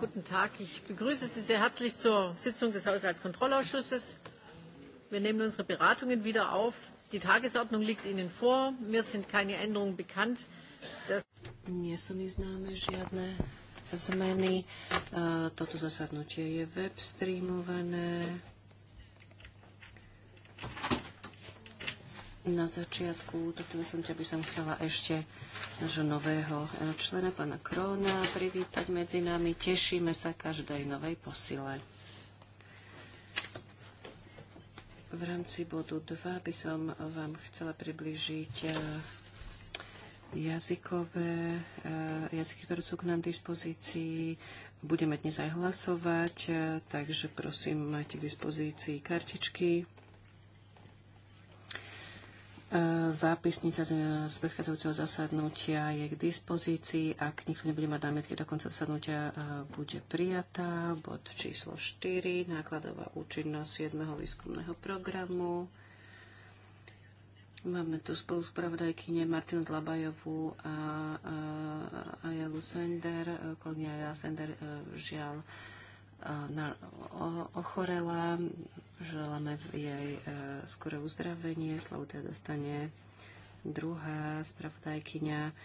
Guten Tag. Ich begrüße Sie sehr herzlich zur Sitzung des Haushaltskontrollausschusses. Wir nehmen unsere Beratungen wieder auf. Die Tagesordnung liegt Ihnen vor. Mir sind keine Änderungen bekannt. Das Nie sú mi známe žiadne zmeny. Äh, toto zasadnutie je Na začiatku zasadnutia by som chcela ešte nášho nového e, člena, pána Króna, privítať medzi nami. Tešíme sa každej novej posile. V rámci bodu 2 by som vám chcela priblížiť e, jazykové, e, jazyky, ktoré sú k nám v dispozícii. Budeme dnes aj hlasovať, takže prosím, majte k dispozícii kartičky. Zápisnica z predchádzajúceho zasadnutia je k dispozícii. Ak nikto nebude mať námietky do konca zasadnutia, e, bude prijatá. Bod číslo 4, nákladová účinnosť 7. výskumného programu. Máme tu spolu spravodajkyne Martinu Dlabajovú a, Ajavu Sender. Kolegyňa Ajala Sender e, žiaľ e, ochorela Želáme jej e, skoré uzdravenie. Slovo teda dostane druhá spravodajkyňa.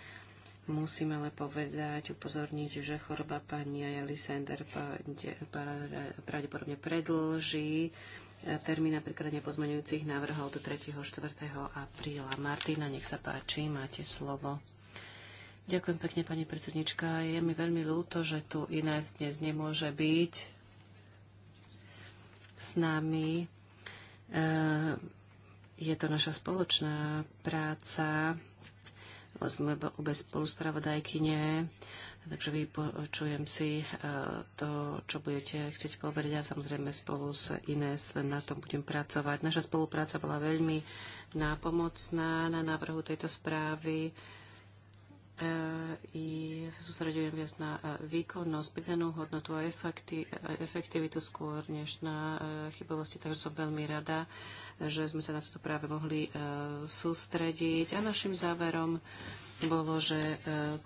Musím ale povedať, upozorniť, že choroba pani Jali pravdepodobne predlží e, termín na prekladanie návrhov do 3. 4. apríla. Martina, nech sa páči, máte slovo. Ďakujem pekne, pani predsednička. Je mi veľmi ľúto, že tu iná dnes nemôže byť s nami. E, je to naša spoločná práca. Sme obe spoluspravodajkyne, takže vypočujem si e, to, čo budete chcieť povedať a samozrejme spolu s Ines na tom budem pracovať. Naša spolupráca bola veľmi nápomocná na návrhu tejto správy. E, i sa sústredujem viac na e, výkonnosť, pridanú hodnotu a efekti, e, efektivitu skôr než na chybovosti. Takže som veľmi rada, že sme sa na toto práve mohli sústrediť. A našim záverom bolo, že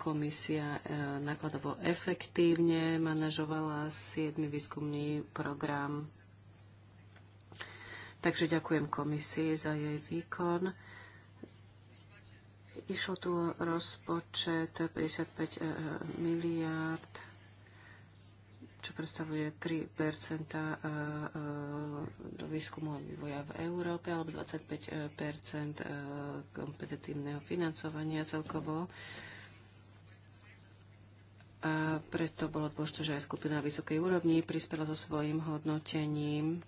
komisia nakladovo efektívne manažovala 7. výskumný program. Takže ďakujem komisii za jej výkon. Išlo tu o rozpočet 55 e, e, miliárd, čo predstavuje 3 e, do výskumu a vývoja v Európe alebo 25 kompetitívneho financovania celkovo. A preto bolo dôležité, že aj skupina vysokej úrovni prispela so svojím hodnotením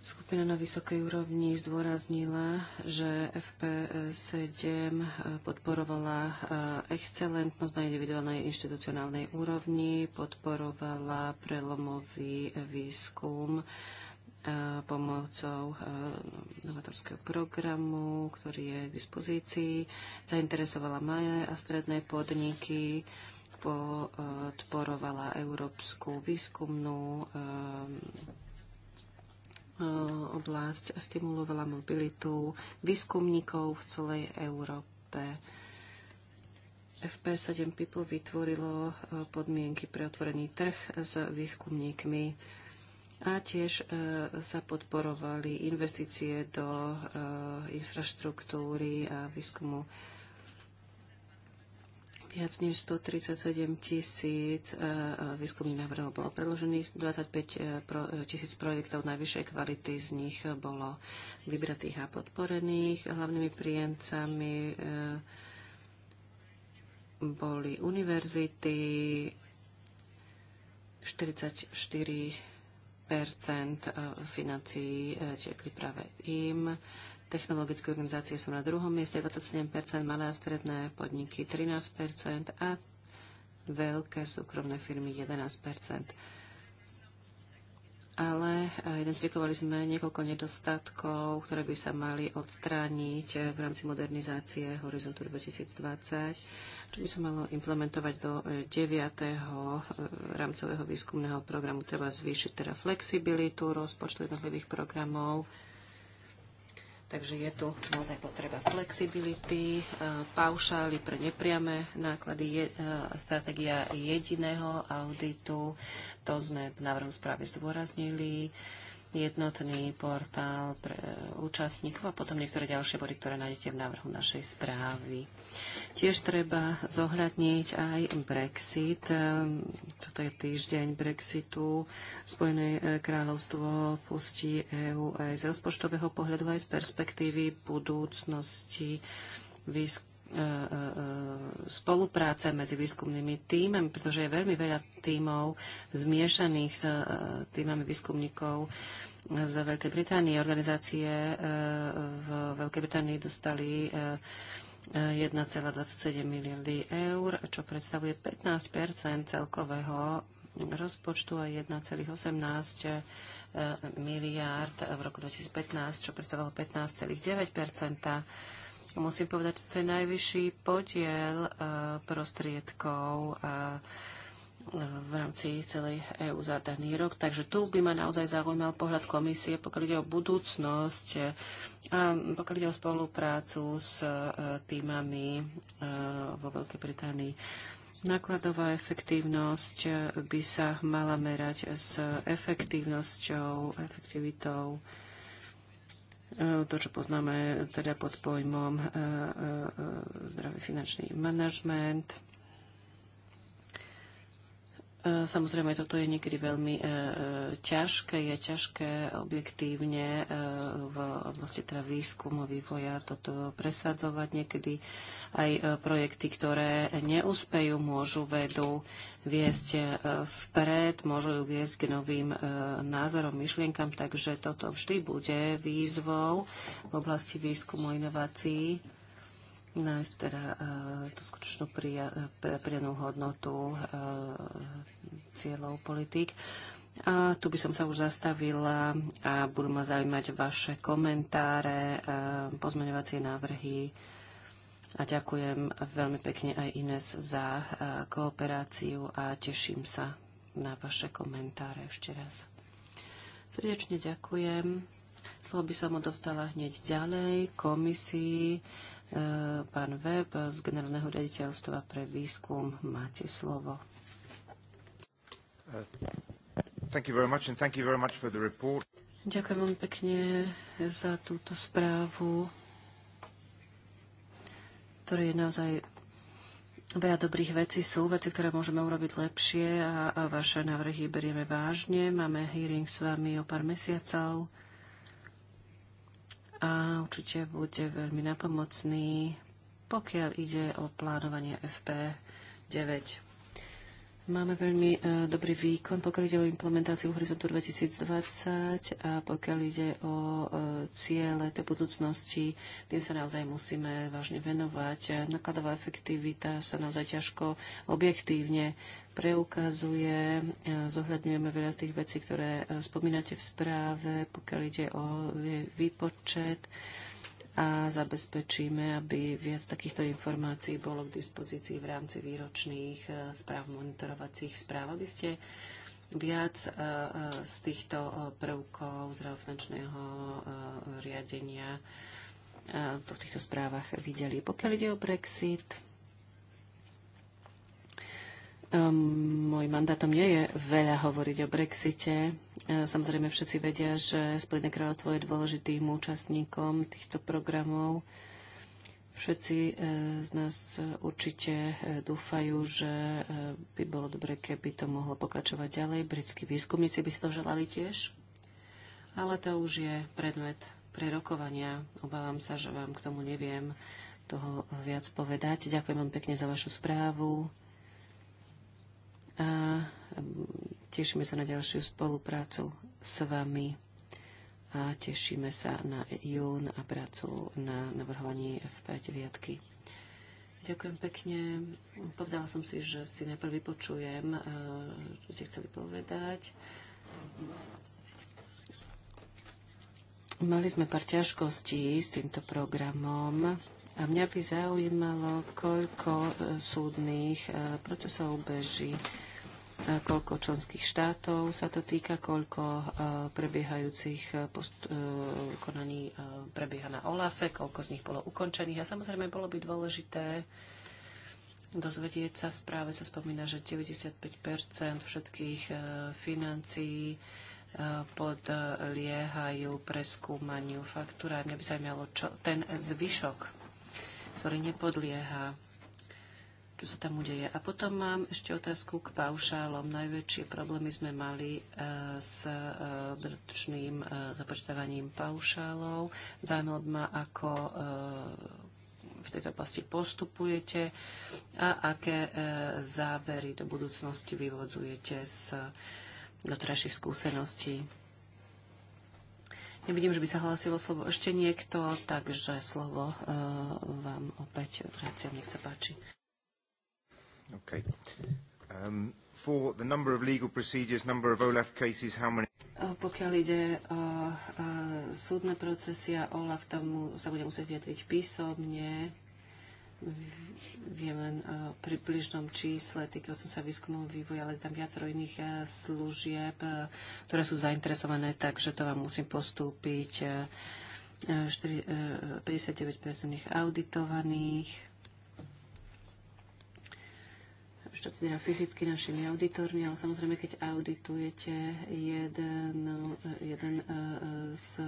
Skupina na vysokej úrovni zdôraznila, že FP7 eh, podporovala eh, excelentnosť na individuálnej inštitucionálnej úrovni, podporovala prelomový eh, výskum pomocou novatorského programu, ktorý je k dispozícii. Zainteresovala malé a stredné podniky, podporovala európsku výskumnú E, oblasť stimulovala mobilitu výskumníkov v celej Európe. FP7 People vytvorilo e, podmienky pre otvorený trh s výskumníkmi a tiež sa e, podporovali investície do infraštruktúry a výskumu Viac než 137 tisíc e, e, výskumných návrhov bolo predložených, 25 e, tisíc projektov najvyššej kvality z nich bolo vybratých a podporených. Hlavnými príjemcami boli univerzity, 44 financií tiekli práve im Technologické organizácie sú na druhom mieste 27%, malé a stredné podniky 13% a veľké súkromné firmy 11%. Ale eh, identifikovali sme niekoľko nedostatkov, ktoré by sa mali odstrániť eh, v rámci modernizácie Horizontu 2020, čo by sa malo implementovať do 9. Eh, rámcového výskumného programu. Treba zvýšiť teda flexibilitu rozpočtu jednotlivých programov, Takže je tu naozaj potreba flexibility, e, paušály pre nepriame náklady, je, e, stratégia jediného auditu, to sme v návrhu správy zdôraznili jednotný portál pre účastníkov a potom niektoré ďalšie body, ktoré nájdete v návrhu našej správy. Tiež treba zohľadniť aj Brexit. Toto je týždeň Brexitu. Spojené kráľovstvo pustí EÚ aj z rozpočtového pohľadu, aj z perspektívy budúcnosti výskumu E, e, spolupráce medzi výskumnými týmami, pretože je veľmi veľa týmov zmiešaných s e, týmami výskumníkov z Veľkej Británie. Organizácie v Veľkej Británii dostali 1,27 miliardy eur, čo predstavuje 15 celkového rozpočtu a 1,18 miliard v roku 2015, čo predstavovalo 15,9 Musím povedať, že to je najvyšší podiel eh, prostriedkov eh, v rámci celej EÚ za daný rok. Takže tu by ma naozaj zaujímal pohľad komisie, pokiaľ ide o budúcnosť eh, a pokiaľ ide o spoluprácu s týmami vo Veľkej Británii. Nákladová efektívnosť by sa mala merať s efektívnosťou, efektivitou E, to, čo poznáme teda pod pojmom e, e, zdravý finančný manažment E, samozrejme, toto je niekedy veľmi e, e, ťažké. Je ťažké objektívne e, v oblasti teda výskumu, vývoja toto presadzovať. Niekedy aj e, projekty, ktoré neúspejú, môžu vedú viesť e, vpred, môžu ju viesť k novým názorom, myšlienkam, takže toto vždy bude výzvou v oblasti výskumu inovácií nájsť teda e, tú skutočnú pridanú hodnotu e, cieľov politik. A tu by som sa už zastavila a budú ma zaujímať vaše komentáre, e, pozmeňovacie návrhy a ďakujem veľmi pekne aj Ines za kooperáciu a teším sa na vaše komentáre ešte raz. Srdečne ďakujem. Slovo by som odovstala hneď ďalej komisii Eh, pán Web z Generálneho riaditeľstva pre výskum, máte slovo. Eh, Ďakujem veľmi pekne za túto správu, ktorá je naozaj Veľa dobrých vecí sú, veci, ktoré môžeme urobiť lepšie a, a vaše návrhy berieme vážne. Máme hearing s vami o pár mesiacov a určite bude veľmi napomocný, pokiaľ ide o plánovanie FP9. Máme veľmi e, dobrý výkon, pokiaľ ide o implementáciu Horizontu 2020 a pokiaľ ide o e, ciele tej budúcnosti, tým sa naozaj musíme vážne venovať. Nakladová efektivita sa naozaj ťažko objektívne preukazuje. E, zohľadňujeme veľa tých vecí, ktoré spomínate v správe, pokiaľ ide o výpočet a zabezpečíme, aby viac takýchto informácií bolo k dispozícii v rámci výročných e, správ, monitorovacích správ, aby ste viac e, e, z týchto prvkov zdravotnočného riadenia v týchto správach videli. Pokiaľ ide o Brexit, Ehm, môj mandátom nie je veľa hovoriť o Brexite. Ehm, samozrejme všetci vedia, že Spojené kráľovstvo je dôležitým účastníkom týchto programov. Všetci ehm, z nás určite dúfajú, že by bolo dobre, keby to mohlo pokračovať ďalej. Britskí výskumníci by si to želali tiež. Ale to už je predmet prerokovania. Obávam sa, že vám k tomu neviem toho viac povedať. Ďakujem vám pekne za vašu správu a tešíme sa na ďalšiu spoluprácu s vami a tešíme sa na jún a prácu na navrhovaní F5 viatky. Ďakujem pekne. Povedala som si, že si najprv vypočujem, e, čo ste chceli povedať. Mali sme pár ťažkostí s týmto programom a mňa by zaujímalo, koľko e, súdnych e, procesov beží koľko členských štátov sa to týka, koľko e, prebiehajúcich e, e, konaní prebieha na OLAFe, koľko z nich bolo ukončených. A samozrejme bolo by dôležité dozvedieť sa, v správe sa spomína, že 95 všetkých financií podliehajú preskúmaniu faktúra. Mňa by zaujímalo, čo ten zvyšok, ktorý nepodlieha čo sa tam udeje. A potom mám ešte otázku k paušálom. Najväčšie problémy sme mali e, s e, drčným e, započtávaním paušálov. Zaujímalo by ma, ako v tejto oblasti postupujete a aké závery do budúcnosti vyvodzujete z doterajších skúseností. Nevidím, že by sa hlásilo slovo ešte niekto, takže slovo vám opäť vraciam, nech sa páči. Okay. Um, for the number of legal procedures, number of OLAF cases, how many... Pokiaľ ide o, uh, o uh, súdne procesy a OLAF, tomu sa bude musieť vyjadriť písomne. Viem len o uh, približnom čísle som sa výskumov vývoja, ale tam viacero iných služieb, ktoré sú zainteresované, takže to vám musím postúpiť. 4, 59 auditovaných čo teda fyzicky našimi auditormi, ale samozrejme, keď auditujete jeden, jeden e, e, z e,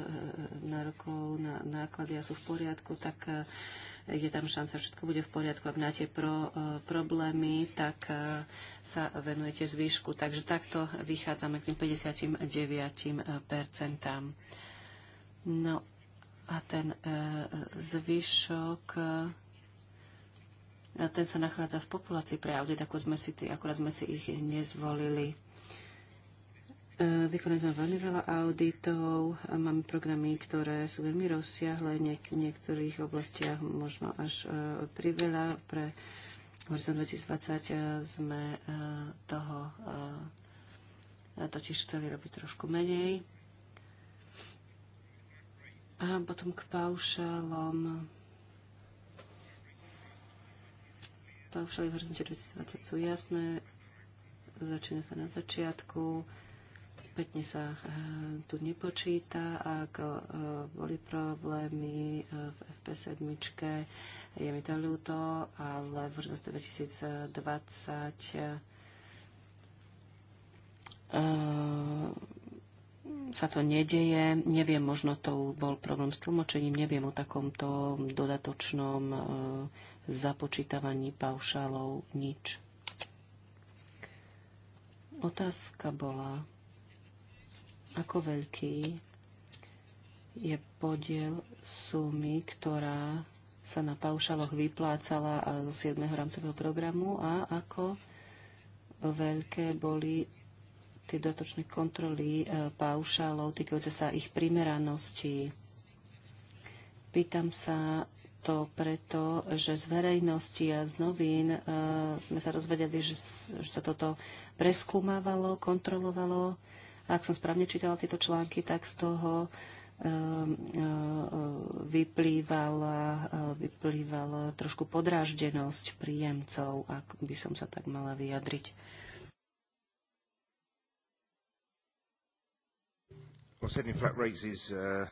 nárokov na náklady a sú v poriadku, tak je tam šanca, všetko bude v poriadku. Ak máte pro, problémy, tak sa venujete zvýšku. Takže takto vychádzame k tým 59 percentám. No a ten zvyšok ten sa nachádza v populácii pre audit, ako sme si, akurát sme si ich nezvolili. E, vykonali sme veľmi veľa auditov, máme programy, ktoré sú veľmi rozsiahle, niek- v niektorých oblastiach možno až uh, priveľa. Pre Horizon 2020 e, sme uh, toho uh, totiž chceli robiť trošku menej. A potom k paušalom paušály v horizonte 2020 sú jasné. Začína sa na začiatku. Spätne sa eh, tu nepočíta. Ak eh, boli problémy eh, v FP7, je mi to ľúto, ale v horizonte 2020 sa to nedeje. Neviem, možno to bol problém s tlmočením, neviem o takomto dodatočnom započítavaní paušálov nič. Otázka bola, ako veľký je podiel sumy, ktorá sa na paušaloch vyplácala zo 7. rámcového programu a ako veľké boli tie dotočné kontroly e, paušálov týkajúce sa ich primeranosti. Pýtam sa, to preto, že z verejnosti a z novín e, sme sa dozvedeli, že, že sa toto preskúmávalo, kontrolovalo. A ak som správne čítala tieto články, tak z toho e, e, vyplývala, vyplývala trošku podráždenosť príjemcov, ak by som sa tak mala vyjadriť. Uh,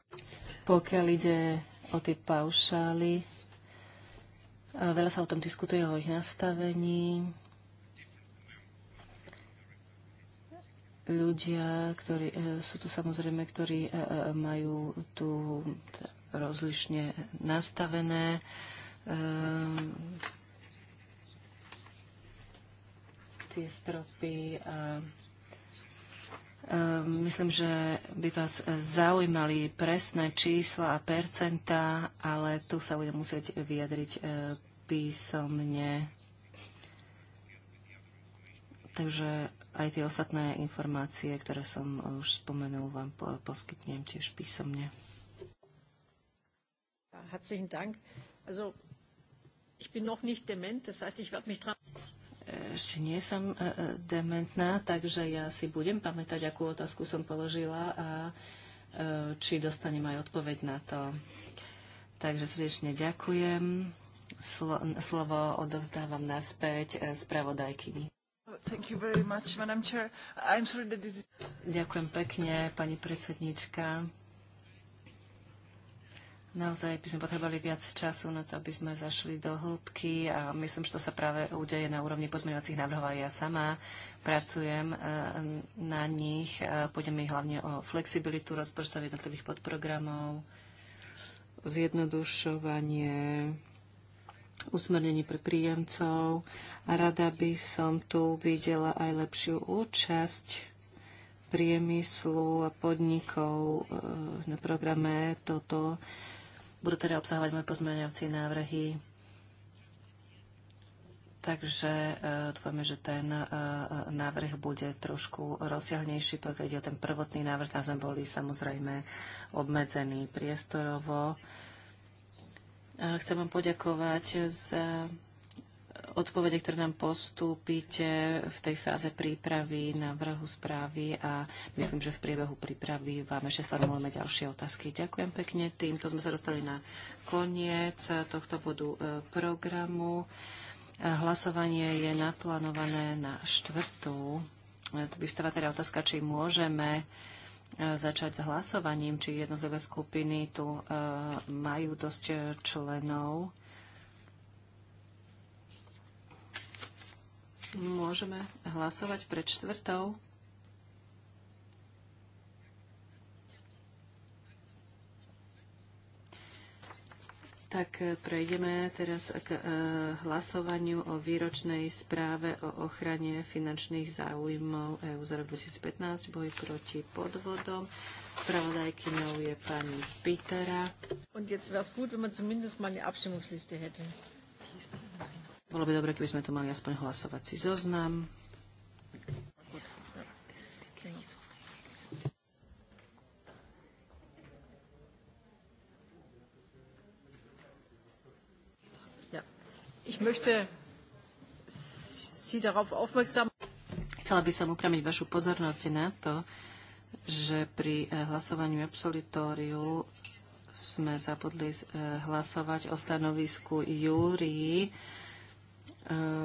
Pokiaľ ide o tie paušály, veľa sa o tom diskutuje, o ich nastavení. Ľudia, ktorí, e, sú tu samozrejme, ktorí e, e, majú tu rozlišne nastavené tie stropy a Ehm, myslím, že by vás zaujímali presné čísla a percentá, ale tu sa budem musieť vyjadriť eh, písomne. Takže aj tie ostatné informácie, ktoré som už spomenul, vám poskytnem tiež písomne. Herzlichen Dank. Also, ich bin noch nicht dement, das heißt, ich werde mich dran ešte nie som e, e, dementná, takže ja si budem pamätať, akú otázku som položila a e, či dostanem aj odpoveď na to. Takže srdečne ďakujem. Slo slovo odovzdávam naspäť spravodajkyni. Much, is... Ďakujem pekne, pani predsednička. Naozaj by sme potrebovali viac času na to, aby sme zašli do hĺbky a myslím, že to sa práve udeje na úrovni pozmeňovacích návrhov a ja sama pracujem e, na nich. E, Pôjde mi hlavne o flexibilitu rozpočtov jednotlivých podprogramov, zjednodušovanie usmernenie pre príjemcov a rada by som tu videla aj lepšiu účasť priemyslu a podnikov e, na programe toto budú teda obsahovať moje pozmeňovacie návrhy. Takže e, dúfame, že ten e, e, návrh bude trošku rozsiahnejší, pokiaľ ide o ten prvotný návrh. Tam sme boli samozrejme obmedzení priestorovo. Chcem vám poďakovať za odpovede, ktoré nám postúpite v tej fáze prípravy na vrhu správy a myslím, že v priebehu prípravy vám ešte sformulujeme ďalšie otázky. Ďakujem pekne. Týmto sme sa dostali na koniec tohto bodu e, programu. E, hlasovanie je naplánované na štvrtú. E, tu stáva teda otázka, či môžeme začať s hlasovaním, či jednotlivé skupiny tu majú dosť členov Môžeme hlasovať pred čtvrtou. Tak e, prejdeme teraz k e, hlasovaniu o výročnej správe o ochrane finančných záujmov EU za rok 2015, boj proti podvodom. Spravodajkyňou je pani Pitera. Und jetzt wäre es gut, wenn man zumindest mal eine Abstimmungsliste hätte. Bolo by dobre, keby sme tu mali aspoň hlasovací zoznam. Chcela by som upramiť vašu pozornosť na to, že pri eh, hlasovaniu absolutóriu sme zabudli eh, hlasovať o stanovisku júrii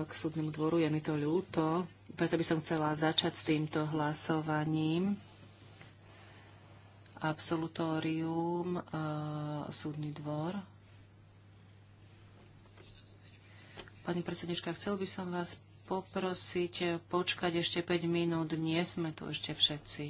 k súdnemu dvoru. Je mi to ľúto, preto by som chcela začať s týmto hlasovaním. Absolutórium, e, súdny dvor. Pani predsednička, chcel by som vás poprosiť počkať ešte 5 minút. Nie sme tu ešte všetci.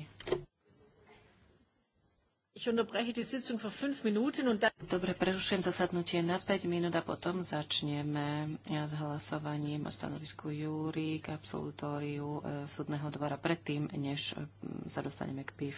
Dobre, prerušujem zasadnutie na 5 minút a potom začneme s hlasovaním o stanovisku Júri k absolutóriu e, súdneho dvora predtým, než sa dostaneme k PIF.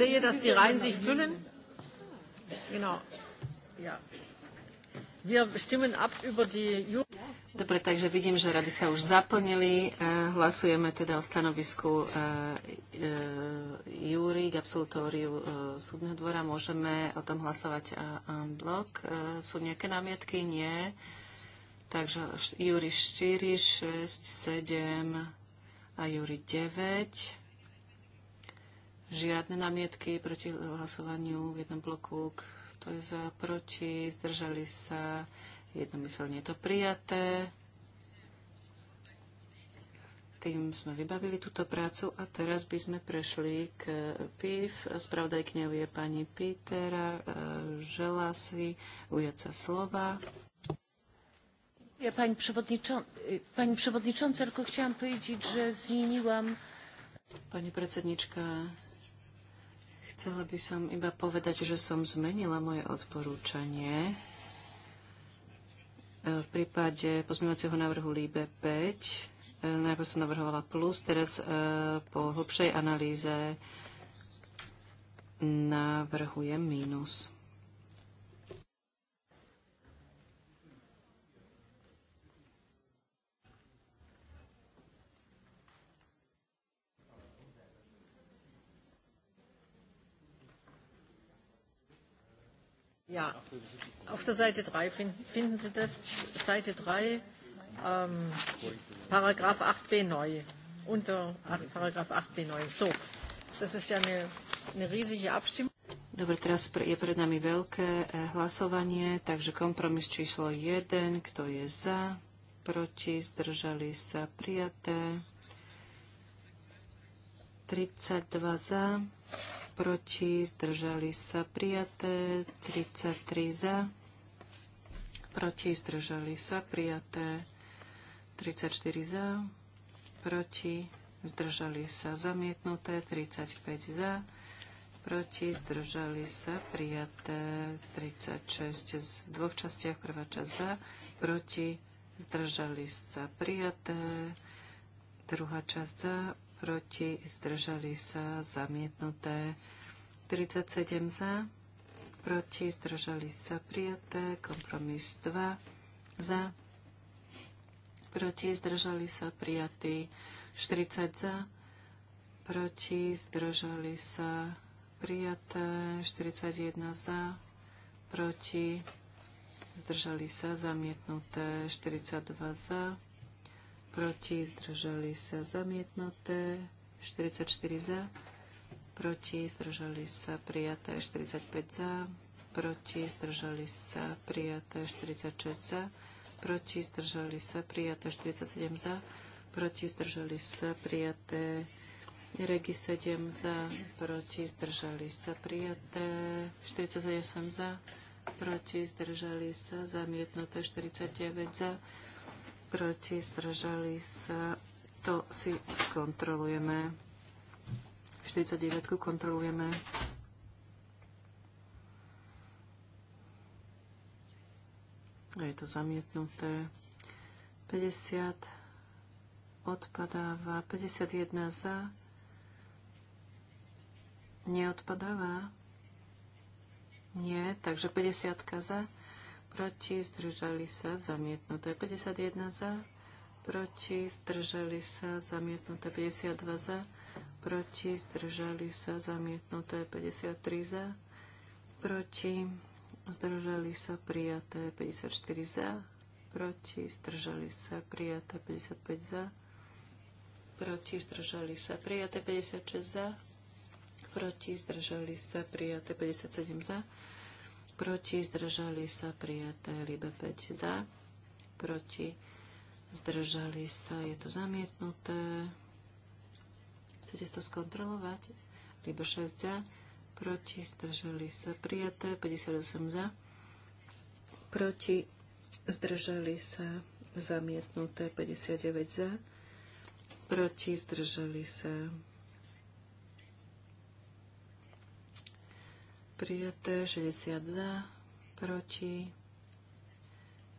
sehe, dass die Reihen sich füllen. Genau. Ja. Wir stimmen ab über die Dobre, takže vidím, že rady sa už zaplnili. E, hlasujeme teda o stanovisku e, e, Júri k absolutóriu súdneho dvora. Môžeme o tom hlasovať en blok. Sú nejaké námietky? Nie. Takže Júri 4, 6, 7 a Júri 9. Žiadne námietky proti hlasovaniu v jednom bloku. Kto je za, proti, zdržali sa. Jednomyselne je to prijaté. Tým sme vybavili túto prácu a teraz by sme prešli k PIF. Spravodajkňou je pani Pítera. E, želá si ujať sa slova. Ja, pani, przewodniczą pani przewodnicząca, tylko chciałam powiedzieć, że zmieniłam... Pani predsednička, Chcela by som iba povedať, že som zmenila moje odporúčanie. E, v prípade pozmývacieho návrhu LIBE 5 e, najprv som navrhovala plus, teraz e, po hlbšej analýze navrhujem mínus. Ja, auf der Seite 3 finden, finden Sie das, Seite 3, ähm, Paragraph 8b neu, unter 8, Paragraph 8b neu. So, das ist ja eine, eine riesige Abstimmung. Dobre, teraz je pred nami veľké eh, hlasovanie, takže kompromis číslo 1, kto je za, proti, zdržali sa, prijaté. 32 za, proti, zdržali sa prijaté, 33 za, proti, zdržali sa prijaté, 34 za, proti, zdržali sa zamietnuté, 35 za, proti, zdržali sa prijaté, 36 z dvoch častiach, prvá časť za, proti, zdržali sa prijaté, druhá časť za, proti, zdržali sa, zamietnuté, 47 za, proti, zdržali sa prijaté, kompromis 2 za, proti, zdržali sa prijatí, 40 za, proti, zdržali sa prijaté, 41 za, proti, zdržali sa zamietnuté, 42 za, proti, zdržali sa zamietnuté, 44 za, proti, zdržali sa prijaté 45 za, proti, zdržali sa prijaté 46 za, proti, zdržali sa prijaté 47 za, proti, zdržali sa prijaté Regi 7 za, proti, zdržali sa prijaté 48 za, proti, zdržali sa zamietnuté 49 za, proti, zdržali sa. To si skontrolujeme. 49 kontrolujeme. A je to zamietnuté. 50 odpadáva. 51 za. Neodpadáva. Nie, takže 50 za. Proti zdržali sa zamietnuté. 51 za. Proti zdržali sa zamietnuté. 52 za proti, zdržali sa, zamietnuté 53 za, proti, zdržali sa, prijaté 54 za, proti, zdržali sa, prijaté 55 za, proti, zdržali sa, prijaté 56 za, proti, zdržali sa, prijaté 57 za, proti, zdržali sa, prijaté libe 5 za, proti, zdržali sa, je to zamietnuté, Chcete to skontrolovať? Libo 6 za, proti, zdržali sa prijaté, 58 za, proti, zdržali sa zamietnuté, 59 za, proti, zdržali sa prijaté, 60 za, proti,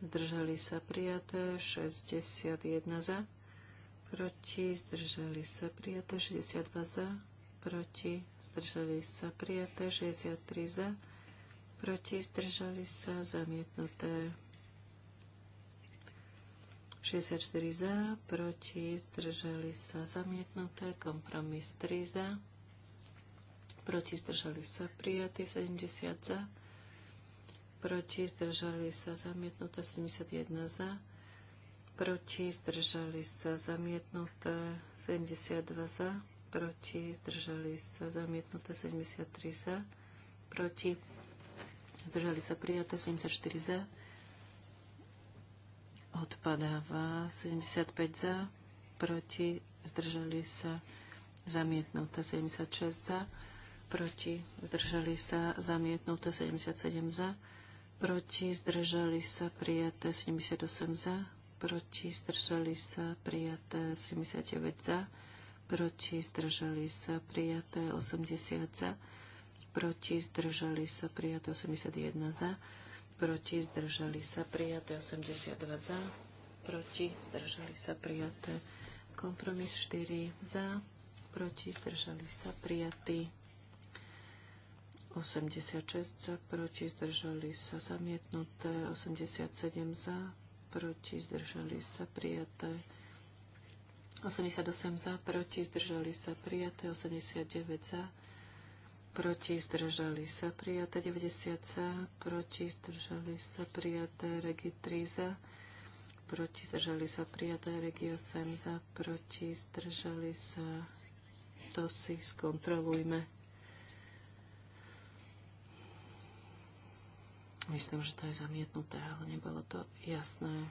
zdržali sa prijaté, 61 za, proti, zdržali sa prijaté, 62 za, proti, zdržali sa prijaté, 63 za, proti, zdržali sa zamietnuté. 64 za, proti, zdržali sa zamietnuté, kompromis 3 za, proti, zdržali sa prijatí, 70 za, proti, zdržali sa zamietnuté, 71 za, proti, zdržali sa zamietnuté 72 za, proti, zdržali sa zamietnuté 73 za, proti, zdržali sa prijaté 74 za, odpadáva 75 za, proti, zdržali sa zamietnuté 76 za, proti, zdržali sa zamietnuté 77 za, proti, zdržali sa prijaté 78 za, proti, zdržali sa, prijaté 79 za, proti, zdržali sa, prijaté 80 za, proti, zdržali sa, prijaté 81 za, proti, zdržali sa, prijaté 82 za, proti, zdržali sa, prijaté kompromis 4 za, proti, zdržali sa, prijatý 86 za, proti, zdržali sa, zamietnuté 87 za, proti, zdržali sa prijaté. 88 za, proti, zdržali sa prijaté. 89 za, proti, zdržali sa prijaté. 90 za, proti, zdržali sa prijaté. Regi 3 za, proti, zdržali sa prijaté. Regi 8 za, proti, zdržali sa. To si skontrolujme. Myslím, že to je zamietnuté, ale nebolo to jasné.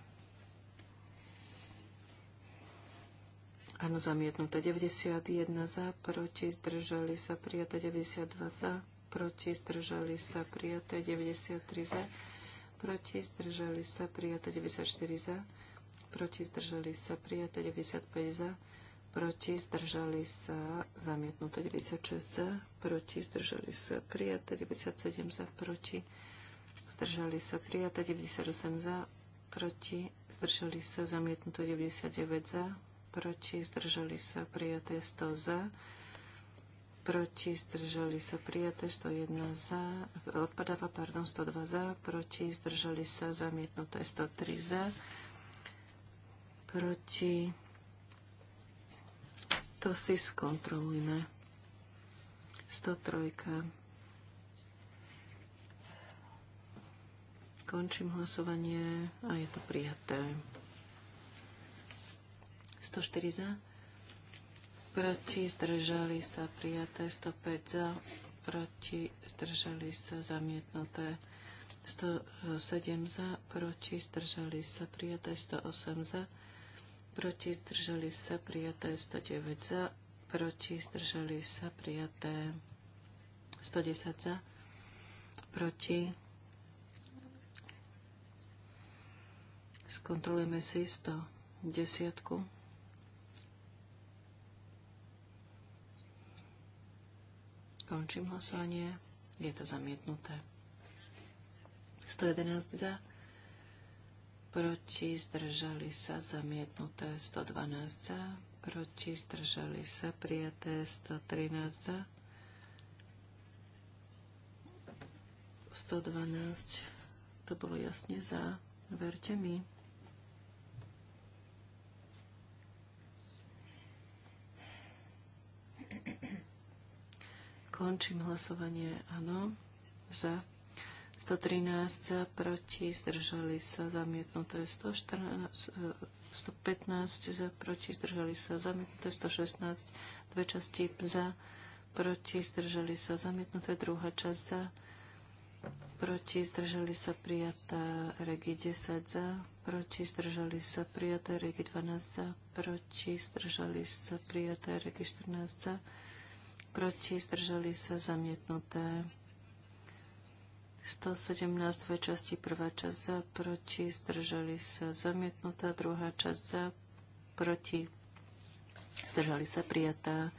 Áno, zamietnuté. 91 za, proti, zdržali sa, prijaté 92 za, proti, zdržali sa, prijaté 93 za, proti, zdržali sa, prijaté 94 za, proti, zdržali sa, prijaté 95 za, proti, zdržali sa, zamietnuté 96 za, proti, zdržali sa, prijaté 97 za, proti, zdržali sa prijaté 98 za, proti, zdržali sa zamietnuté 99 za, proti, zdržali sa prijaté 100 za, proti, zdržali sa prijaté 101 za, odpadáva, pardon, 102 za, proti, zdržali sa zamietnuté 103 za, proti, to si skontrolujme. 103. Končím hlasovanie a je to prijaté. 104 za. Proti zdržali sa prijaté 105 za. Proti zdržali sa zamietnuté 107 za. Proti zdržali sa prijaté 108 za. Proti zdržali sa prijaté 109 za. Proti zdržali sa prijaté 110 za. Proti Skontrolujeme si 110. Končím hlasovanie. Je to zamietnuté. 111 za. Proti zdržali sa zamietnuté 112 za. Proti zdržali sa prijaté 113 za. 112. To bolo jasne za. Verte mi. Končím hlasovanie. Áno. Za. 113 za, proti, zdržali sa, zamietnuté 114, 115 e, za, proti, zdržali sa, zamietnuté 116, dve časti za, proti, zdržali sa, zamietnuté druhá časť za, proti, zdržali sa, prijatá regi 10 za, proti, zdržali sa, prijatá regi 12 za, proti, zdržali sa, prijatá regi 14 za, proti, zdržali sa zamietnuté. 117 dve časti, prvá časť za, proti, zdržali sa zamietnutá, druhá časť za, proti, zdržali sa prijatá.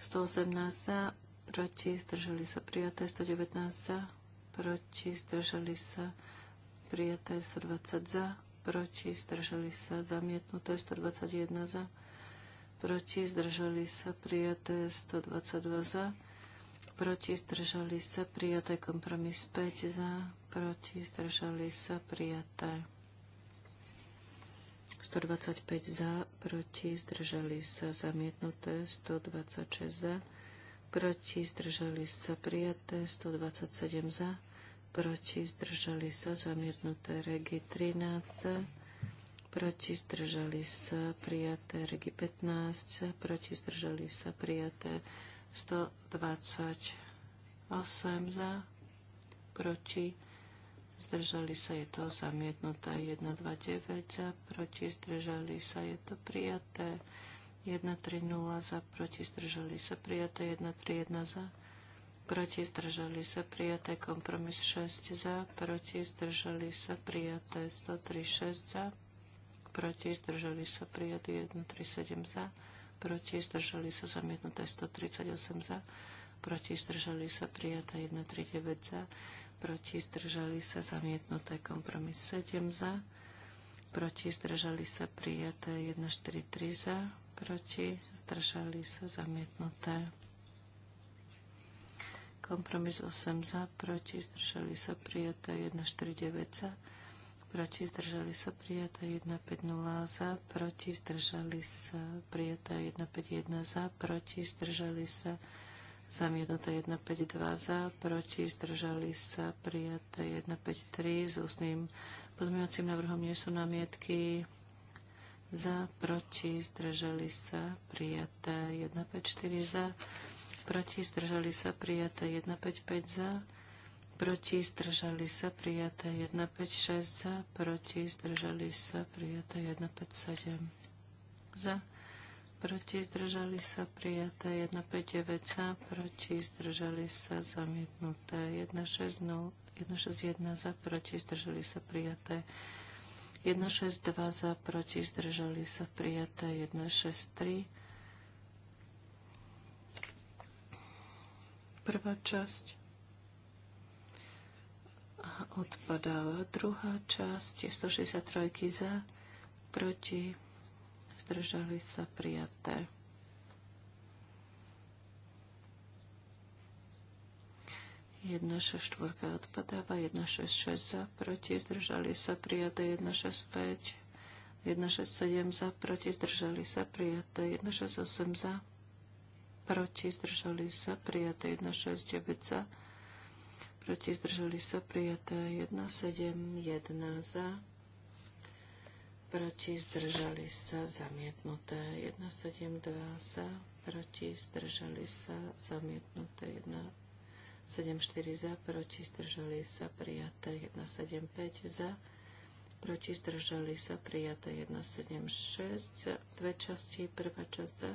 118 za, proti, zdržali sa prijaté, 119 za, proti, zdržali sa prijaté, 120 za, proti, zdržali sa zamietnuté, 121 za, proti, zdržali sa prijaté 122 za, proti, zdržali sa prijaté kompromis 5 za, proti, zdržali sa prijaté 125 za, proti, zdržali sa zamietnuté 126 za, proti, zdržali sa prijaté 127 za, proti, zdržali sa zamietnuté regi 13 za, proti zdržali sa prijaté, regi 15, proti zdržali sa prijaté, 128 za, proti zdržali sa je to zamietnuté, 129 za, proti zdržali sa je to prijaté, 130 za, proti zdržali sa prijaté, 131 za, proti zdržali sa prijaté, kompromis 6 za, proti zdržali sa prijaté, 136 za, proti, zdržali sa prijatí 137 za, proti, zdržali sa zamietnuté 138 za, proti, zdržali sa prijaté 139 za, proti, zdržali sa zamietnuté kompromis 7 za, proti, zdržali sa prijaté 143 za, proti, zdržali sa zamietnuté. Kompromis 8 za, proti, zdržali sa prijaté 149 za, proti, zdržali sa prijatá 150 za, proti, zdržali sa prijatá 151 za, proti, zdržali sa zamietnuté 152 za, proti, zdržali sa prijaté 153 s ústnym pozmeňovacím návrhom nie sú námietky. Za, proti, zdržali sa prijaté 154 za, proti, zdržali sa prijaté 155 za, proti, zdržali sa, prijaté 156 za, proti, zdržali sa, prijaté 157 za, proti, zdržali sa, prijaté 159 za, proti, zdržali sa, zamietnuté 160, 161 za, proti, zdržali sa, prijaté 162 za, proti, zdržali sa, prijaté 163 Prvá časť odpadáva. Druhá časť je 163 za, proti, zdržali sa prijaté. Jedna šest štvorka odpadáva, jedna šest, šest za, proti, zdržali sa prijaté, jedna šest, päť, jedna šest sedem za, proti, zdržali sa prijaté, jedna šest, osem za, proti, zdržali sa prijaté, jedna šest, deväť za, proti, proti, zdržali sa prijaté 1 za, proti, zdržali sa zamietnuté 2 za, proti, zdržali sa zamietnuté 4 za, proti, zdržali sa prijaté 5 za, proti, zdržali sa prijaté 6 za, dve časti, prvá časť za,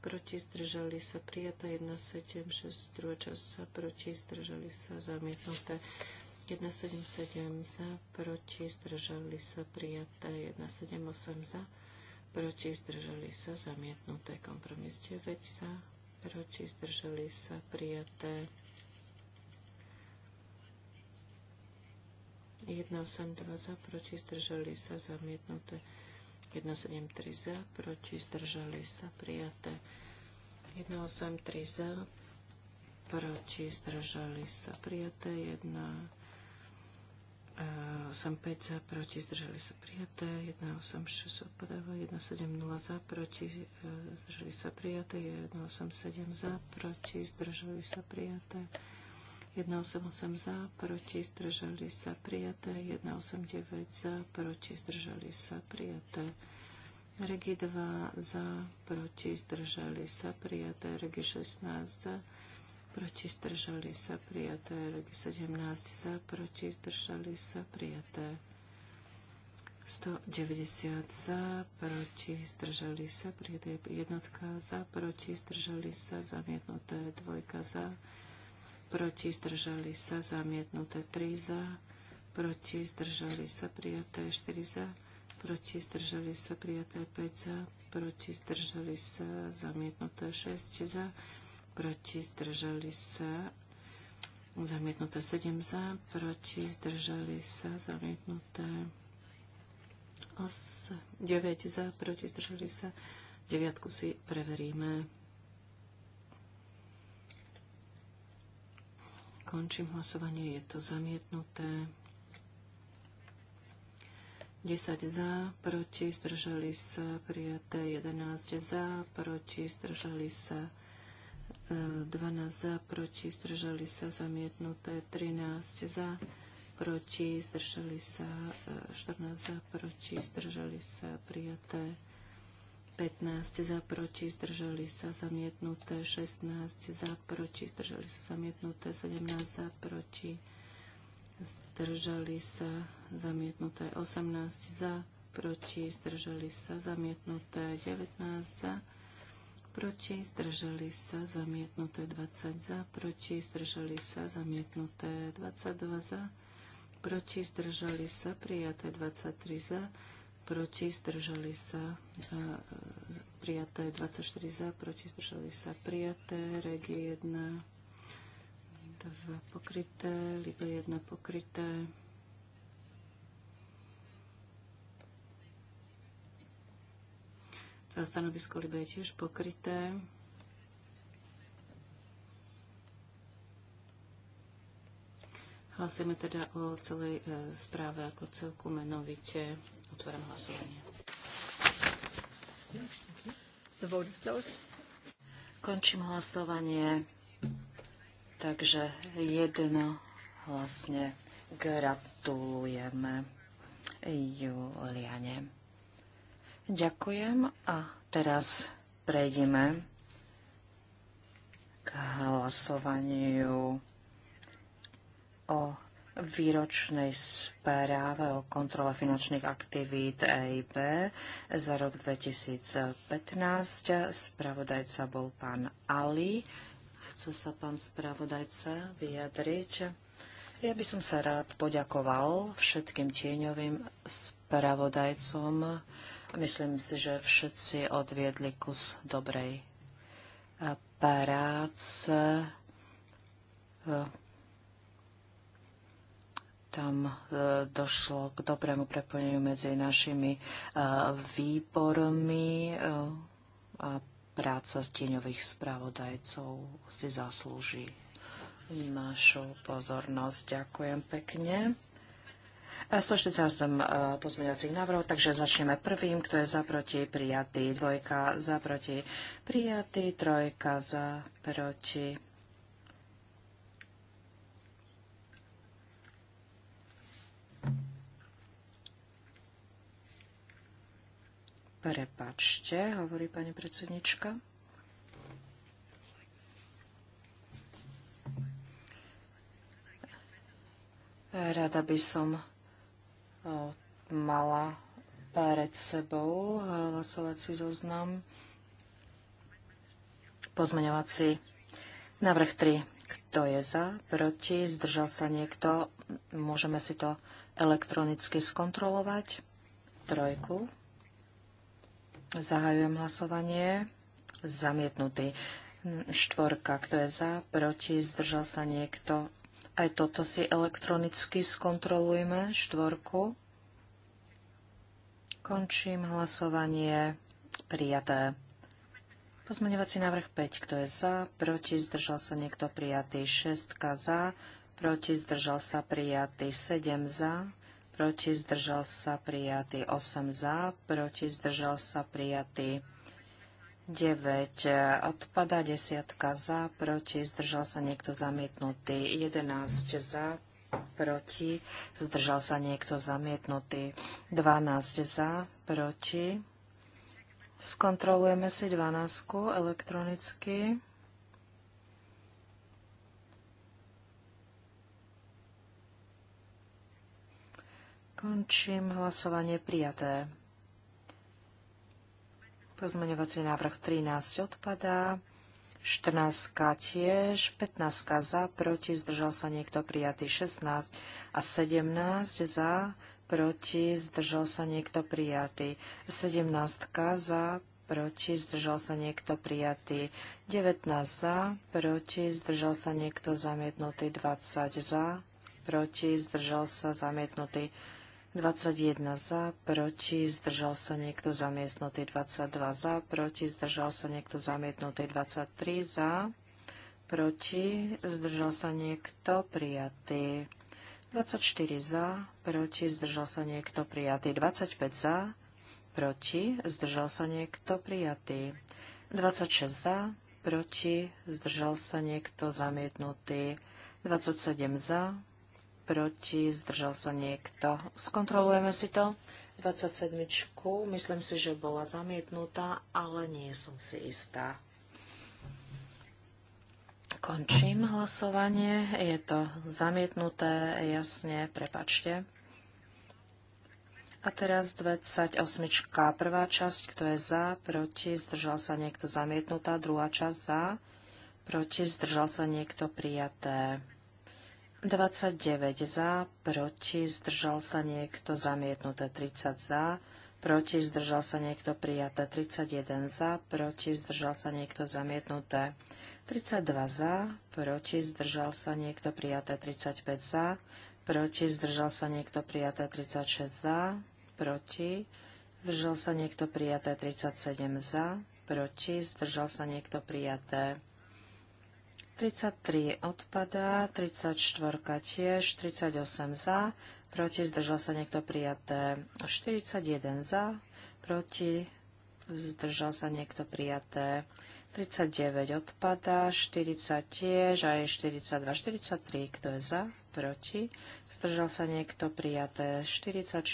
proti, zdržali sa prijatá 1, 7, 6, druhá časť sa, proti, zdržali sa zamietnuté 1, 7, 7 za, proti, zdržali sa prijatá 1, 7, 8 za, proti, zdržali sa zamietnuté kompromis 9 za, proti, zdržali sa prijaté 1, 8, 2 za, proti, zdržali sa zamietnuté 173 za, proti, zdržali sa, prijaté. 183 za, proti, zdržali sa, prijaté. 185 eh, za, proti, zdržali sa, prijaté. 186 odpadáva, 170 eh, za, proti, zdržali sa, prijaté. 187 za, proti, zdržali sa, prijaté. 188 za, proti, zdržali sa prijaté. 189 za, proti, zdržali sa prijaté. Regi 2 za, proti, zdržali sa prijaté. Regi 16 za, proti, zdržali sa prijaté. Regi 17 za, proti, zdržali sa prijaté. 190 za, proti, zdržali sa, prijaté jednotka za, proti, zdržali sa, zamietnuté dvojka za, prijaté proti zdržali sa zamietnuté 3 za, proti zdržali sa prijaté 4 za, proti zdržali sa prijaté 5 za, proti zdržali sa zamietnuté 6 za, proti zdržali sa zamietnuté 7 za, proti zdržali sa zamietnuté 8, 9 za, proti zdržali sa 9 si preveríme. Končím hlasovanie, je to zamietnuté. 10 za, proti, zdržali sa, prijaté 11 za, proti, zdržali sa, 12 e, za, proti, zdržali sa, zamietnuté 13 za, proti, zdržali sa, 14 e, za, proti, zdržali sa, prijaté 15 za proti, zdržali sa zamietnuté, 16 za proti, zdržali sa zamietnuté, 17 za proti, zdržali sa zamietnuté, 18 za proti, zdržali sa zamietnuté, 19 za proti, zdržali sa zamietnuté, 20 za proti, zdržali sa zamietnuté, 22 za proti, zdržali sa prijaté, 23 za proti, zdržali sa za, e, prijaté 24 za, proti, zdržali sa prijaté, regie 1, 2 pokryté, libe 1 pokryté. Za stanovisko libe je tiež pokryté. Hlasujeme teda o celej e, správe ako celku menovite. Otváram hlasovanie. The vote is closed. Končím hlasovanie. Takže jedno hlasne gratulujeme Juliane. Ďakujem a teraz prejdeme k hlasovaniu o výročnej správe o kontrole finančných aktivít EIB za rok 2015. Spravodajca bol pán Ali. Chce sa pán spravodajca vyjadriť? Ja by som sa rád poďakoval všetkým tieňovým spravodajcom. Myslím si, že všetci odviedli kus dobrej práce tam e, došlo k dobrému prepojeniu medzi našimi e, výbormi e, a práca stieňových spravodajcov si zaslúži našu pozornosť. Ďakujem pekne. 148 pozmeňovacích návrhov, takže začneme prvým, kto je za proti, prijatý, dvojka za proti, prijatý, trojka za proti, Prepačte, hovorí pani predsednička. Rada by som mala pred sebou hlasovací zoznam. Pozmeňovací návrh 3. Kto je za? Proti? Zdržal sa niekto? Môžeme si to elektronicky skontrolovať. Trojku. Zahajujem hlasovanie. Zamietnutý. Štvorka. Kto je za? Proti? Zdržal sa niekto? Aj toto si elektronicky skontrolujme. Štvorku. Končím hlasovanie. Prijaté. Pozmeňovací návrh 5. Kto je za? Proti? Zdržal sa niekto? Prijatý. Šestka za. Proti? Zdržal sa? Prijatý. Sedem za proti zdržal sa prijatý. 8 za, proti zdržal sa prijatý. 9 odpada, 10 za, proti zdržal sa niekto zamietnutý. 11 za, proti, zdržal sa niekto zamietnutý. 12 za, proti. Skontrolujeme si 12 elektronicky. Končím hlasovanie prijaté. Pozmeňovací návrh 13 odpadá. 14 tiež, 15 za, proti, zdržal sa niekto prijatý 16 a 17 za, proti, zdržal sa niekto prijatý 17 za, proti, zdržal sa niekto prijatý 19 za, proti, zdržal sa niekto zamietnutý 20 za, proti, zdržal sa zamietnutý 21 za, proti, zdržal sa niekto zamietnutý 22 za, proti, zdržal sa niekto zamietnutý 23 za, proti, zdržal sa niekto prijatý 24 za, proti, zdržal sa niekto prijatý 25 za, proti, zdržal sa niekto prijatý 26 za, proti, zdržal sa niekto zamietnutý 27 za, proti, zdržal sa niekto. Skontrolujeme si to. 27. Myslím si, že bola zamietnutá, ale nie som si istá. Končím hlasovanie. Je to zamietnuté, jasne, prepačte. A teraz 28. Prvá časť, kto je za, proti, zdržal sa niekto zamietnutá. Druhá časť za, proti, zdržal sa niekto prijaté. 29 za, proti, zdržal sa niekto, zamietnuté 30 za, proti, zdržal sa niekto, prijaté 31 za, proti, zdržal sa niekto, zamietnuté 32 za, proti, zdržal sa niekto, prijaté 35 za, proti, zdržal sa niekto, prijaté 36 za, proti, zdržal sa niekto, prijaté 37 za, proti, zdržal sa niekto, prijaté 37 za, 33 odpadá, 34 tiež, 38 za, proti zdržal sa niekto prijaté, 41 za, proti zdržal sa niekto prijaté, 39 odpadá, 40 tiež, aj 42, 43, kto je za, proti, zdržal sa niekto prijaté, 44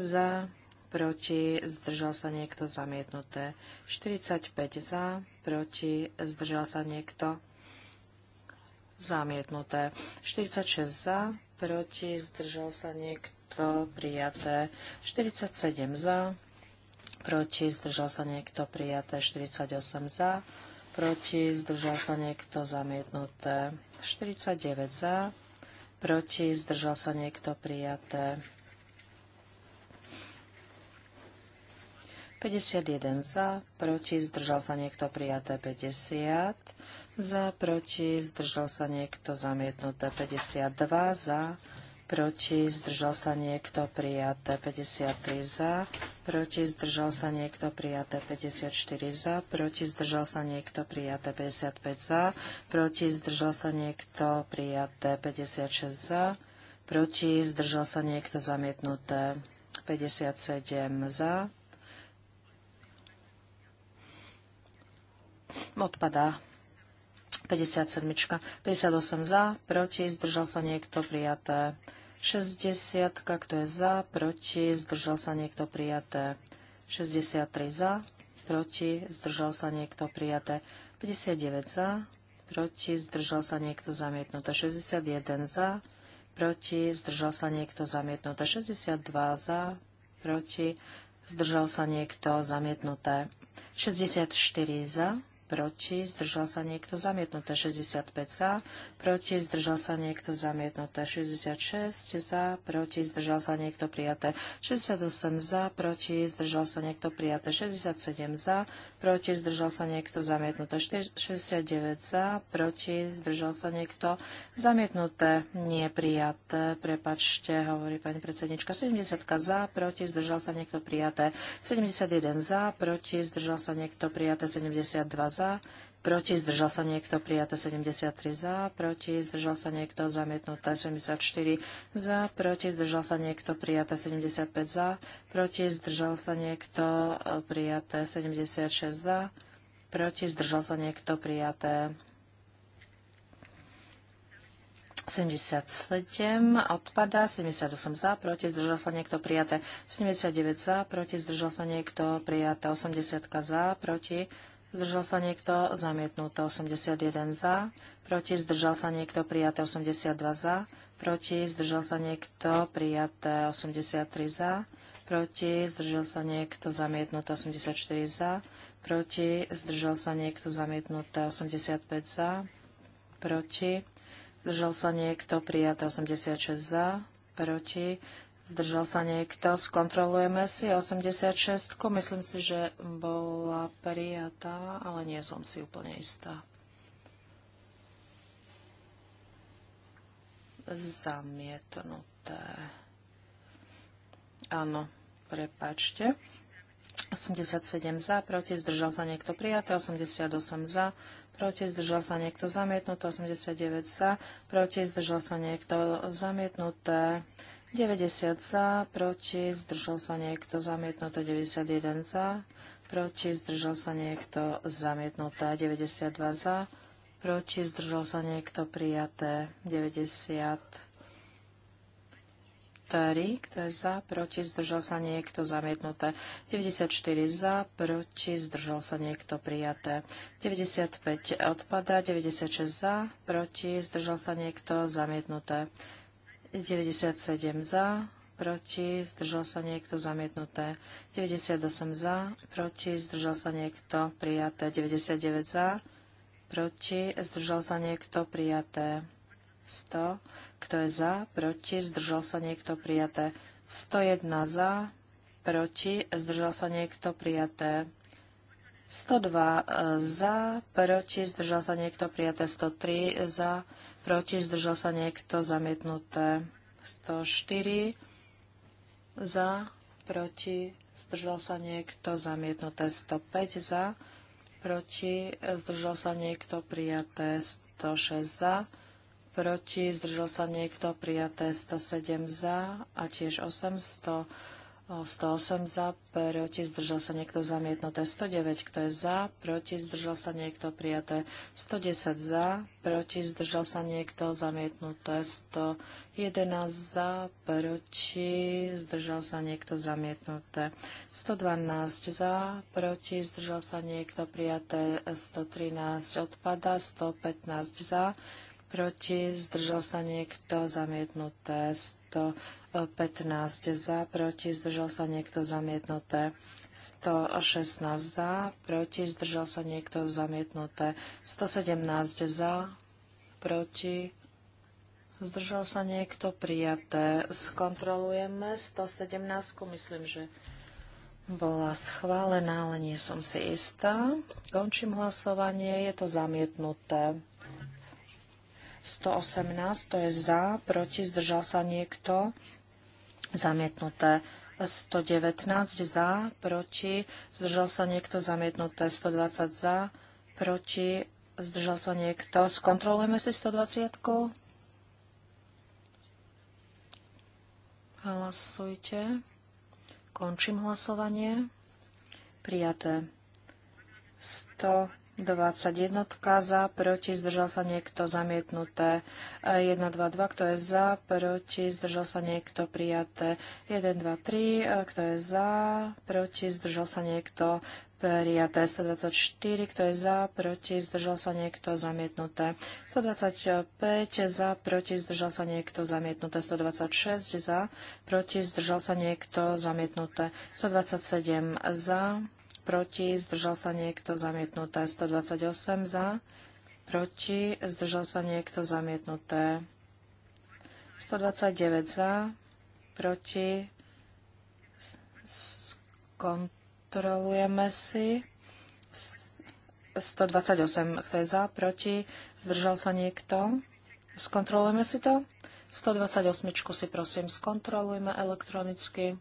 za, proti, zdržal sa niekto zamietnuté, 45 za, proti, zdržal sa niekto zamietnuté. 46 za, proti, zdržal sa niekto, prijaté. 47 za, proti, zdržal sa niekto, prijaté. 48 za, proti, zdržal sa niekto, zamietnuté. 49 za, proti, zdržal sa niekto, prijaté. 51 za, proti, zdržal sa niekto, prijaté 50 za, proti, zdržal sa niekto zamietnuté 52 za, proti, zdržal sa niekto prijaté 53 za, proti, zdržal sa niekto prijaté 54 za, proti, zdržal sa niekto prijaté 55 za, proti, zdržal sa niekto prijaté 56 za, proti, zdržal sa niekto zamietnuté 57 za. Odpadá 57. 58 za, proti, zdržal sa niekto prijaté. 60. Kto je za, proti, zdržal sa niekto prijaté. 63 za, proti, zdržal sa niekto prijaté. 59 za, proti, zdržal sa niekto zamietnuté. 61 za, proti, zdržal sa niekto zamietnuté. 62 za, proti, zdržal sa niekto zamietnuté. 64 za, proti, zdržal sa niekto zamietnuté 65 za, proti, zdržal sa niekto zamietnuté 66 za, proti, zdržal sa niekto prijaté 68 za, proti, zdržal sa niekto prijaté 67 za, proti, zdržal sa niekto zamietnuté 69 za, proti, zdržal sa niekto zamietnuté, neprijaté, prepačte, hovorí pani predsednička, 70 za, proti, zdržal sa niekto prijaté 71 za, proti, zdržal sa niekto prijaté 72 za, za, proti, zdržal sa niekto, prijaté 73 za, proti, zdržal sa niekto, zamietnuté 74 za, proti, zdržal sa niekto, prijaté 75 za, proti, zdržal sa niekto, prijaté 76 za, proti, zdržal sa niekto, prijaté 77 odpada, 78 za, proti, zdržal sa niekto, prijaté 79 za, proti, zdržal sa niekto, prijaté 80 za, proti, Zdržal sa niekto? Zamietnuté 81 za. Proti? Zdržal sa niekto? Prijaté 82 za. Proti? Zdržal sa niekto? Prijaté 83 za. Proti? Zdržal sa niekto? Zamietnuté 84 za. Proti? Zdržal sa niekto? Zamietnuté 85 za. Proti? Zdržal sa niekto? Prijaté 86 za. Proti? Zdržal sa niekto? Skontrolujeme si 86. Myslím si, že bola prijatá, ale nie som si úplne istá. Zamietnuté. Áno, prepačte. 87 za, proti, zdržal sa niekto prijaté, 88 za, proti, zdržal sa niekto zamietnuté, 89 za, proti, zdržal sa niekto zamietnuté, 90 za, proti, zdržal sa niekto, zamietnuté 91 za, proti, zdržal sa niekto, zamietnuté 92 za, proti, zdržal sa niekto, prijaté 90 3, kto je za, proti, zdržal sa niekto, zamietnuté. 94 za, proti, zdržal sa niekto, prijaté. 95 odpada, 96 za, proti, zdržal sa niekto, zamietnuté. 97 za, proti, zdržal sa niekto, zamietnuté. 98 za, proti, zdržal sa niekto, prijaté. 99 za, proti, zdržal sa niekto, prijaté. 100, kto je za, proti, zdržal sa niekto, prijaté. 101 za, proti, zdržal sa niekto, prijaté. 102 e, za, proti, zdržal sa niekto, prijaté 103 e, za, proti, zdržal sa niekto, zamietnuté. 104 za, proti, zdržal sa niekto, zamietnuté. 105 za, proti, zdržal sa niekto, prijaté. 106 za, proti, zdržal sa niekto, prijaté. 107 za a tiež 800 108 za, proti, zdržal sa niekto zamietnuté. 109, kto je za, proti, zdržal sa niekto prijaté. 110 za, proti, zdržal sa niekto zamietnuté. 111 za, proti, zdržal sa niekto zamietnuté. 112 za, proti, zdržal sa niekto prijaté. 113 odpada, 115 za, proti, zdržal sa niekto zamietnuté. 100 15 za, proti, zdržal sa niekto zamietnuté. 116 za, proti, zdržal sa niekto zamietnuté. 117 za, proti, zdržal sa niekto prijaté. Skontrolujeme 117, myslím, že bola schválená, ale nie som si istá. Končím hlasovanie, je to zamietnuté. 118, to je za, proti, zdržal sa niekto, zamietnuté. 119 za, proti, zdržal sa niekto zamietnuté, 120 za, proti, zdržal sa niekto. Skontrolujeme si 120. Hlasujte. Končím hlasovanie. Prijaté. 100. 21 za, proti, zdržal sa niekto, zamietnuté. 1, 2, 2, kto je za, proti, zdržal sa niekto, prijaté. 1, 2, 3, kto je za, proti, zdržal sa niekto, prijaté. 124, kto je za, proti, zdržal sa niekto, zamietnuté. 125 za, proti, zdržal sa niekto, zamietnuté. 126 za, proti, zdržal sa niekto, zamietnuté. 127 za, proti, zdržal sa niekto, zamietnuté. 128 za, proti, zdržal sa niekto, zamietnuté. 129 za, proti, skontrolujeme si. 128, kto je za, proti, zdržal sa niekto. Skontrolujeme si to. 128 si prosím skontrolujme elektronicky.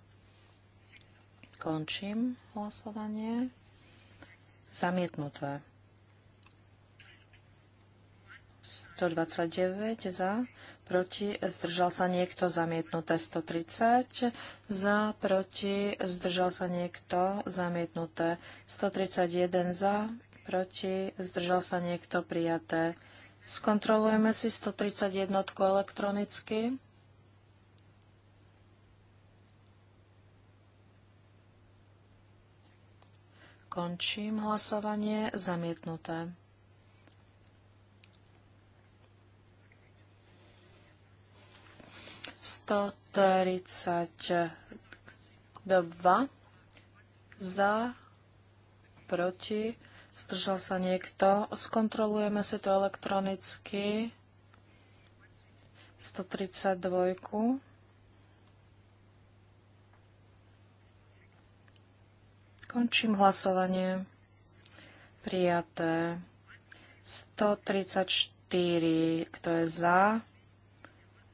Končím hlasovanie. Zamietnuté. 129 za, proti, zdržal sa niekto, zamietnuté 130, za, proti, zdržal sa niekto, zamietnuté 131 za, proti, zdržal sa niekto, prijaté. Skontrolujeme si 131 elektronicky. Končím hlasovanie. Zamietnuté. Sto tridsať dva za, proti, zdržal sa niekto. Skontrolujeme si to elektronicky. 132. Končím hlasovanie. Prijaté. 134, kto je za?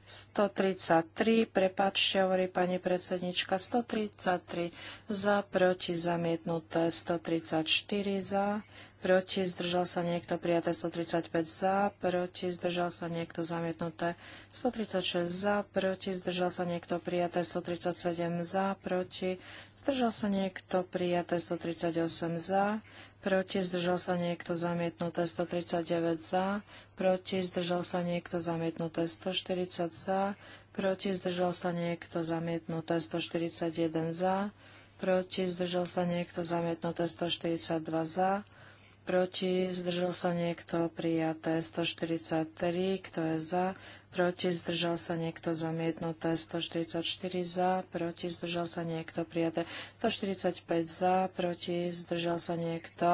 133, prepáčte, hovorí pani predsednička, 133 za, proti zamietnuté, 134 za, proti zdržal sa niekto prijaté 135 za, proti zdržal sa niekto zamietnuté 136 za, proti zdržal sa niekto prijaté 137 za, proti zdržal sa niekto prijaté 138 za, proti zdržal sa niekto zamietnuté 139 za, proti zdržal sa niekto zamietnuté 140 za, proti zdržal sa niekto zamietnuté 141 za, proti zdržal sa niekto zamietnuté 142 za, proti, zdržal sa niekto, prijaté 143, kto je za, proti, zdržal sa niekto, zamietnuté 144 za, proti, zdržal sa niekto, prijaté 145 za, proti, zdržal sa niekto.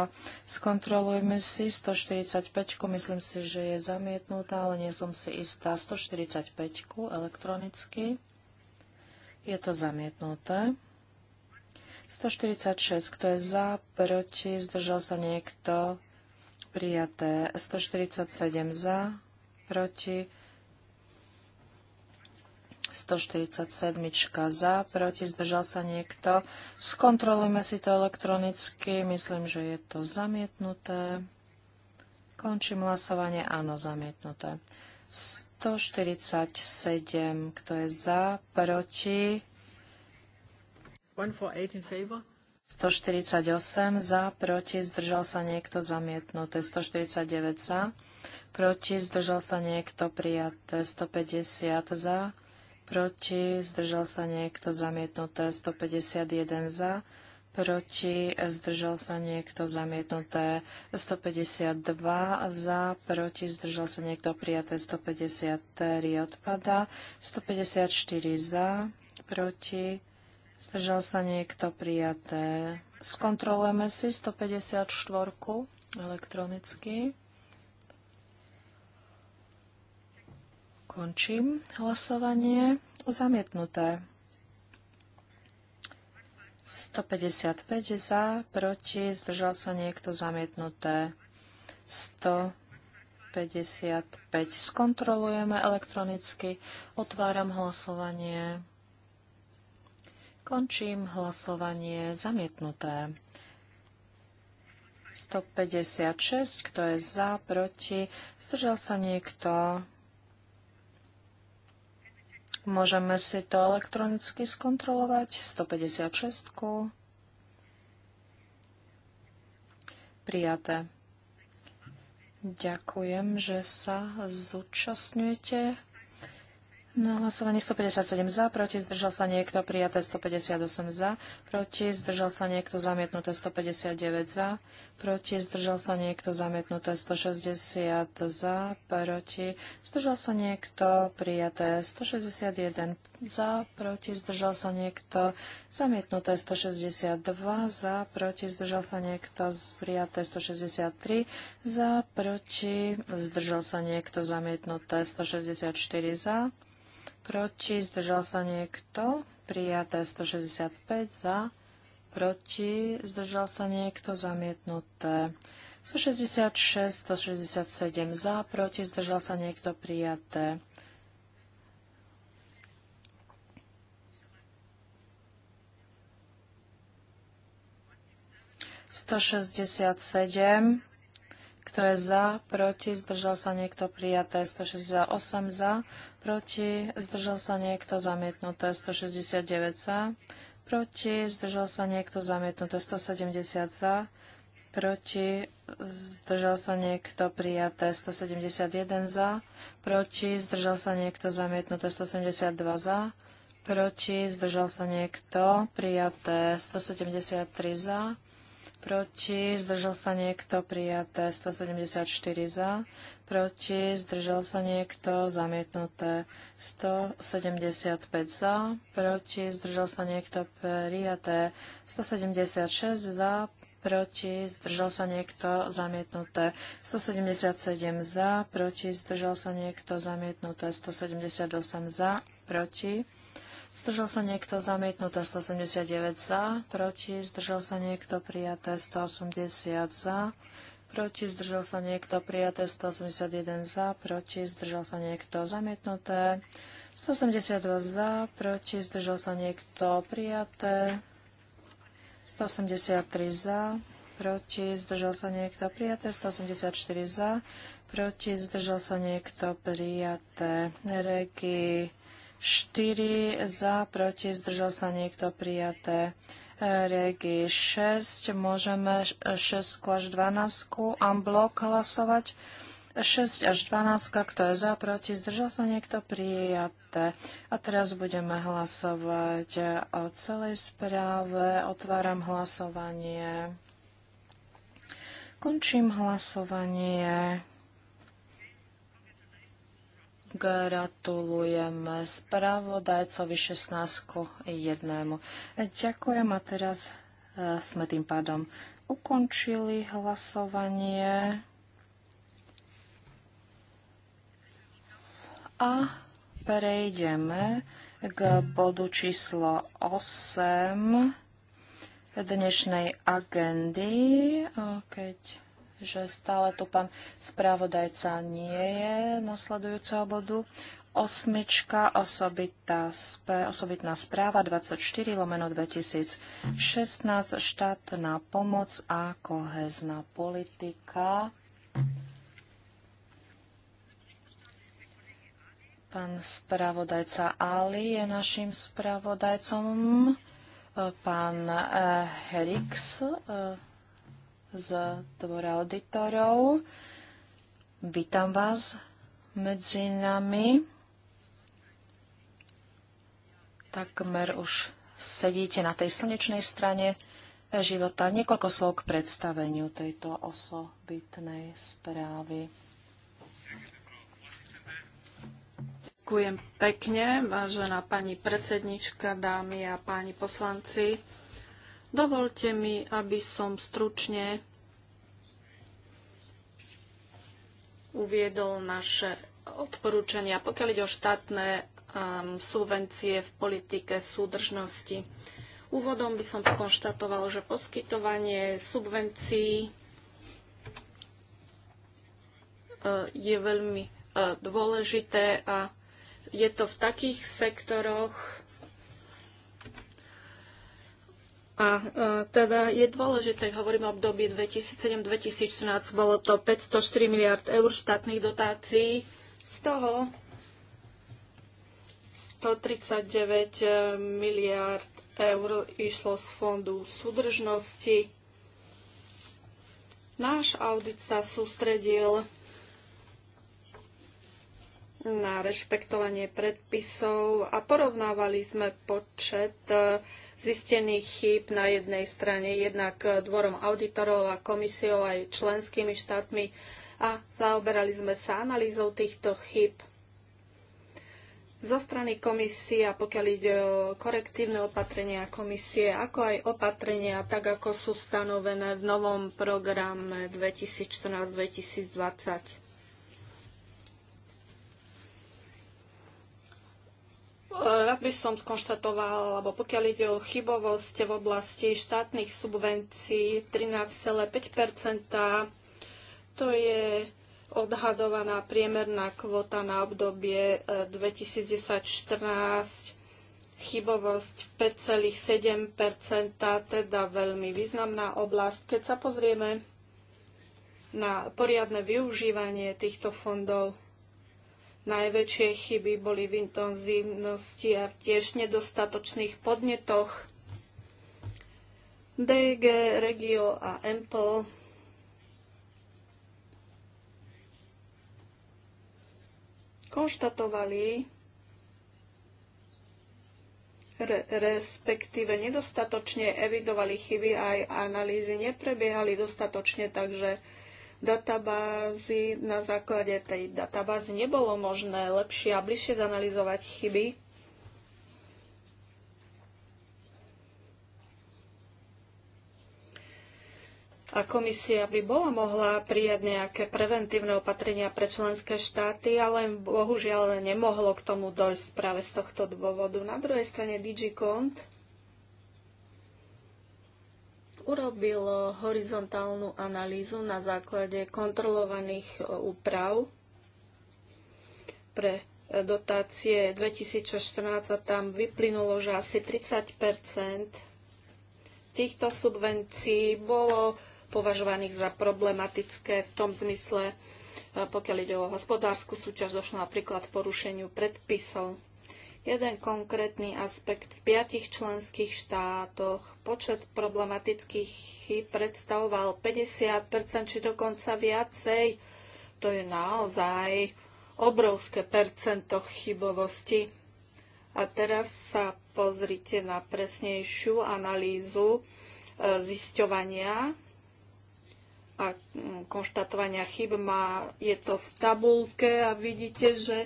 Skontrolujme si 145, myslím si, že je zamietnutá, ale nie som si istá, 145 elektronicky. Je to zamietnuté. 146, kto je za, proti, zdržal sa niekto, prijaté. 147 za, proti, 147 za, proti, zdržal sa niekto. Skontrolujme si to elektronicky, myslím, že je to zamietnuté. Končím hlasovanie, áno, zamietnuté. 147, kto je za, proti, 148 za, proti, zdržal sa niekto zamietnuté. 149 za, proti, zdržal sa niekto prijaté. 150 za, proti, zdržal sa niekto zamietnuté. 151 za, proti, zdržal sa niekto zamietnuté. 152 za, proti, zdržal sa niekto prijaté. 153 odpada. 154 za, proti, Zdržal sa niekto prijaté. Skontrolujeme si 154 elektronicky. Končím hlasovanie. Zamietnuté. 155 za, proti, zdržal sa niekto zamietnuté. 155. Skontrolujeme elektronicky. Otváram hlasovanie. Končím hlasovanie zamietnuté. 156, kto je za, proti, zdržal sa niekto. Môžeme si to elektronicky skontrolovať. 156. Prijaté. Ďakujem, že sa zúčastňujete No, hlasovanie 157 za, proti zdržal sa niekto, prijaté 158 za, proti zdržal sa niekto, zamietnuté 159 za, proti zdržal sa niekto, zamietnuté 160 za, proti zdržal sa niekto, prijaté 161 za, proti zdržal sa niekto, zamietnuté 162 za, proti zdržal sa niekto, prijaté 163 za, proti zdržal sa niekto, zamietnuté 164 za, proti, zdržal sa niekto, prijaté 165 za, proti, zdržal sa niekto, zamietnuté 166, 167 za, proti, zdržal sa niekto, prijaté. Kto je za, proti, zdržal sa niekto prijaté, 168 za, proti, zdržal sa niekto zamietnuté 169 za, proti, zdržal sa niekto zamietnuté 170 za, proti, zdržal sa niekto prijaté 171 za, proti, zdržal sa niekto zamietnuté 172 za, proti, zdržal sa niekto prijaté 173 za, proti, zdržal sa niekto, prijaté 174 za, proti, zdržal sa niekto, zamietnuté 175 za, proti, zdržal sa niekto, prijaté 176 za, proti, zdržal sa niekto, zamietnuté 177 za, proti, zdržal sa niekto, zamietnuté 178 za, proti. Zdržal sa niekto zamietnuté 179 za, proti zdržal sa niekto prijaté 180 za, proti zdržal sa niekto prijaté 181 za, proti zdržal sa niekto zamietnuté 182 za, proti zdržal sa niekto prijaté 183 za, proti zdržal sa niekto prijaté 184 za, proti zdržal sa niekto prijaté regi 4 za, proti, zdržal sa niekto prijaté. Regi 6, môžeme 6 až 12 amblok hlasovať. 6 až 12, kto je za, proti, zdržal sa niekto prijaté. A teraz budeme hlasovať o celej správe. Otváram hlasovanie. Končím hlasovanie. Gratulujeme spravodajcovi 16 k 1. Ďakujem a teraz e, sme tým pádom ukončili hlasovanie. A prejdeme k bodu číslo 8 dnešnej agendy, keď že stále tu pán spravodajca nie je nasledujúceho bodu. Osmička, osobitá, osobitná správa 24 lomeno 2016, štátna pomoc a kohezná politika. Pán spravodajca Ali je našim spravodajcom. Pán eh, Herix eh, z dvora auditorov. Vítam vás medzi nami. Takmer už sedíte na tej slnečnej strane života. Niekoľko slov k predstaveniu tejto osobitnej správy. Ďakujem pekne, vážená pani predsednička, dámy a páni poslanci. Dovolte mi, aby som stručne uviedol naše odporúčania, pokiaľ ide o štátne um, subvencie v politike súdržnosti. Úvodom by som skonštatoval, že poskytovanie subvencií uh, je veľmi uh, dôležité a je to v takých sektoroch, A e, teda je dôležité, hovoríme o období 2007-2014, bolo to 504 miliard eur štátnych dotácií, z toho 139 e, miliard eur išlo z fondu súdržnosti. Náš audit sa sústredil na rešpektovanie predpisov a porovnávali sme počet uh, zistených chýb na jednej strane jednak dvorom auditorov a komisiou aj členskými štátmi a zaoberali sme sa analýzou týchto chýb. Zo strany komisie, a pokiaľ ide o korektívne opatrenia komisie, ako aj opatrenia, tak ako sú stanovené v novom programe 2014-2020. Eh, rád by som skonštatoval, alebo pokiaľ ide o chybovosť v oblasti štátnych subvencií 13,5 to je odhadovaná priemerná kvota na obdobie 2010-2014, eh, chybovosť 5,7 teda veľmi významná oblasť. Keď sa pozrieme na poriadne využívanie týchto fondov, Najväčšie chyby boli v intenzívnosti a tiež nedostatočných podnetoch. DG, Regio a Ample. konštatovali, re, respektíve nedostatočne evidovali chyby aj analýzy neprebiehali dostatočne, takže databázy. Na základe tej databázy nebolo možné lepšie a bližšie zanalizovať chyby. A komisia by bola mohla prijať nejaké preventívne opatrenia pre členské štáty, ale bohužiaľ nemohlo k tomu dojsť práve z tohto dôvodu. Na druhej strane DigiCont Urobil horizontálnu analýzu na základe kontrolovaných e, úprav pre e, dotácie 2014 a tam vyplynulo, že asi 30 týchto subvencií bolo považovaných za problematické v tom zmysle, e, pokiaľ ide o hospodárskú súťaž, došlo napríklad k porušeniu predpisov. Jeden konkrétny aspekt v piatich členských štátoch počet problematických chyb predstavoval 50 či dokonca viacej. To je naozaj obrovské percento chybovosti. A teraz sa pozrite na presnejšiu analýzu e, zisťovania a mm, konštatovania chyb. Má, je to v tabulke a vidíte, že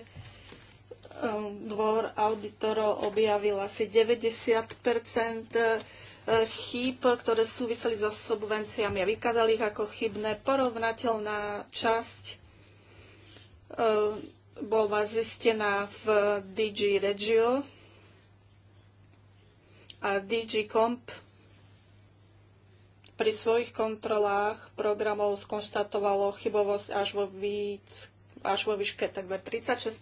Ehm, dvor auditorov objavil asi 90 eh, chýb, ktoré súviseli so subvenciami a vykázali ich ako chybné. Porovnateľná časť ehm, bola zistená v DG Regio a DG Comp pri svojich kontrolách programov skonštatovalo chybovosť až vo, víc, až vo výške takmer 36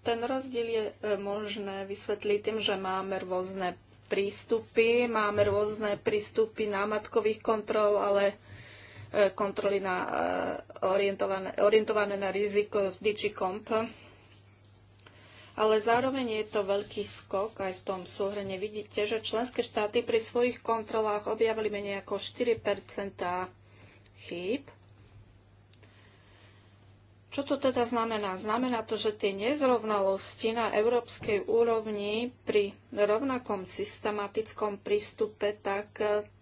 ten rozdiel je e, možné vysvetliť tým, že máme rôzne prístupy, máme rôzne prístupy námatkových kontrol, ale e, kontroly na, e, orientované, orientované na riziko v DigiComp. Ale zároveň je to veľký skok, aj v tom súhrne vidíte, že členské štáty pri svojich kontrolách objavili menej ako 4 chýb čo to teda znamená? Znamená to, že tie nezrovnalosti na európskej úrovni pri rovnakom systematickom prístupe, tak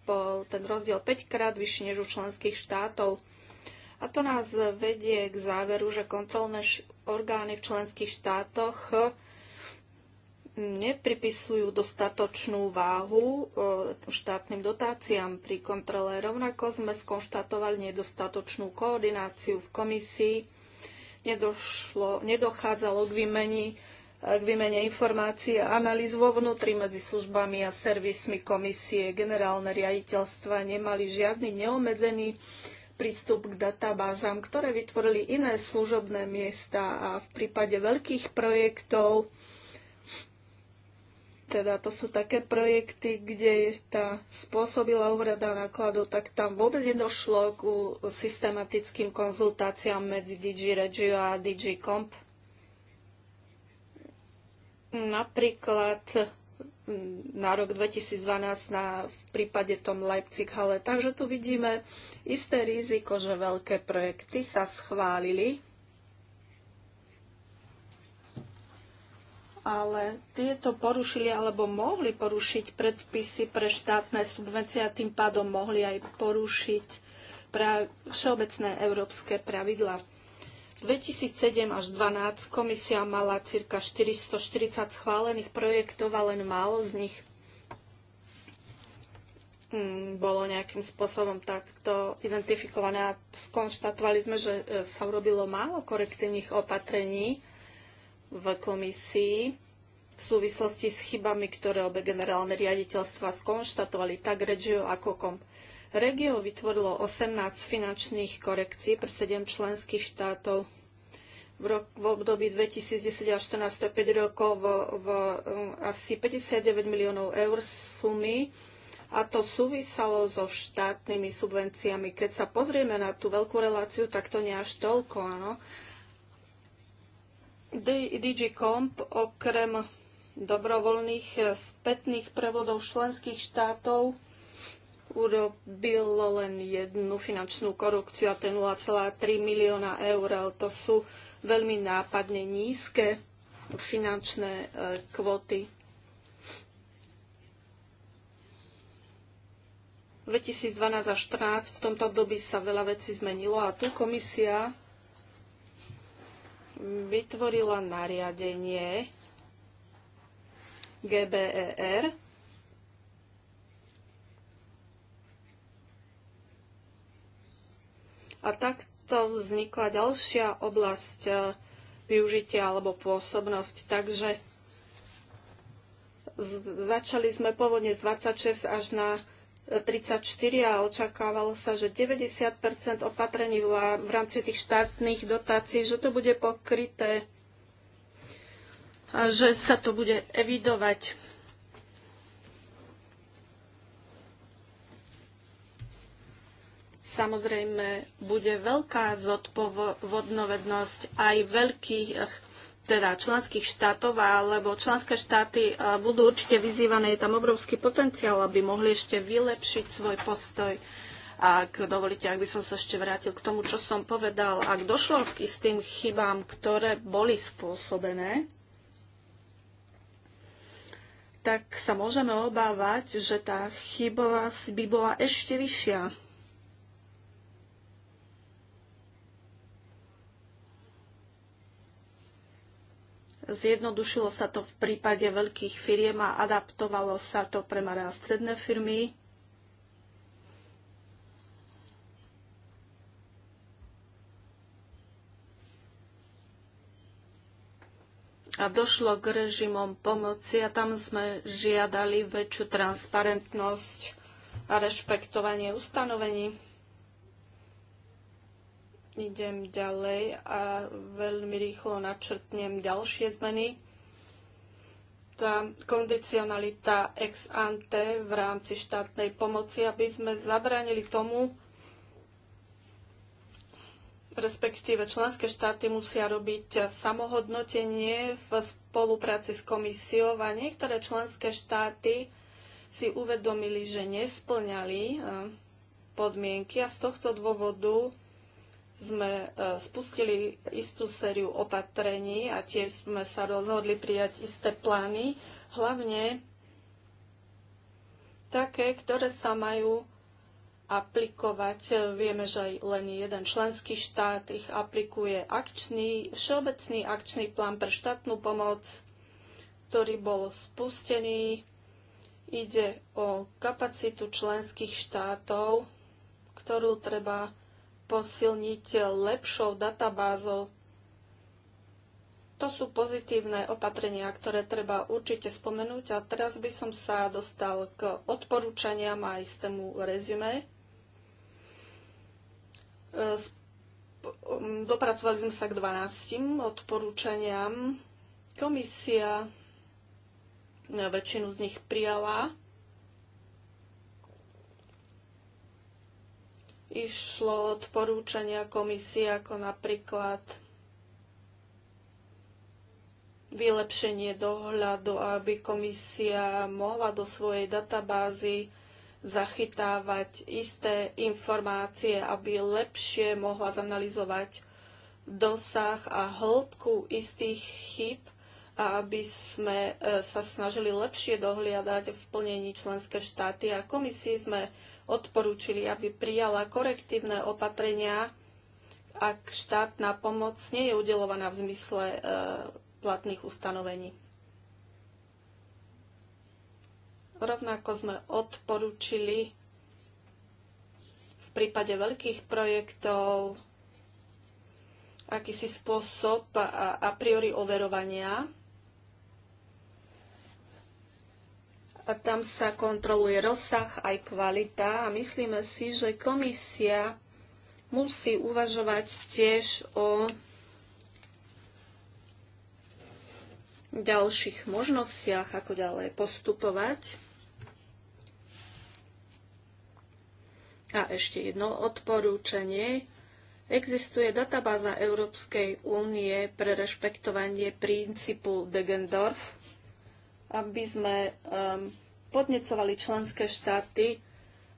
bol eh, ten rozdiel 5 krát vyšší než u členských štátov. A to nás vedie k záveru, že kontrolné orgány v členských štátoch hm, nepripisujú dostatočnú váhu eh, štátnym dotáciám pri kontrole. Rovnako sme skonštatovali nedostatočnú koordináciu v komisii nedošlo, nedochádzalo k výmeni eh, k výmene informácií a analýz vo vnútri medzi službami a servismi komisie. Generálne riaditeľstva nemali žiadny neomedzený prístup k databázam, ktoré vytvorili iné služobné miesta a v prípade veľkých projektov teda to sú také projekty, kde tá spôsobila úhrada nákladov, tak tam vôbec nedošlo ku systematickým konzultáciám medzi DG Regio a DG Comp. Napríklad na rok 2012 na, v prípade tom Leipzig Halle. Takže tu vidíme isté riziko, že veľké projekty sa schválili ale tieto porušili alebo mohli porušiť predpisy pre štátne subvencie a tým pádom mohli aj porušiť pra- všeobecné európske pravidla. 2007 až 2012 komisia mala cirka 440 schválených projektov a len málo z nich mm, bolo nejakým spôsobom takto identifikované a skonštatovali sme, že e, sa urobilo málo korektívnych opatrení v komisii v súvislosti s chybami, ktoré obe generálne riaditeľstva skonštatovali, tak Regio ako kom. Regio vytvorilo 18 finančných korekcií pre 7 členských štátov v, rok, v období 2010 až 14 5 rokov v, v um, asi 59 miliónov eur sumy a to súvisalo so štátnymi subvenciami. Keď sa pozrieme na tú veľkú reláciu, tak to nie až toľko, áno. DG Comp okrem dobrovoľných eh, spätných prevodov členských štátov urobil len jednu finančnú korupciu a to 0,3 milióna eur. Ale to sú veľmi nápadne nízke finančné kvoty. V 2012 a 2014 v tomto období sa veľa vecí zmenilo a tu komisia vytvorila nariadenie GBER, A takto vznikla ďalšia oblasť e, využitia alebo pôsobnosť. Takže začali sme pôvodne z 26 až na 34 a očakávalo sa, že 90 opatrení v rámci tých štátnych dotácií, že to bude pokryté a že sa to bude evidovať. Samozrejme, bude veľká zodpovednosť aj veľkých teda členských štátov, alebo členské štáty e, budú určite vyzývané. Je tam obrovský potenciál, aby mohli ešte vylepšiť svoj postoj. Ak dovolíte, ak by som sa ešte vrátil k tomu, čo som povedal, ak došlo k istým chybám, ktoré boli spôsobené, tak sa môžeme obávať, že tá chyba by bola ešte vyššia. Zjednodušilo sa to v prípade veľkých firiem a adaptovalo sa to pre malé a stredné firmy. a došlo k režimom pomoci a tam sme žiadali väčšiu transparentnosť a rešpektovanie ustanovení idem ďalej a veľmi rýchlo načrtnem ďalšie zmeny. Tá kondicionalita ex ante v rámci štátnej pomoci, aby sme zabránili tomu, respektíve členské štáty musia robiť samohodnotenie v spolupráci s komisiou a niektoré členské štáty si uvedomili, že nesplňali eh, podmienky a z tohto dôvodu sme e, spustili istú sériu opatrení a tiež sme sa rozhodli prijať isté plány, hlavne také, ktoré sa majú aplikovať. Vieme, že aj len jeden členský štát ich aplikuje. Akčný, všeobecný akčný plán pre štátnu pomoc, ktorý bol spustený. Ide o kapacitu členských štátov, ktorú treba posilniť lepšou databázou. To sú pozitívne opatrenia, ktoré treba určite spomenúť. A teraz by som sa dostal k odporúčaniam a istému rezume. E, dopracovali sme sa k 12 odporúčaniam. Komisia e, väčšinu z nich prijala išlo odporúčania komisie, ako napríklad vylepšenie dohľadu, aby komisia mohla do svojej databázy zachytávať isté informácie, aby lepšie mohla zanalizovať dosah a hĺbku istých chyb a aby sme e, sa snažili lepšie dohliadať v plnení členské štáty a komisii sme odporúčili, aby prijala korektívne opatrenia, ak štátna pomoc nie je udelovaná v zmysle e, platných ustanovení. Rovnako sme odporúčili v prípade veľkých projektov akýsi spôsob a priori overovania a tam sa kontroluje rozsah aj kvalita a myslíme si, že komisia musí uvažovať tiež o ďalších možnostiach, ako ďalej postupovať. A ešte jedno odporúčanie. Existuje databáza Európskej únie pre rešpektovanie princípu Degendorf, aby sme um, podnecovali členské štáty,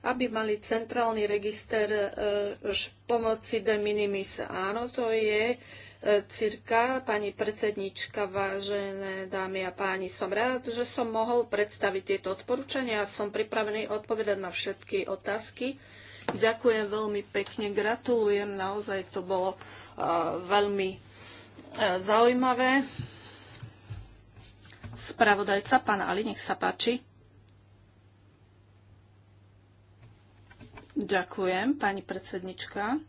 aby mali centrálny register uh, pomoci de minimis. Áno, to je uh, cirka, pani predsednička, vážené dámy a páni, som rád, že som mohol predstaviť tieto odporúčania a som pripravený odpovedať na všetky otázky. Ďakujem veľmi pekne, gratulujem, naozaj to bolo uh, veľmi uh, zaujímavé spravodajca, pán Ali, nech sa páči. Ďakujem, pani predsednička.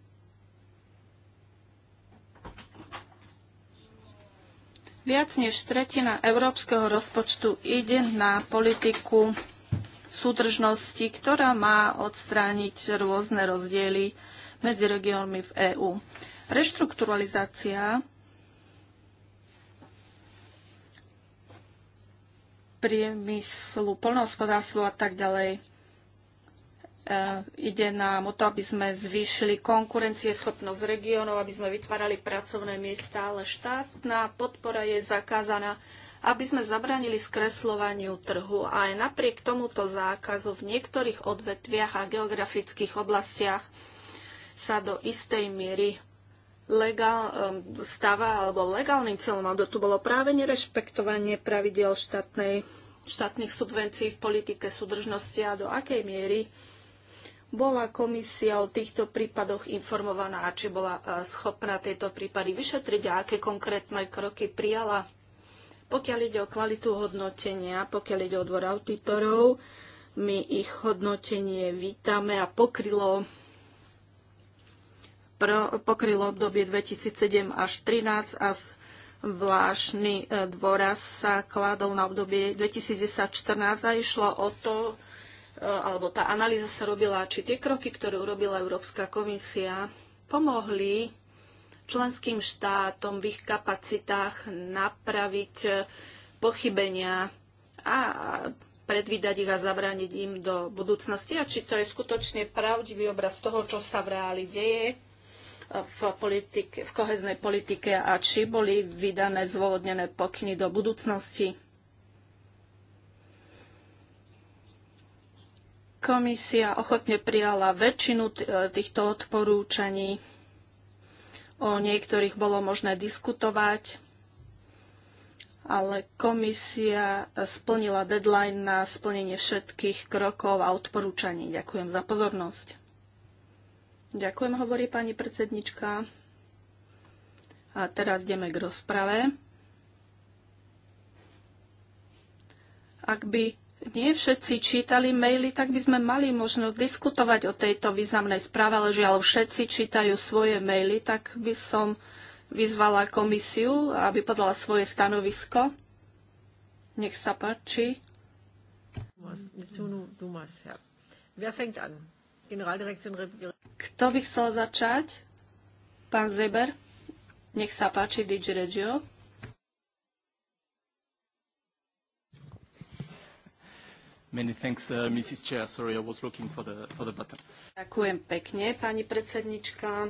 Viac než tretina európskeho rozpočtu ide na politiku súdržnosti, ktorá má odstrániť rôzne rozdiely medzi regiónmi v EÚ. Reštrukturalizácia priemyslu, polnohospodárstvu a tak ďalej. E, ide nám o to, aby sme zvýšili konkurencieschopnosť regiónov, aby sme vytvárali pracovné miesta, ale štátna podpora je zakázaná, aby sme zabranili skresľovaniu trhu. A aj napriek tomuto zákazu v niektorých odvetviach a geografických oblastiach sa do istej miery legál, um, stava alebo legálnym cieľom, alebo tu bolo práve nerešpektovanie pravidel štátnej, štátnych subvencií v politike súdržnosti a do akej miery bola komisia o týchto prípadoch informovaná a či bola uh, schopná tieto prípady vyšetriť a aké konkrétne kroky prijala. Pokiaľ ide o kvalitu hodnotenia, pokiaľ ide o dvor auditorov, my ich hodnotenie vítame a pokrylo pokrylo obdobie 2007 až 2013 a zvláštny e, dôraz sa kladol na obdobie 2014 a išlo o to, e, alebo tá analýza sa robila, či tie kroky, ktoré urobila Európska komisia, pomohli členským štátom v ich kapacitách napraviť e, pochybenia a predvídať ich a zabrániť im do budúcnosti a či to je skutočne pravdivý obraz toho, čo sa v reáli deje v, politike, v koheznej politike a či boli vydané zôvodnené pokyny do budúcnosti. Komisia ochotne prijala väčšinu e, týchto odporúčaní. O niektorých bolo možné diskutovať, ale komisia splnila deadline na splnenie všetkých krokov a odporúčaní. Ďakujem za pozornosť. Ďakujem, hovorí pani predsednička. A teraz ideme k rozprave. Ak by nie všetci čítali maily, tak by sme mali možnosť diskutovať o tejto významnej správe, ale žiaľ všetci čítajú svoje maily, tak by som vyzvala komisiu, aby podala svoje stanovisko. Nech sa páči. ja. Wer fängt an? Kto by chcel začať? Pán Zeber? Nech sa páči, DJ Regio. Many thanks, uh, Mrs. Chair. Sorry, I was looking for the, for the button. Ďakujem pekne, pani predsednička.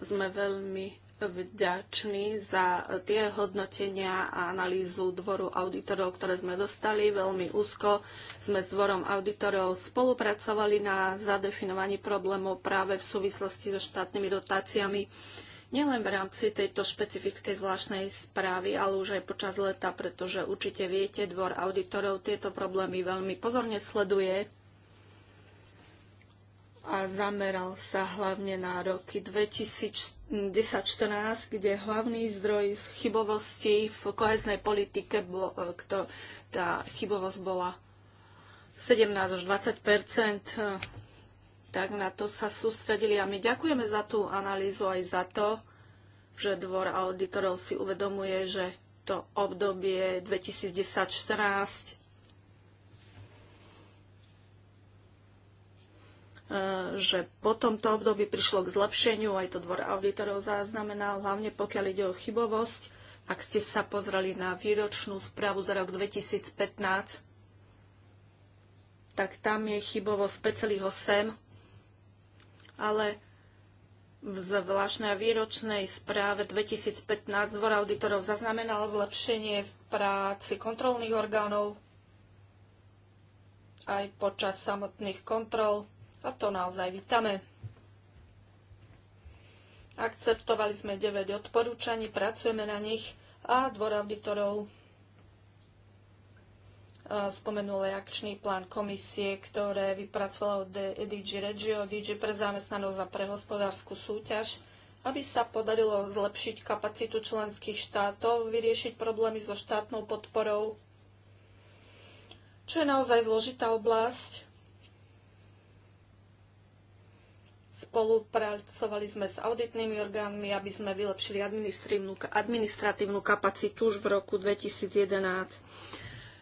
Sme veľmi vďační za tie hodnotenia a analýzu dvoru auditorov, ktoré sme dostali. Veľmi úzko sme s dvorom auditorov spolupracovali na zadefinovaní problémov práve v súvislosti so štátnymi dotáciami. Nielen v rámci tejto špecifickej zvláštnej správy, ale už aj počas leta, pretože určite viete, dvor auditorov tieto problémy veľmi pozorne sleduje a zameral sa hlavne na roky 2014 kde hlavný zdroj chybovosti v koheznej politike, bo, e, kto, tá chybovosť bola 17 až 20 e, tak na to sa sústredili. A my ďakujeme za tú analýzu aj za to, že dvor auditorov si uvedomuje, že to obdobie 2010-2014 že po tomto období prišlo k zlepšeniu, aj to dvor auditorov zaznamenal, hlavne pokiaľ ide o chybovosť. Ak ste sa pozreli na výročnú správu za rok 2015, tak tam je chybovosť 5,8, ale v zvláštnej výročnej správe 2015 dvor auditorov zaznamenal zlepšenie v práci kontrolných orgánov aj počas samotných kontrol a to naozaj vítame. Akceptovali sme 9 odporúčaní, pracujeme na nich a dvor auditorov e, spomenul akčný plán komisie, ktoré vypracovalo DG Regio, DG pre zamestnanosť a pre hospodárskú súťaž, aby sa podarilo zlepšiť kapacitu členských štátov, vyriešiť problémy so štátnou podporou, čo je naozaj zložitá oblasť Spolupracovali sme s auditnými orgánmi, aby sme vylepšili administratívnu kapacitu už v roku 2011.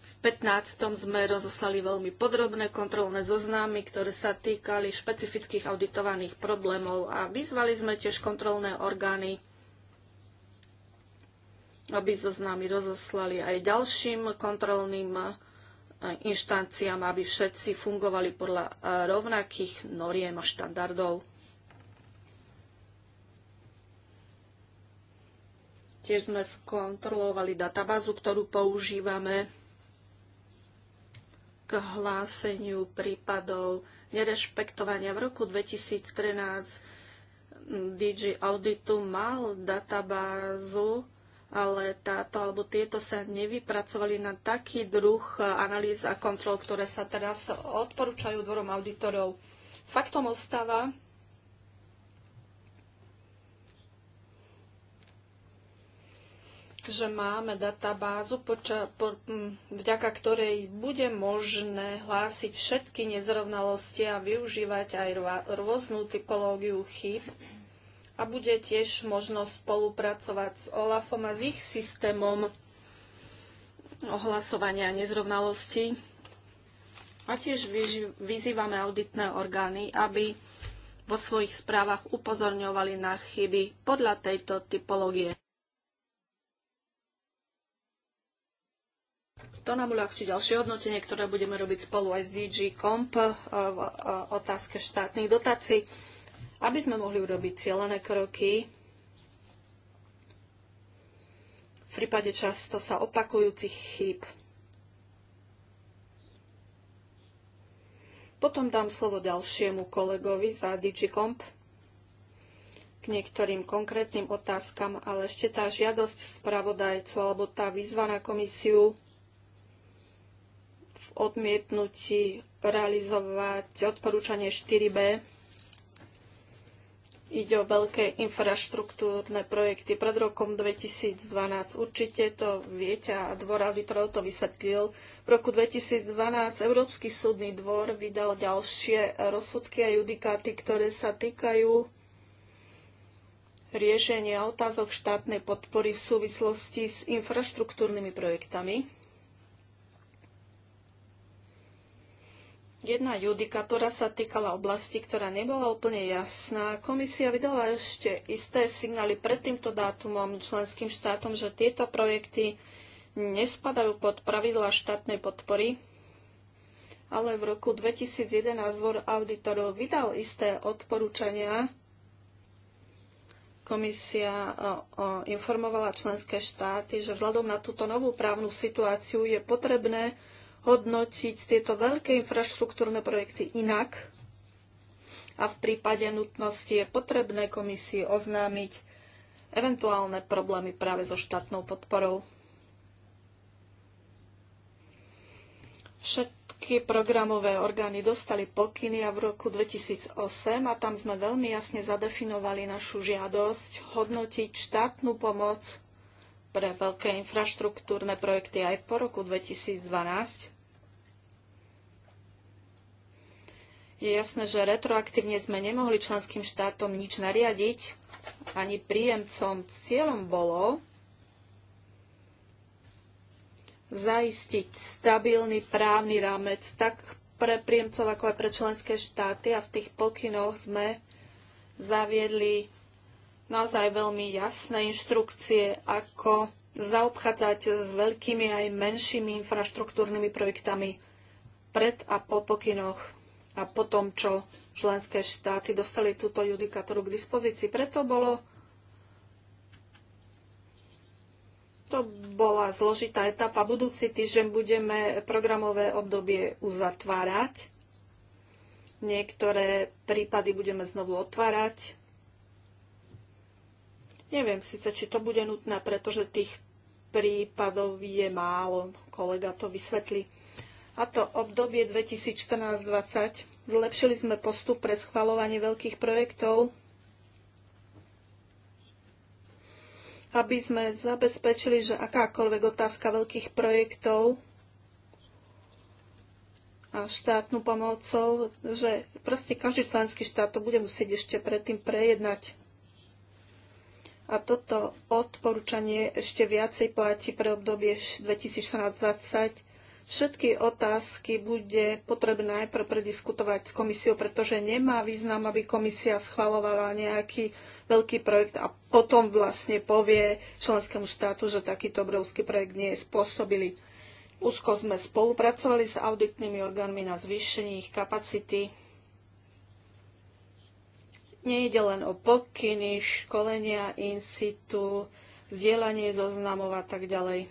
V 15. sme rozoslali veľmi podrobné kontrolné zoznámy, ktoré sa týkali špecifických auditovaných problémov a vyzvali sme tiež kontrolné orgány, aby zoznámy rozoslali aj ďalším kontrolným eh, inštanciám, aby všetci fungovali podľa eh, rovnakých noriem a štandardov. Tiež sme skontrolovali databázu, ktorú používame k hláseniu prípadov nerešpektovania. V roku 2013 DG Auditu mal databázu, ale táto alebo tieto sa nevypracovali na taký druh analýz a kontrol, ktoré sa teraz odporúčajú dvorom auditorov. Faktom ostáva, že máme databázu, poča, po, m, vďaka ktorej bude možné hlásiť všetky nezrovnalosti a využívať aj rva, rôznu typológiu chyb a bude tiež možnosť spolupracovať s OLAFom a s ich systémom ohlasovania nezrovnalostí. A tiež vyzývame auditné orgány, aby vo svojich správach upozorňovali na chyby podľa tejto typológie. To nám uľahčí ďalšie hodnotenie, ktoré budeme robiť spolu aj s DG Comp e, v e, otázke štátnych dotácií, aby sme mohli urobiť cieľané kroky. V prípade často sa opakujúcich chýb. Potom dám slovo ďalšiemu kolegovi za DG Comp k niektorým konkrétnym otázkam, ale ešte tá žiadosť spravodajcu alebo tá výzva na komisiu odmietnutí realizovať odporúčanie 4b. Ide o veľké infraštruktúrne projekty pred rokom 2012. Určite to viete a dvor auditorov to vysvetlil. V roku 2012 Európsky súdny dvor vydal ďalšie rozsudky a judikáty, ktoré sa týkajú riešenia otázok štátnej podpory v súvislosti s infraštruktúrnymi projektami. Jedna judikatúra sa týkala oblasti, ktorá nebola úplne jasná. Komisia vydala ešte isté signály pred týmto dátumom členským štátom, že tieto projekty nespadajú pod pravidla štátnej podpory, ale v roku 2011 zvor auditorov vydal isté odporúčania. Komisia informovala členské štáty, že vzhľadom na túto novú právnu situáciu je potrebné hodnotiť tieto veľké infraštruktúrne projekty inak a v prípade nutnosti je potrebné komisii oznámiť eventuálne problémy práve so štátnou podporou. Všetky programové orgány dostali pokyny a v roku 2008 a tam sme veľmi jasne zadefinovali našu žiadosť hodnotiť štátnu pomoc pre veľké infraštruktúrne projekty aj po roku 2012. Je jasné, že retroaktívne sme nemohli členským štátom nič nariadiť, ani príjemcom. Cieľom bolo zaistiť stabilný právny rámec tak pre príjemcov, ako aj pre členské štáty a v tých pokynoch sme zaviedli naozaj veľmi jasné inštrukcie, ako zaobchádzať s veľkými aj menšími infraštruktúrnymi projektami pred a po pokynoch a po tom, čo členské štáty dostali túto judikatúru k dispozícii. Preto bolo to bola zložitá etapa. Budúci týždeň budeme programové obdobie uzatvárať. Niektoré prípady budeme znovu otvárať. Neviem síce, či to bude nutné, pretože tých prípadov je málo. Kolega to vysvetlí. A to obdobie 2014-2020. Zlepšili sme postup pre schvalovanie veľkých projektov, aby sme zabezpečili, že akákoľvek otázka veľkých projektov a štátnu pomocou, že proste každý členský štát to bude musieť ešte predtým prejednať a toto odporúčanie ešte viacej platí pre obdobie 2014-2020. Všetky otázky bude potrebné najprv prediskutovať s komisiou, pretože nemá význam, aby komisia schvalovala nejaký veľký projekt a potom vlastne povie členskému štátu, že takýto obrovský projekt nie je spôsobili. Úzko sme spolupracovali s auditnými orgánmi na zvýšení ich kapacity Nejde len o pokyny, školenia in situ, zdieľanie zoznamov a tak ďalej.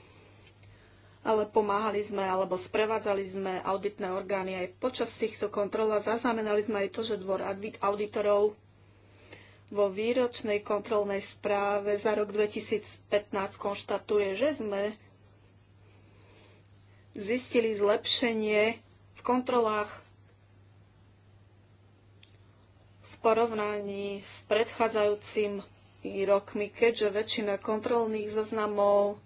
Ale pomáhali sme alebo sprevádzali sme auditné orgány aj počas týchto kontrol a zaznamenali sme aj to, že dvor auditorov vo výročnej kontrolnej správe za rok 2015 konštatuje, že sme zistili zlepšenie v kontrolách porovnaní s predchádzajúcim rokmi, keďže väčšina kontrolných zoznamov,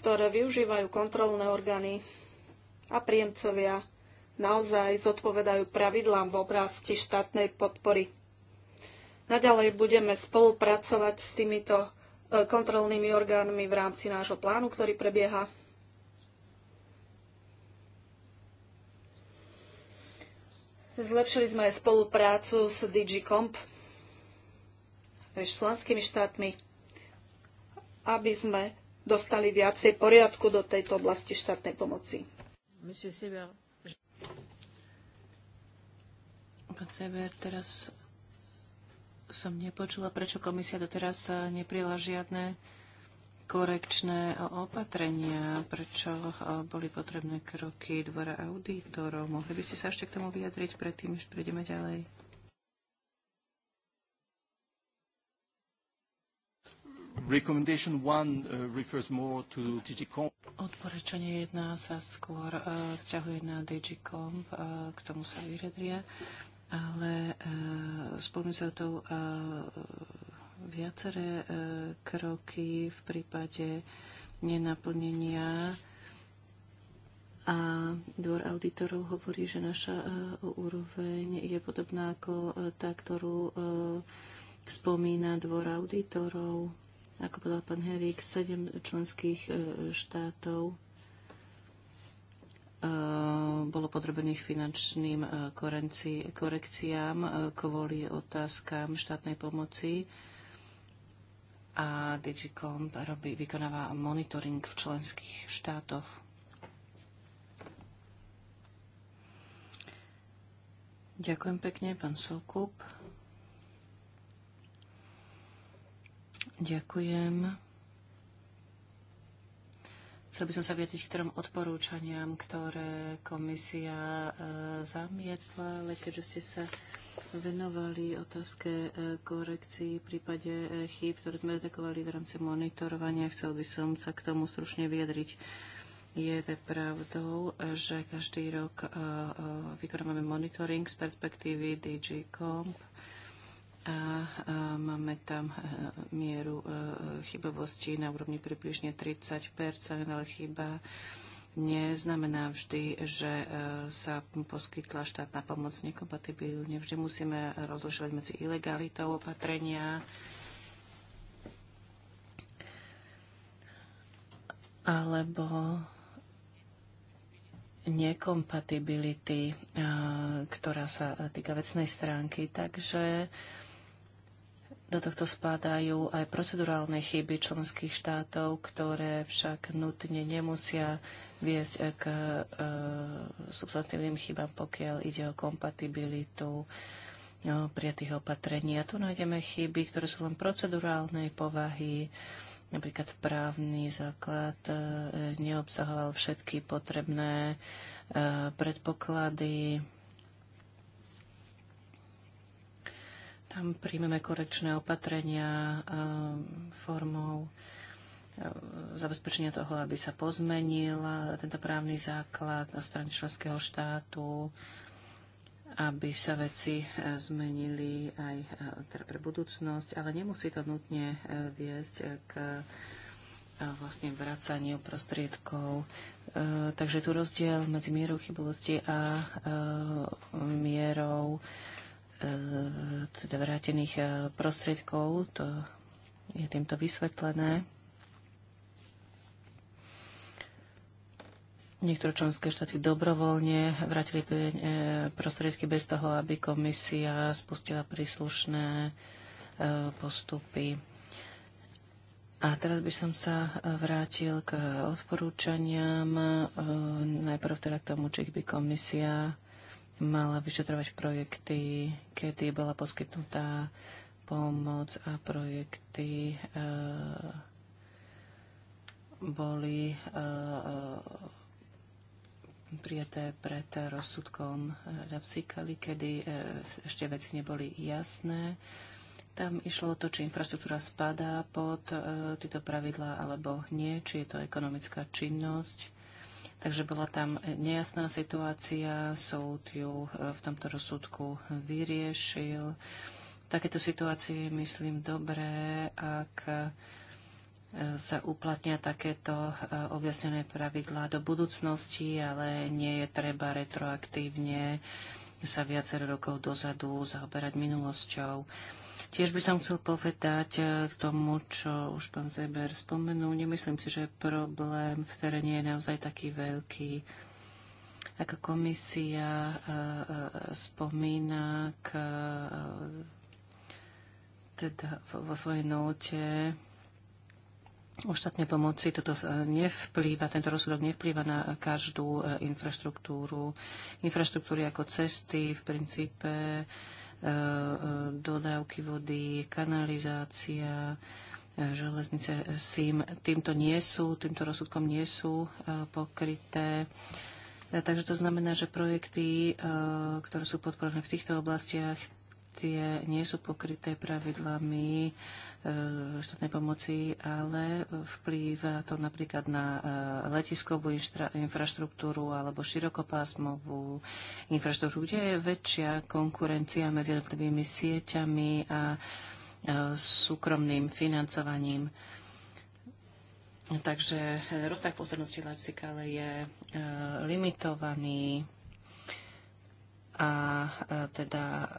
ktoré využívajú kontrolné orgány a príjemcovia, naozaj zodpovedajú pravidlám v oblasti štátnej podpory. Naďalej budeme spolupracovať s týmito e, kontrolnými orgánmi v rámci nášho plánu, ktorý prebieha Zlepšili sme aj spoluprácu s Comp, s členskými štátmi, aby sme dostali viacej poriadku do tejto oblasti štátnej pomoci. Pán Seber, teraz som nepočula, prečo komisia doteraz eh, neprila žiadne korekčné opatrenia, prečo boli potrebné kroky dvora auditorov. Mohli by ste sa ešte k tomu vyjadriť predtým, než prejdeme ďalej? Uh, Odporečenie jedná jedna sa skôr uh, vzťahuje na DigiCom, uh, k tomu sa vyjadria, ale uh, spomínajú tou viaceré e, kroky v prípade nenaplnenia a dvor auditorov hovorí, že naša e, úroveň je podobná ako e, tá, ktorú spomína dvor auditorov. Ako povedal pán Herik, sedem členských štátov bolo podrobených finančným korekciám kvôli otázkam štátnej pomoci a Digicom robí, vykonáva monitoring v členských štátoch. Ďakujem pekne, pán Sokup. Ďakujem. Chcel by som sa vyjadriť k trom odporúčaniam, ktoré komisia e, zamietla, ale keďže ste sa e, venovali otázke e, korekcií v prípade e, chýb, ktoré sme detekovali v rámci monitorovania. Chcel by som sa k tomu stručne vyjadriť. Je pravdou, že každý rok e, vykonávame monitoring z perspektívy DG a máme tam mieru chybovosti na úrovni približne 30 ale chyba neznamená vždy, že e, sa poskytla štátna pomoc nekompatibilne. Vždy musíme rozlišovať medzi ilegalitou opatrenia alebo nekompatibility, e, ktorá sa týka vecnej stránky. Takže do tohto spadajú aj procedurálne chyby členských štátov, ktoré však nutne nemusia viesť k e, substantívnym chybám, pokiaľ ide o kompatibilitu no, prijatých opatrení. A tu nájdeme chyby, ktoré sú len procedurálnej povahy. Napríklad právny základ e, neobsahoval všetky potrebné e, predpoklady Tam príjmeme korekčné opatrenia eh, formou eh, zabezpečenia toho, aby sa pozmenil eh, tento právny základ na strane členského štátu, aby sa veci zmenili aj teda pre budúcnosť, ale nemusí to nutne viesť k vlastne vracaniu prostriedkov. Takže tu rozdiel medzi mierou chybulosti a mierou E, teda vrátených e, prostriedkov. To je týmto vysvetlené. Niektoré členské štáty dobrovoľne vrátili e, prostriedky bez toho, aby komisia spustila príslušné postupy. A teraz by som sa vrátil k odporúčaniam. Najprv teda k tomu, či by komisia mala vyšetrovať projekty, kedy bola poskytnutá pomoc a projekty e, boli e, prijaté pred rozsudkom Rapsikali, kedy ešte veci neboli jasné. Tam išlo o to, či infraštruktúra spadá pod e, tieto pravidlá alebo nie, či je to ekonomická činnosť. Takže bola tam nejasná situácia, súd ju e, v tomto rozsudku vyriešil. Takéto situácie je, myslím, dobré, ak e, sa uplatnia takéto e, objasnené pravidlá do budúcnosti, ale nie je treba retroaktívne sa viacero rokov dozadu zaoberať minulosťou. Tiež by som chcel povedať eh, k tomu, čo už pán Zeber spomenul. Nemyslím si, že problém v teréne je naozaj taký veľký. Ako komisia eh, eh, spomína k, teda vo svojej note o štátnej pomoci toto nevplýva, tento rozsudok nevplýva na každú infraštruktúru. Infraštruktúry ako cesty v princípe E, e, dodávky vody, kanalizácia, e, železnice s tým, týmto nie sú, týmto rozsudkom nie sú pokryté. Takže to znamená, že projekty, ktoré sú podporované v týchto oblastiach, tie nie sú pokryté pravidlami e, štátnej pomoci, ale vplýva to napríklad na e, letiskovú infraštruktúru alebo širokopásmovú infraštruktúru, kde je väčšia konkurencia medzi jednotlivými sieťami a e, súkromným financovaním. Takže rozsah pozornosti Leipzig ale je limitovaný a teda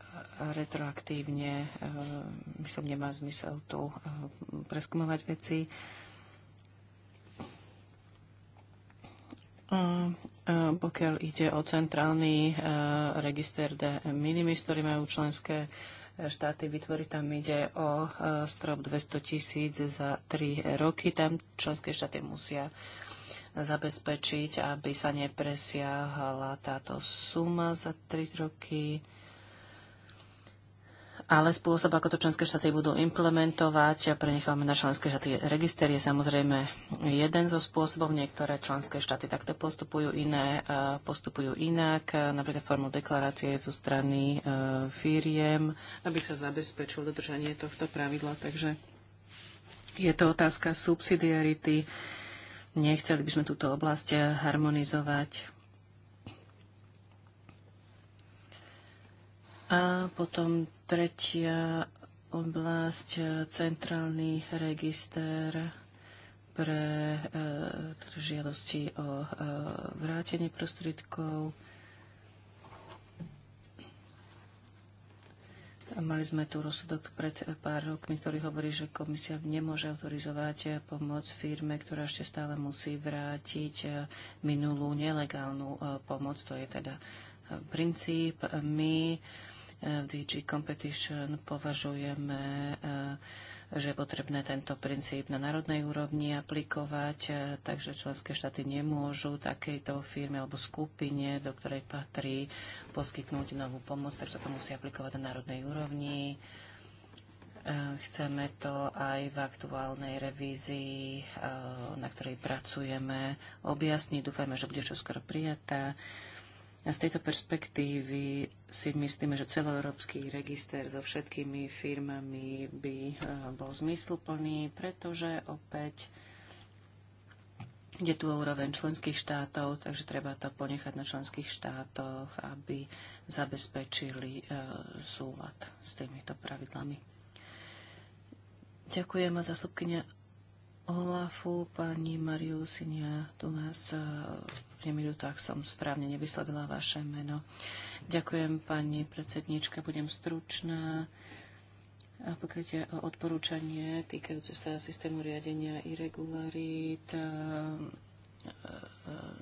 retroaktívne, e, myslím, nemá zmysel tu e, preskúmovať veci. E, pokiaľ ide o centrálny register de minimis, ktorý majú členské štáty vytvorí, tam ide o strop 200 tisíc za 3 roky. Tam členské štáty musia zabezpečiť, aby sa nepresiahala táto suma za 3 roky. Ale spôsob, ako to členské štáty budú implementovať, a prenechávame na členské štáty register, je samozrejme jeden zo spôsobov. Niektoré členské štáty takto postupujú, iné postupujú inak, napríklad formou deklarácie zo strany e, firiem, aby sa zabezpečilo dodržanie tohto pravidla. Takže je to otázka subsidiarity Nechceli by sme túto oblasť eh, harmonizovať. A potom tretia oblasť, eh, centrálny register pre e, žiadosti o e, vrátenie prostriedkov. E, Mali sme tu rozsudok pred eh, pár rokmi, ktorý hovorí, že komisia nemôže autorizovať eh, pomoc firme, ktorá ešte stále musí vrátiť eh, minulú nelegálnu pomoc. To je teda princíp. My v DG Competition považujeme že je potrebné tento princíp na národnej úrovni aplikovať, e, takže členské štáty nemôžu takejto firme alebo skupine, do ktorej patrí, poskytnúť novú pomoc, takže to musí aplikovať na národnej úrovni. E, chceme to aj v aktuálnej revízii, e, na ktorej pracujeme, objasniť. Dúfajme, že bude čoskoro prijatá. A z tejto perspektívy si myslíme, že celoeurópsky register so všetkými firmami by eh, bol zmysluplný, pretože opäť Ide tu o úroveň členských štátov, takže treba to ponechať na členských štátoch, aby zabezpečili eh, súlad s týmito pravidlami. Ďakujem a zastupkynia Olafu, pani Mariusinia tu nás eh, postupne minútu, ak som správne nevyslovila vaše meno. Ďakujem, pani predsedníčka, budem stručná. A pokrytie odporúčanie týkajúce sa systému riadenia irregularít e, e,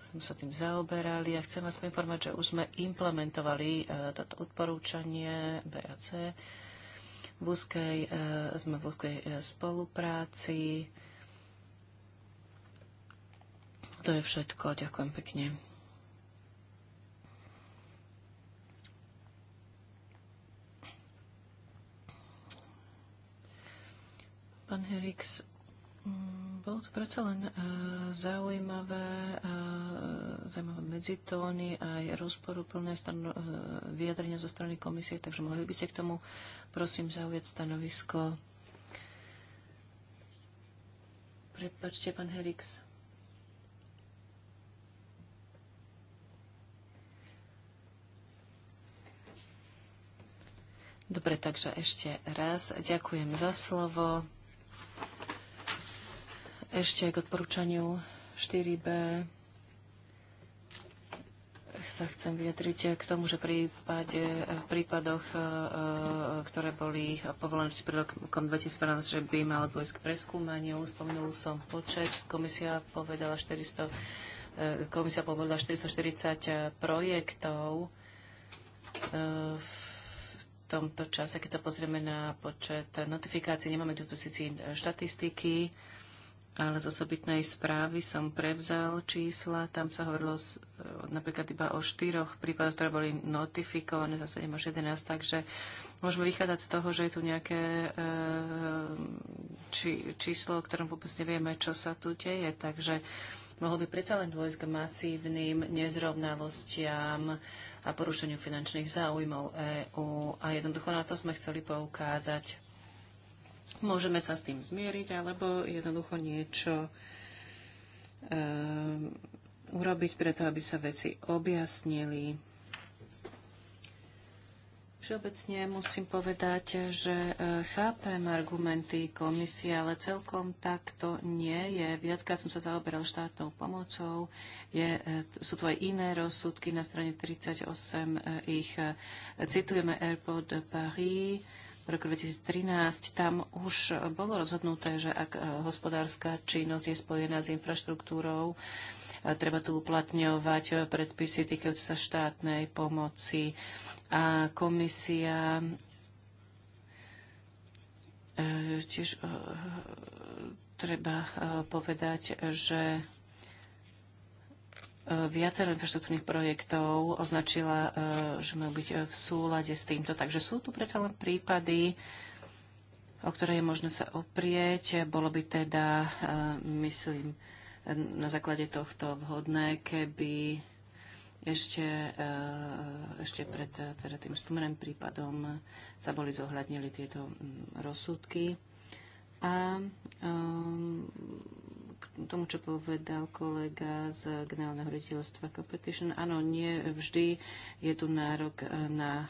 sme sa tým zaoberali a chcem vás informovať, že už sme implementovali e, toto odporúčanie BAC. V úzkej, sme v úzkej spolupráci to je všetko. Ďakujem pekne. Pán Herix, mm, bolo to predsa len e, zaujímavé, e, zaujímavé medzitóny aj rozporúplné stano- e, vyjadrenia zo strany komisie, takže mohli by ste k tomu, prosím, zaujať stanovisko. Prepačte, pán Herix. Dobre, takže ešte raz ďakujem za slovo. Ešte k odporúčaniu 4b sa chcem vyjadriť k tomu, že v prípade, v prípadoch, e, e, ktoré boli povolené pred rokom 2012, že by mal dôjsť k preskúmaniu, spomenul som počet, komisia povedala 400, e, komisia povedala 440 projektov v tomto čase, keď sa pozrieme na počet notifikácií, nemáme k dispozícii štatistiky, ale z osobitnej správy som prevzal čísla. Tam sa hovorilo napríklad iba o štyroch prípadoch, ktoré boli notifikované za 7 až 11, takže môžeme vychádzať z toho, že je tu nejaké eh, či, číslo, o ktorom vôbec nevieme, čo sa tu deje. Takže mohlo by predsa len dôjsť k masívnym nezrovnalostiam a porušeniu finančných záujmov EÚ. A jednoducho na to sme chceli poukázať. Môžeme sa s tým zmieriť, alebo jednoducho niečo um, urobiť preto, aby sa veci objasnili Všeobecne musím povedať, že e, chápem argumenty komisie, ale celkom tak to nie je. Viackrát som sa zaoberal štátnou pomocou. Je, e, sú tu aj iné rozsudky. Na strane 38 e, ich citujeme Airport de Paris v roku 2013 tam už bolo rozhodnuté, že ak hospodárska činnosť je spojená s infraštruktúrou, Treba tu uplatňovať eh, predpisy týkajúce sa štátnej pomoci. A komisia eh, tiež eh, treba povedať, že viacero infraštruktúrnych projektov označila, že majú byť v súlade s týmto. Takže sú tu predsa len prípady, o ktoré je možné sa oprieť. Bolo by teda, myslím, na základe tohto vhodné, keby ešte, eh, ešte pred teda tým spomeným prípadom sa boli zohľadnili tieto mm, rozsudky. A um, k tomu, čo povedal kolega z generálneho rediteľstva Competition, áno, nie vždy je tu nárok eh, na uh,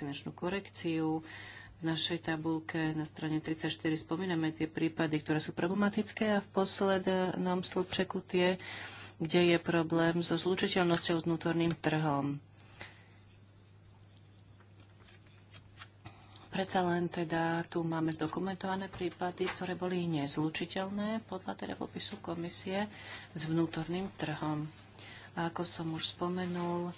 finančnú korekciu. Uh, v našej tabulke na strane 34 spomíname tie prípady, ktoré sú problematické a v poslednom slupčeku tie, kde je problém so zlučiteľnosťou s vnútorným trhom. Predsa len teda tu máme zdokumentované prípady, ktoré boli nezlučiteľné podľa teda popisu komisie s vnútorným trhom. A ako som už spomenul,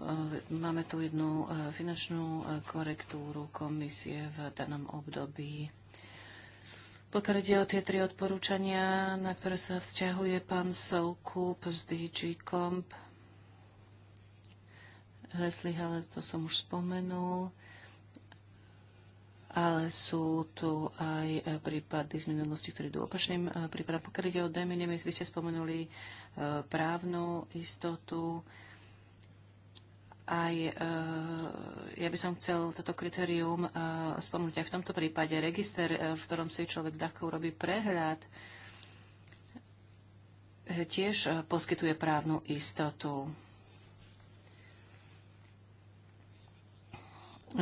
Eh, máme tu jednu eh, finančnú eh, korektúru komisie v danom období. Pokiaľ ide o tie tri odporúčania, na ktoré sa vzťahuje pán Soukup z DG Comp, Leslie Hallett, to som už spomenul, ale sú tu aj prípady z minulosti, ktoré idú opačným prípadom. Pokiaľ ide o de minimis, vy ste spomenuli právnu istotu, aj e, ja by som chcel toto kritérium e, spomnúť aj v tomto prípade. Register, e, v ktorom si človek ľahko urobí prehľad, tiež poskytuje právnu istotu.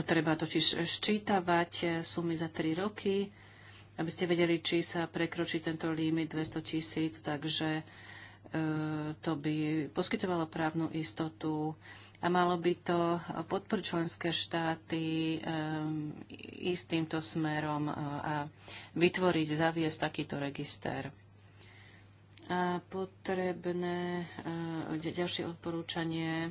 Treba totiž ščítavať sumy za 3 roky, aby ste vedeli, či sa prekročí tento limit 200 tisíc, takže e, to by poskytovalo právnu istotu. E, a malo by to podporiť členské štáty ísť ehm, týmto smerom e, a vytvoriť, zaviesť takýto register. A potrebné e, ďalšie odporúčanie e,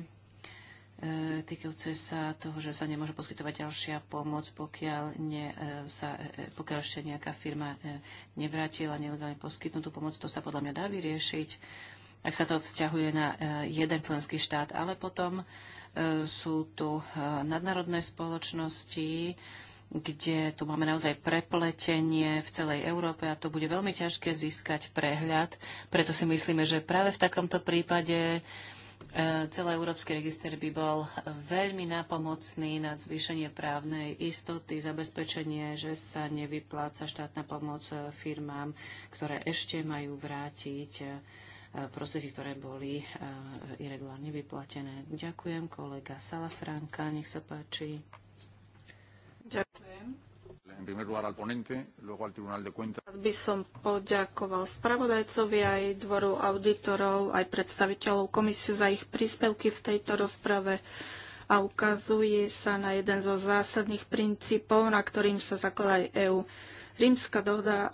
týkajúce sa toho, že sa nemôže poskytovať ďalšia pomoc, pokiaľ, ne, sa, pokiaľ ešte nejaká firma nevrátila nelegálne poskytnutú pomoc. To sa podľa mňa dá vyriešiť ak sa to vzťahuje na e, jeden členský štát. Ale potom e, sú tu e, nadnárodné spoločnosti, kde tu máme naozaj prepletenie v celej Európe a to bude veľmi ťažké získať prehľad. Preto si myslíme, že práve v takomto prípade celý Európsky register by bol veľmi napomocný na zvýšenie právnej istoty, zabezpečenie, že sa nevypláca štátna pomoc firmám, ktoré ešte majú vrátiť E, prostriedky, ktoré boli e, irregulárne vyplatené. Ďakujem, kolega Salafranka, nech sa páči. Ďakujem. By som poďakoval spravodajcovi aj dvoru auditorov, aj predstaviteľov komisiu za ich príspevky v tejto rozprave a ukazuje sa na jeden zo zásadných princípov, na ktorým sa zakladá aj EÚ. Rímska dohoda e,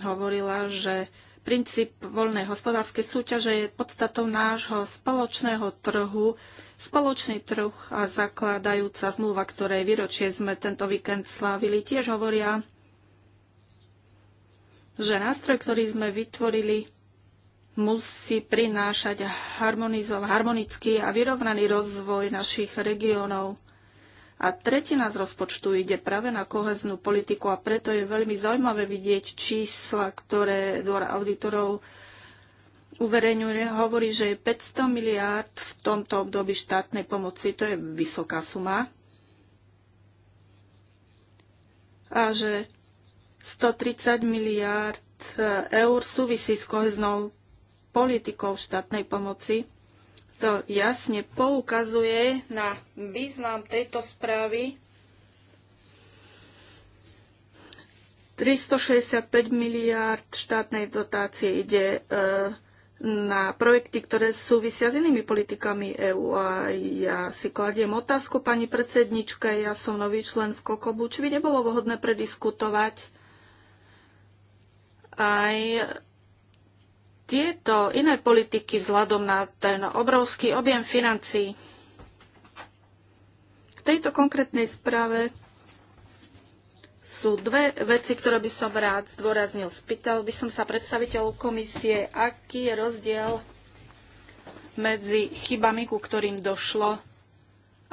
hovorila, že Princíp voľnej hospodárskej súťaže je podstatou nášho spoločného trhu, spoločný trh a zakladajúca zmluva, ktorej výročie sme tento víkend slávili, tiež hovoria, že nástroj, ktorý sme vytvorili, musí prinášať harmonický a vyrovnaný rozvoj našich regiónov a tretina z rozpočtu ide práve na koheznú politiku a preto je veľmi zaujímavé vidieť čísla, ktoré dvor auditorov uverejňuje, hovorí, že je 500 miliárd v tomto období štátnej pomoci. To je vysoká suma. A že 130 miliárd eur súvisí s koheznou politikou štátnej pomoci to jasne poukazuje na význam tejto správy. 365 miliárd štátnej dotácie ide e, na projekty, ktoré súvisia s inými politikami EÚ. A ja si kladiem otázku, pani predsedničke, ja som nový člen v Kokobu, či by nebolo vhodné prediskutovať aj tieto iné politiky vzhľadom na ten obrovský objem financií. V tejto konkrétnej správe sú dve veci, ktoré by som rád zdôraznil. Spýtal by som sa predstaviteľov komisie, aký je rozdiel medzi chybami, ku ktorým došlo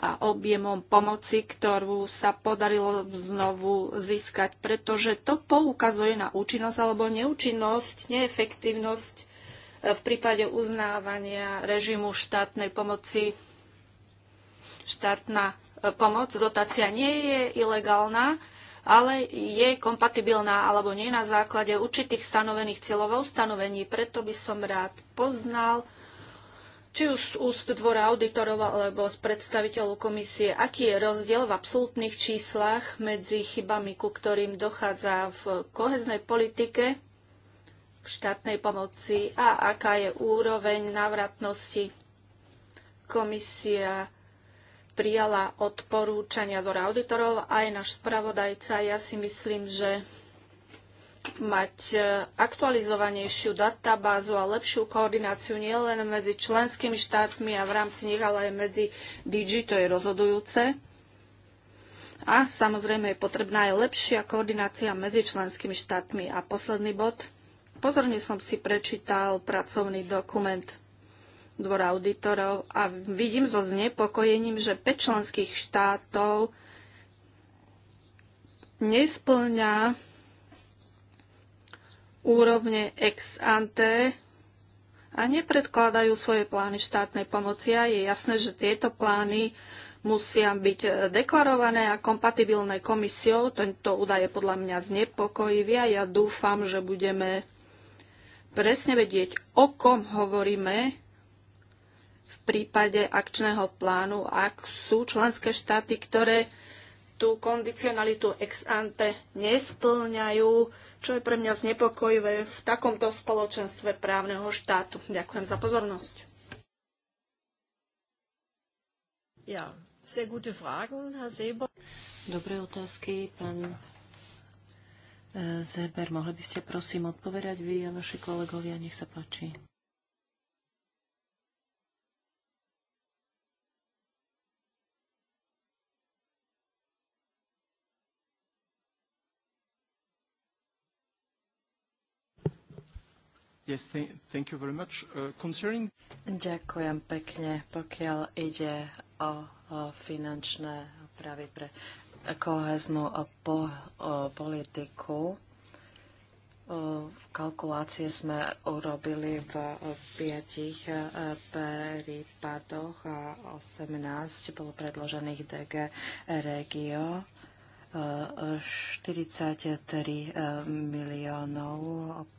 a objemom pomoci, ktorú sa podarilo znovu získať, pretože to poukazuje na účinnosť alebo neúčinnosť, neefektívnosť v prípade uznávania režimu štátnej pomoci štátna e, pomoc, dotácia nie je ilegálna, ale je kompatibilná alebo nie na základe určitých stanovených cieľov ustanovení. Preto by som rád poznal, či už z úst dvora auditorov alebo z predstaviteľov komisie, aký je rozdiel v absolútnych číslach medzi chybami, ku ktorým dochádza v koheznej politike štátnej pomoci a aká je úroveň návratnosti. Komisia prijala odporúčania do auditorov aj náš spravodajca. Ja si myslím, že mať e, aktualizovanejšiu databázu a lepšiu koordináciu nielen medzi členskými štátmi a v rámci nich, ale aj medzi DG, to je rozhodujúce. A samozrejme je potrebná aj lepšia koordinácia medzi členskými štátmi. A posledný bod – Pozorne som si prečítal pracovný dokument dvora auditorov a vidím so znepokojením, že 5 členských štátov nesplňa úrovne ex ante a nepredkladajú svoje plány štátnej pomoci a je jasné, že tieto plány musia byť deklarované a kompatibilné komisiou. Tento údaj je podľa mňa znepokojivý a ja dúfam, že budeme presne vedieť, o kom hovoríme v prípade akčného plánu, ak sú členské štáty, ktoré tú kondicionalitu ex ante nesplňajú, čo je pre mňa znepokojivé v takomto spoločenstve právneho štátu. Ďakujem za pozornosť. Ja, sehr gute Fragen, Herr Seber. Dobré otázky, pán E, Zeber, mohli by ste prosím odpovedať vy a vaši kolegovia, nech sa páči. Yes, thank you very much. Uh, concerning... Ďakujem pekne, pokiaľ ide o, o finančné opravy pre koheznú po, politiku. Kalkulácie sme urobili v piatich e, prípadoch a 18 bolo predložených DG Regio. 43 e, e, miliónov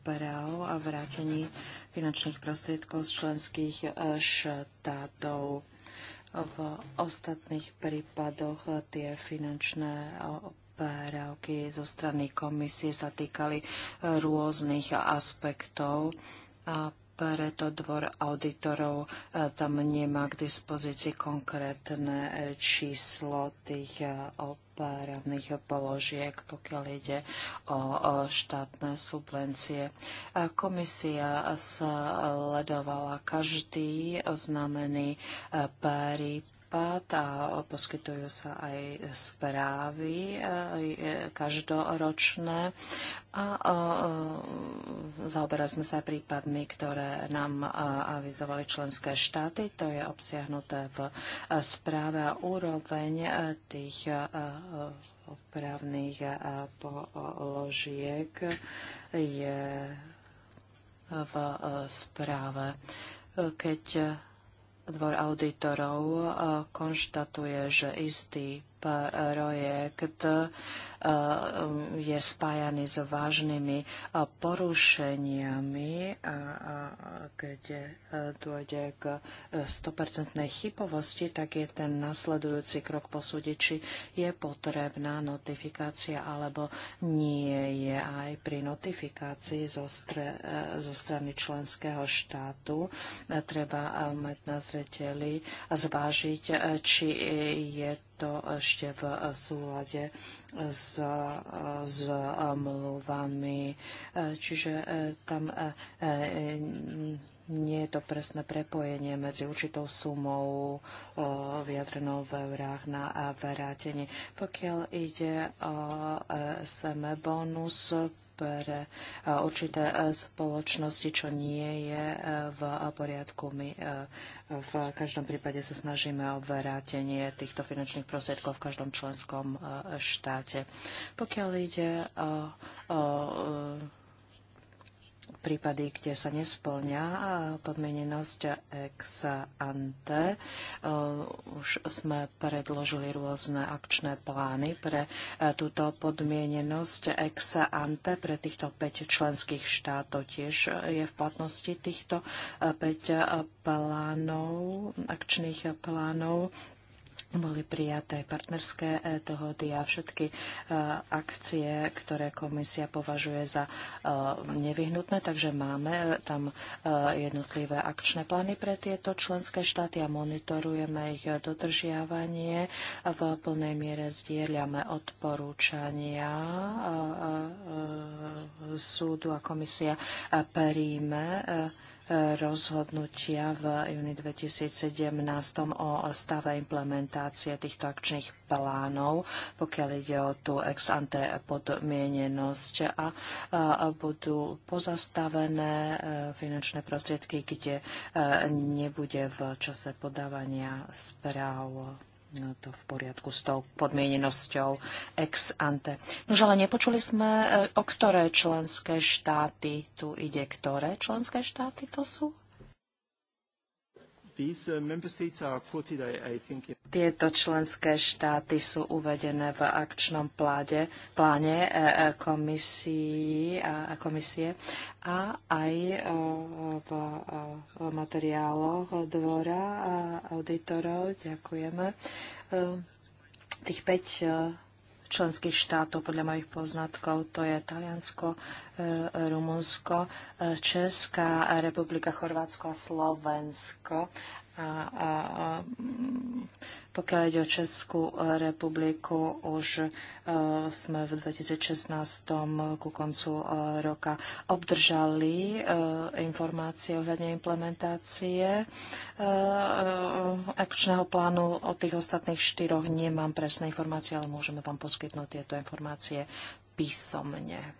práv a vrátení finančných prostriedkov z členských štátov. V ostatných prípadoch tie finančné operávky zo strany komisie sa týkali rôznych aspektov a preto dvor auditorov e, tam nemá k dispozícii konkrétne číslo tých operácií právnych položiek, pokiaľ ide o štátne subvencie. Komisia sledovala každý oznamený prípad e, prípad a poskytujú sa aj správy e, každoročné a e, zaoberali sme sa prípadmi, ktoré nám e, avizovali členské štáty. To je obsiahnuté v správe a úroveň tých opravných položiek je v správe. Keď Dvor auditorov eh, konštatuje, že istý projekt e, je spájaný s vážnymi e, porušeniami, keď e, dôjde k 100% chybovosti, tak je ten nasledujúci krok posúdiť, či je potrebná notifikácia alebo nie je aj pri notifikácii zo, stre, zo strany členského štátu. Treba mať na zreteli a zvážiť, či je to ešte v súlade s, s mluvami. Čiže eh, tam eh, eh, nie je to presné prepojenie medzi určitou sumou vyjadrenou v eurách na verátenie. Pokiaľ ide o SME bonus, pre e, určité e, spoločnosti, čo nie je e, v poriadku. My v každom prípade sa snažíme o vrátenie týchto finančných prostriedkov v každom členskom štáte. Pokiaľ ide o, o prípady, kde sa nesplňa podmienenosť ex ante. E, už sme predložili rôzne akčné plány pre e, túto podmienenosť ex ante pre týchto 5 členských štátov. Tiež je v platnosti týchto 5 e, plánov, akčných plánov boli prijaté partnerské e, dohody a všetky e, akcie, ktoré komisia považuje za e, nevyhnutné. Takže máme tam jednotlivé akčné plány pre tieto členské štáty a monitorujeme ich dodržiavanie. V plnej miere zdieľame odporúčania súdu a komisia príjme rozhodnutia v júni 2017 o stave implementácie týchto akčných plánov, pokiaľ ide o tú ex ante podmienenosť a budú pozastavené e, finančné prostriedky, kde e, nebude v čase podávania správ No, to v poriadku s tou podmienenosťou ex ante. Nož ale nepočuli sme, e, o ktoré členské štáty tu ide. Ktoré členské štáty to sú? Uh, Tieto členské štáty sú uvedené v akčnom pláde, pláne e, e, a, komisie a aj e, v, materiáloch dvora a auditorov. Ďakujeme. Tých 5 členských štátov, podľa mojich poznatkov, to je Taliansko, e, e, Rumunsko, e, Česká republika, Chorvátsko a Slovensko. A, a, a mm, pokiaľ ide o Českú republiku, už uh, sme v 2016 ku koncu uh, roka obdržali uh, informácie ohľadne implementácie akčného plánu. O tých ostatných štyroch nemám presné informácie, ale môžeme vám poskytnúť tieto informácie písomne.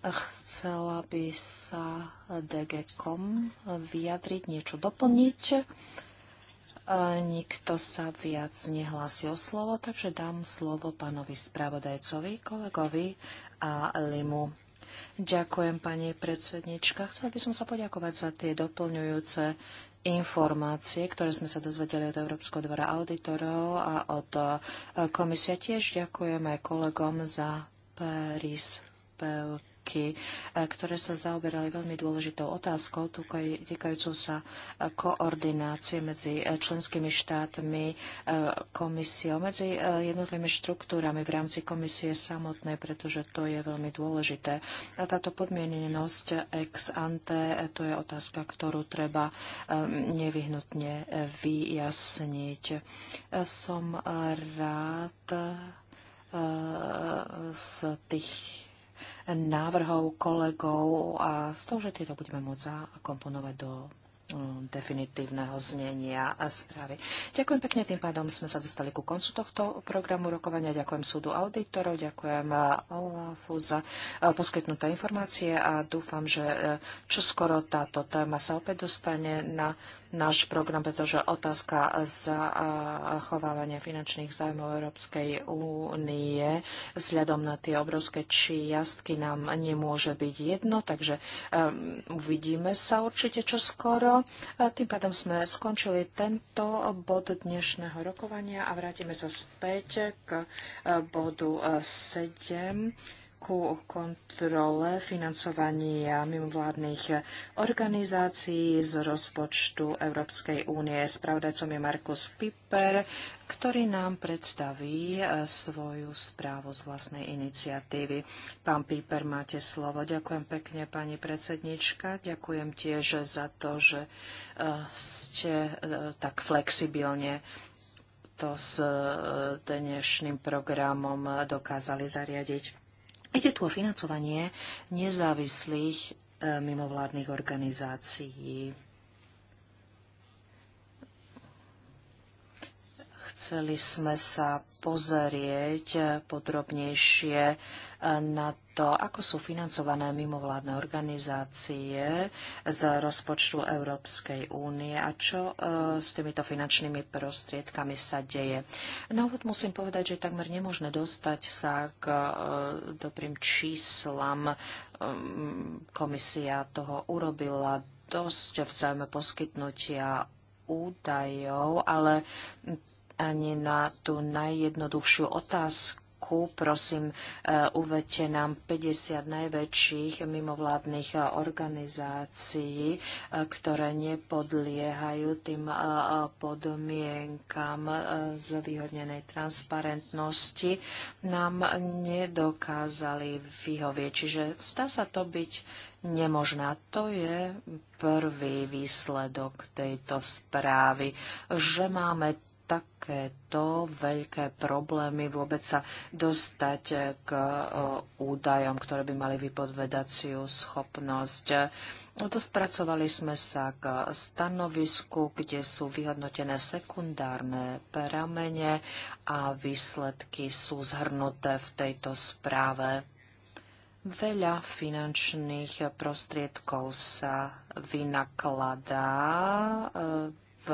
Chcela by sa DGCOM vyjadriť, niečo doplniť. Nikto sa viac nehlási o slovo, takže dám slovo pánovi spravodajcovi, kolegovi a Limu. Ďakujem, pani predsednička. Chcela by som sa poďakovať za tie doplňujúce informácie, ktoré sme sa dozvedeli od Európskeho dvora auditorov a od e, komisia Tiež ďakujem aj kolegom za príspevky roky, e, ktoré sa zaoberali veľmi dôležitou otázkou týkajúcou sa e, koordinácie medzi e, členskými štátmi, komisiou, medzi jednotlivými štruktúrami v rámci komisie samotnej, pretože to je veľmi dôležité. A táto podmienenosť ex ante, to je otázka, ktorú treba nevyhnutne vyjasniť. Som rád z tých návrhov kolegov a z toho, že tieto budeme môcť zakomponovať do mm, definitívneho znenia a správy. Ďakujem pekne, tým pádom sme sa dostali ku koncu tohto programu rokovania. Ďakujem súdu auditorov, ďakujem e, Olafu za e, poskytnuté informácie a dúfam, že e, čoskoro táto téma sa opäť dostane na náš program, pretože otázka zachovávania finančných zájmov Európskej únie vzhľadom na tie obrovské čiastky nám nemôže byť jedno, takže um, uvidíme sa určite čo skoro. Tým pádom sme skončili tento bod dnešného rokovania a vrátime sa späť k uh, bodu 7 uh, ku kontrole financovania mimovládnych organizácií z rozpočtu Európskej únie. Spravodajcom je Markus Piper, ktorý nám predstaví e, svoju správu z vlastnej iniciatívy. Pán Piper, máte slovo. Ďakujem pekne, pani predsednička. Ďakujem tiež za to, že e, ste e, tak flexibilne to s dnešným programom dokázali zariadiť. Ide tu o financovanie nezávislých e, mimovládnych organizácií. Chceli sme sa pozrieť podrobnejšie na to, ako sú financované mimovládne organizácie z rozpočtu Európskej únie a čo e, s týmito finančnými prostriedkami sa deje. Na úvod musím povedať, že je takmer nemožné dostať sa k e, dobrým číslam. E, komisia toho urobila dosť v záujme poskytnutia údajov, ale ani na tú najjednoduchšiu otázku, roku. Prosím, e, uvedte nám 50 najväčších mimovládnych e, organizácií, e, ktoré nepodliehajú tým podmienkam zvýhodnenej transparentnosti, nám nedokázali vyhovieť. Čiže stá sa to byť nemožná. To je prvý výsledok tejto správy, že máme takéto veľké problémy vôbec sa dostať k údajom, ktoré by mali vypodvedaciu schopnosť. Spracovali sme sa k stanovisku, kde sú vyhodnotené sekundárne peramene a výsledky sú zhrnuté v tejto správe. Veľa finančných prostriedkov sa vynakladá e, v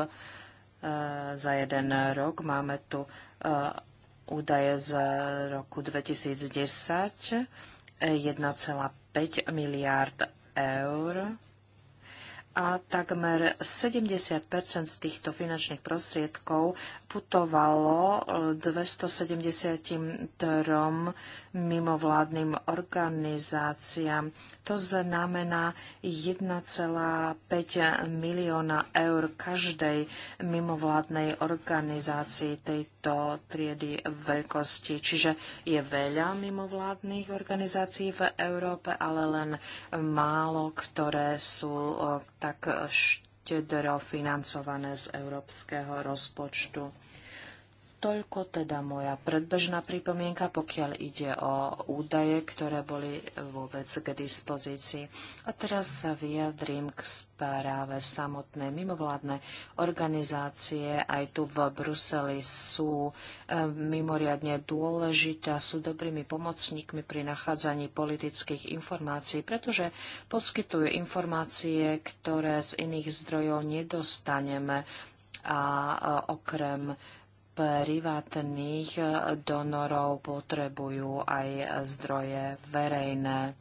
Eh, za jeden rok. Máme tu eh, údaje z roku 2010 1,5 eh, miliárd eur a takmer 70 z týchto finančných prostriedkov putovalo 273 eh, mimovládnym organizáciám. To znamená 1,5 milióna eur každej mimovládnej organizácii tejto triedy veľkosti. Čiže je veľa mimovládnych organizácií v Európe, ale len málo, ktoré sú eh, tak štedro financované z európskeho rozpočtu. Toľko teda moja predbežná pripomienka, pokiaľ ide o údaje, ktoré boli vôbec k dispozícii. A teraz sa vyjadrím k správe samotné mimovládne organizácie aj tu v Bruseli sú e, mimoriadne dôležité a sú dobrými pomocníkmi pri nachádzaní politických informácií, pretože poskytujú informácie, ktoré z iných zdrojov nedostaneme a e, okrem privátnych eh, donorov potrebujú aj zdroje verejné.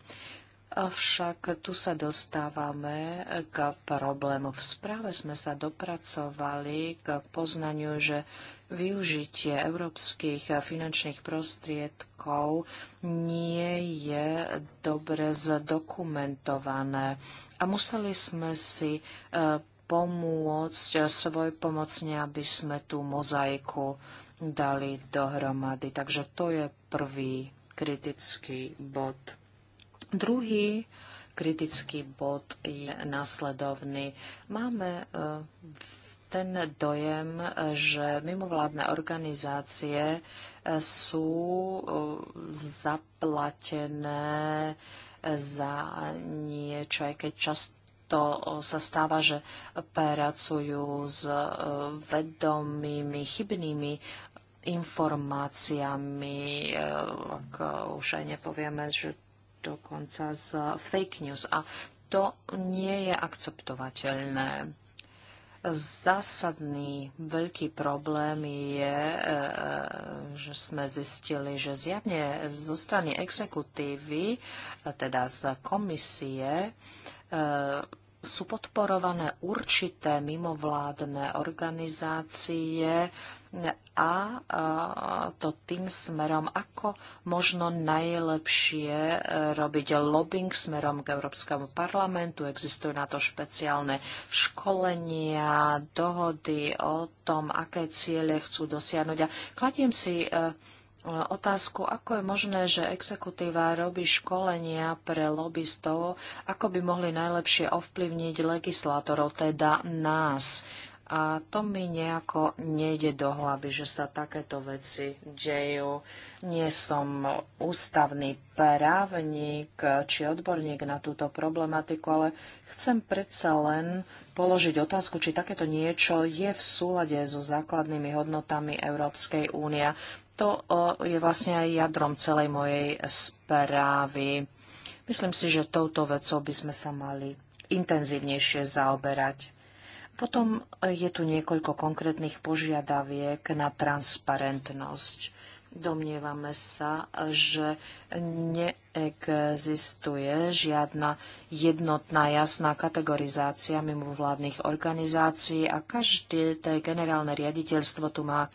Avšak tu sa dostávame k problému. V správe sme sa dopracovali k poznaniu, že využitie európskych finančných prostriedkov nie je dobre zdokumentované. A museli sme si eh, pomôcť svoj pomocne, aby sme tú mozaiku dali dohromady. Takže to je prvý kritický bod. Druhý kritický bod je nasledovný. Máme eh, ten dojem, že mimovládne organizácie eh, sú eh, zaplatené za niečo, aj keď často to sa stáva, že pracujú s e, vedomými, chybnými informáciami, e, ak už aj nepovieme, že dokonca z fake news. A to nie je akceptovateľné. Zásadný veľký problém je, e, že sme zistili, že zjavne zo strany exekutívy, teda z komisie, E, sú podporované určité mimovládne organizácie a e, to tým smerom, ako možno najlepšie e, robiť lobbying smerom k Európskemu parlamentu. Existujú na to špeciálne školenia, dohody o tom, aké ciele chcú dosiahnuť. A kladiem si E, otázku, ako je možné, že exekutíva robí školenia pre lobbystov, ako by mohli najlepšie ovplyvniť legislátorov, teda nás. A to mi nejako nejde do hlavy, že sa takéto veci dejú. Nie som ústavný právnik či odborník na túto problematiku, ale chcem predsa len položiť otázku, či takéto niečo je v súlade so základnými hodnotami Európskej únie. To je vlastne aj jadrom celej mojej správy. Myslím si, že touto vecou by sme sa mali intenzívnejšie zaoberať. Potom je tu niekoľko konkrétnych požiadaviek na transparentnosť. Domnievame sa, že neexistuje žiadna jednotná jasná kategorizácia mimovládnych organizácií a každé generálne riaditeľstvo tu má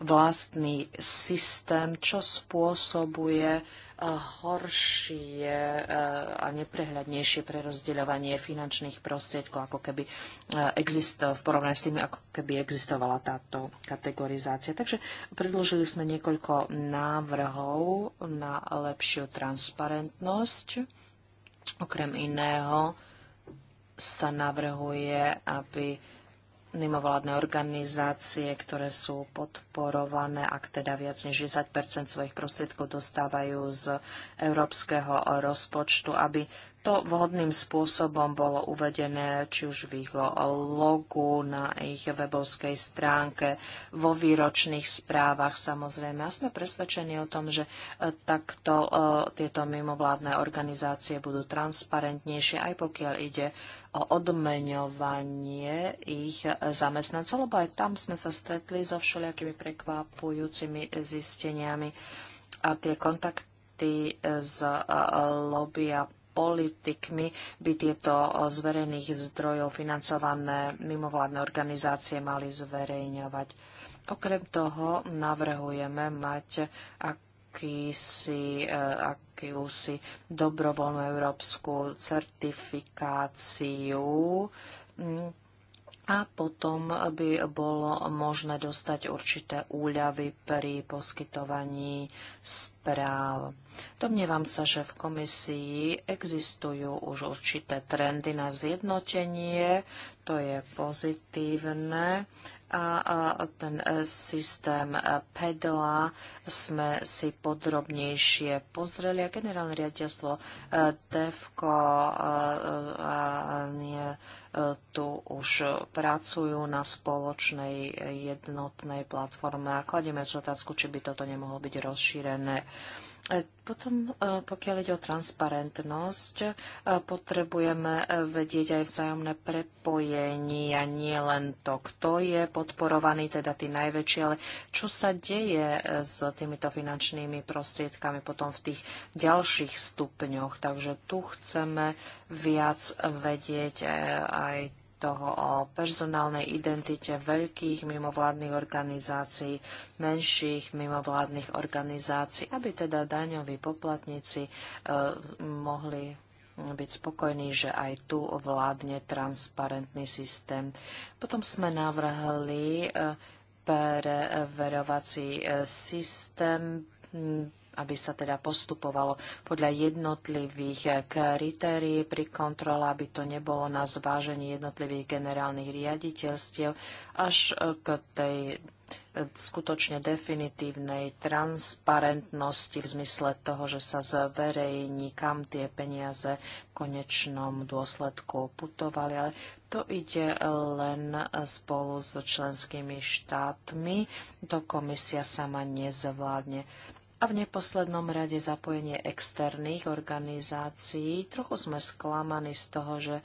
vlastný systém, čo spôsobuje eh, horšie eh, a neprehľadnejšie prerozdeľovanie finančných prostriedkov, ako keby eh, existoval, v porovnaní s tým, ako keby existovala táto kategorizácia. Takže predložili sme niekoľko návrhov na lepšiu transparentnosť. Okrem iného sa navrhuje, aby mimovládne organizácie, ktoré sú podporované, ak teda viac než 10 svojich prostriedkov dostávajú z európskeho rozpočtu, aby to vhodným spôsobom bolo uvedené či už v ich logu, na ich webovskej stránke, vo výročných správach samozrejme. A sme presvedčení o tom, že e, takto e, tieto mimovládne organizácie budú transparentnejšie, aj pokiaľ ide o odmeňovanie ich e, zamestnancov, lebo aj tam sme sa stretli so všelijakými prekvapujúcimi zisteniami a tie kontakty z lobby a politikmi by tieto z verejných zdrojov financované mimovládne organizácie mali zverejňovať. Okrem toho navrhujeme mať akýsi, e, akúsi dobrovoľnú európsku certifikáciu a potom by bolo možné dostať určité úľavy pri poskytovaní správ. Domnievam sa, že v komisii existujú už určité trendy na zjednotenie, to je pozitívne a ten e, systém e, PEDOA sme si podrobnejšie pozreli a generálne riaditeľstvo e, nie tu už pracujú na spoločnej jednotnej platforme a kladieme si otázku, či by toto nemohlo byť rozšírené E, potom, e, pokiaľ ide o transparentnosť, e, potrebujeme vedieť aj vzájomné prepojenie a nie len to, kto je podporovaný, teda tí najväčší, ale čo sa deje s týmito finančnými prostriedkami potom v tých ďalších stupňoch. Takže tu chceme viac vedieť aj toho o personálnej identite veľkých mimovládnych organizácií, menších mimovládnych organizácií, aby teda daňoví poplatníci e, mohli byť spokojní, že aj tu vládne transparentný systém. Potom sme navrhli e, e systém aby sa teda postupovalo podľa jednotlivých eh, kritérií pri kontrole, aby to nebolo na zvážení jednotlivých generálnych riaditeľstiev až eh, k tej eh, skutočne definitívnej transparentnosti v zmysle toho, že sa zverejní, kam tie peniaze v konečnom dôsledku putovali. Ale to ide len spolu s členskými štátmi. To komisia sama nezvládne a v neposlednom rade zapojenie externých organizácií. Trochu sme sklamaní z toho, že e,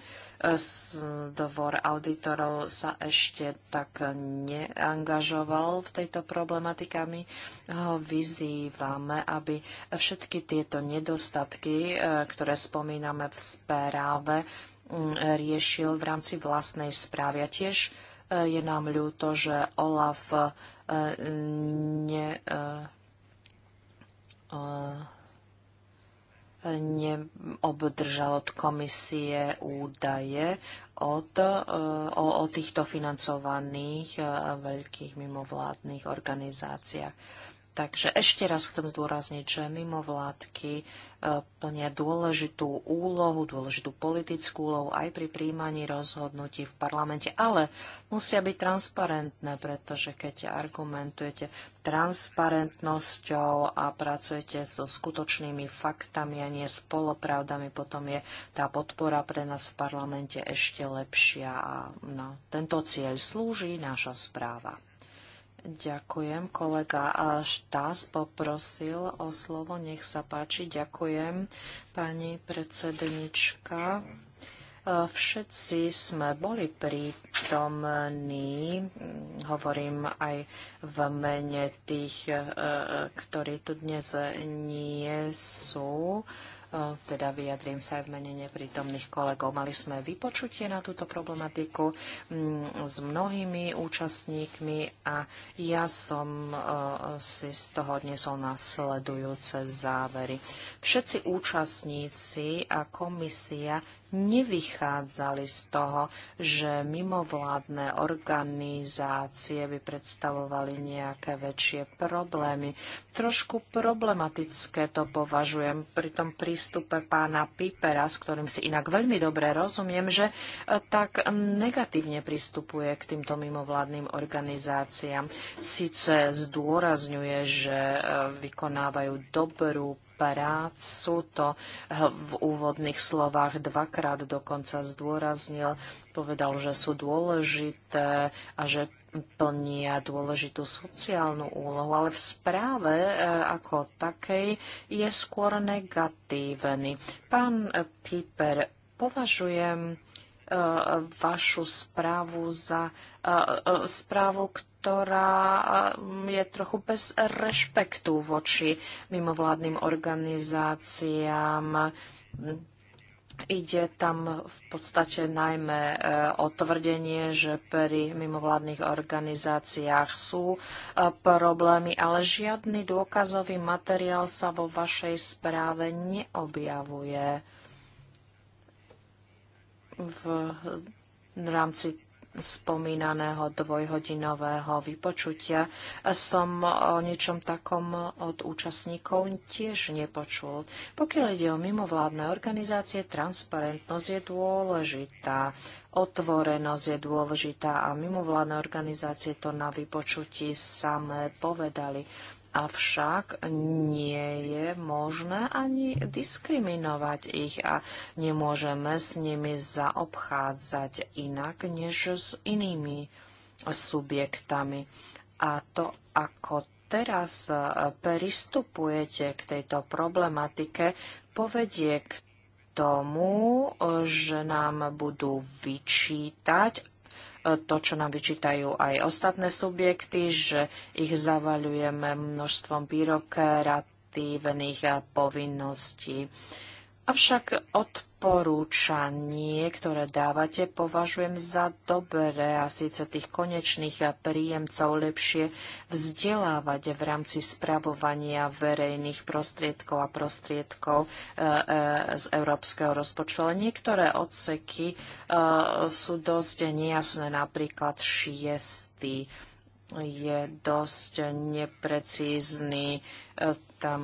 dvor auditorov sa ešte tak neangažoval v tejto problematike. My ho vyzývame, aby všetky tieto nedostatky, e, ktoré spomíname v správe, riešil v rámci vlastnej správy. A tiež e, je nám ľúto, že OLAF ne E, neobdržal od komisie údaje od, e, o, o týchto financovaných e, veľkých mimovládnych organizáciách. Takže ešte raz chcem zdôrazniť, že mimovládky e, plnia dôležitú úlohu, dôležitú politickú úlohu aj pri príjmaní rozhodnutí v parlamente, ale musia byť transparentné, pretože keď argumentujete transparentnosťou a pracujete so skutočnými faktami a nie s polopravdami, potom je tá podpora pre nás v parlamente ešte lepšia a na tento cieľ slúži naša správa. Ďakujem. Kolega Štás poprosil o slovo. Nech sa páči. Ďakujem, pani predsednička. E, všetci sme boli prítomní, hovorím aj v mene tých, e, e, ktorí tu dnes nie sú E, teda vyjadrím sa aj v mene neprítomných kolegov. Mali sme vypočutie na túto problematiku mm, s mnohými účastníkmi a ja som e, si z toho odnesol nasledujúce závery. Všetci účastníci a komisia nevychádzali z toho, že mimovládne organizácie by predstavovali nejaké väčšie problémy. Trošku problematické to považujem pri tom prístupe pána Pipera, s ktorým si inak veľmi dobre rozumiem, že eh, tak negatívne pristupuje k týmto mimovládnym organizáciám. Sice zdôrazňuje, že eh, vykonávajú dobrú prácu. To eh, v úvodných slovách dvakrát dokonca zdôraznil. Povedal, že sú dôležité a že plnia dôležitú sociálnu úlohu, ale v správe eh, ako takej je skôr negatívny. Pán eh, Piper, považujem E, vašu správu za e, e, správu, ktorá je trochu bez rešpektu voči mimovládnym organizáciám. Ide tam v podstate najmä o tvrdenie, že pri mimovládnych organizáciách sú problémy, ale žiadny dôkazový materiál sa vo vašej správe neobjavuje v rámci spomínaného dvojhodinového vypočutia som o niečom takom od účastníkov tiež nepočul. Pokiaľ ide o mimovládne organizácie, transparentnosť je dôležitá, otvorenosť je dôležitá a mimovládne organizácie to na vypočutí samé povedali. Avšak nie je možné ani diskriminovať ich a nemôžeme s nimi zaobchádzať inak než s inými subjektami. A to, ako teraz e, pristupujete k tejto problematike, povedie k tomu, e, že nám budú vyčítať to, čo nám vyčítajú aj ostatné subjekty, že ich zavaľujeme množstvom byrokratívnych povinností. Avšak odporúčanie, ktoré dávate, považujem za dobré a síce tých konečných príjemcov lepšie vzdelávať v rámci spravovania verejných prostriedkov a prostriedkov e, e, z európskeho rozpočtu. Ale niektoré odseky e, sú dosť nejasné, napríklad šiestý je dosť neprecízny tam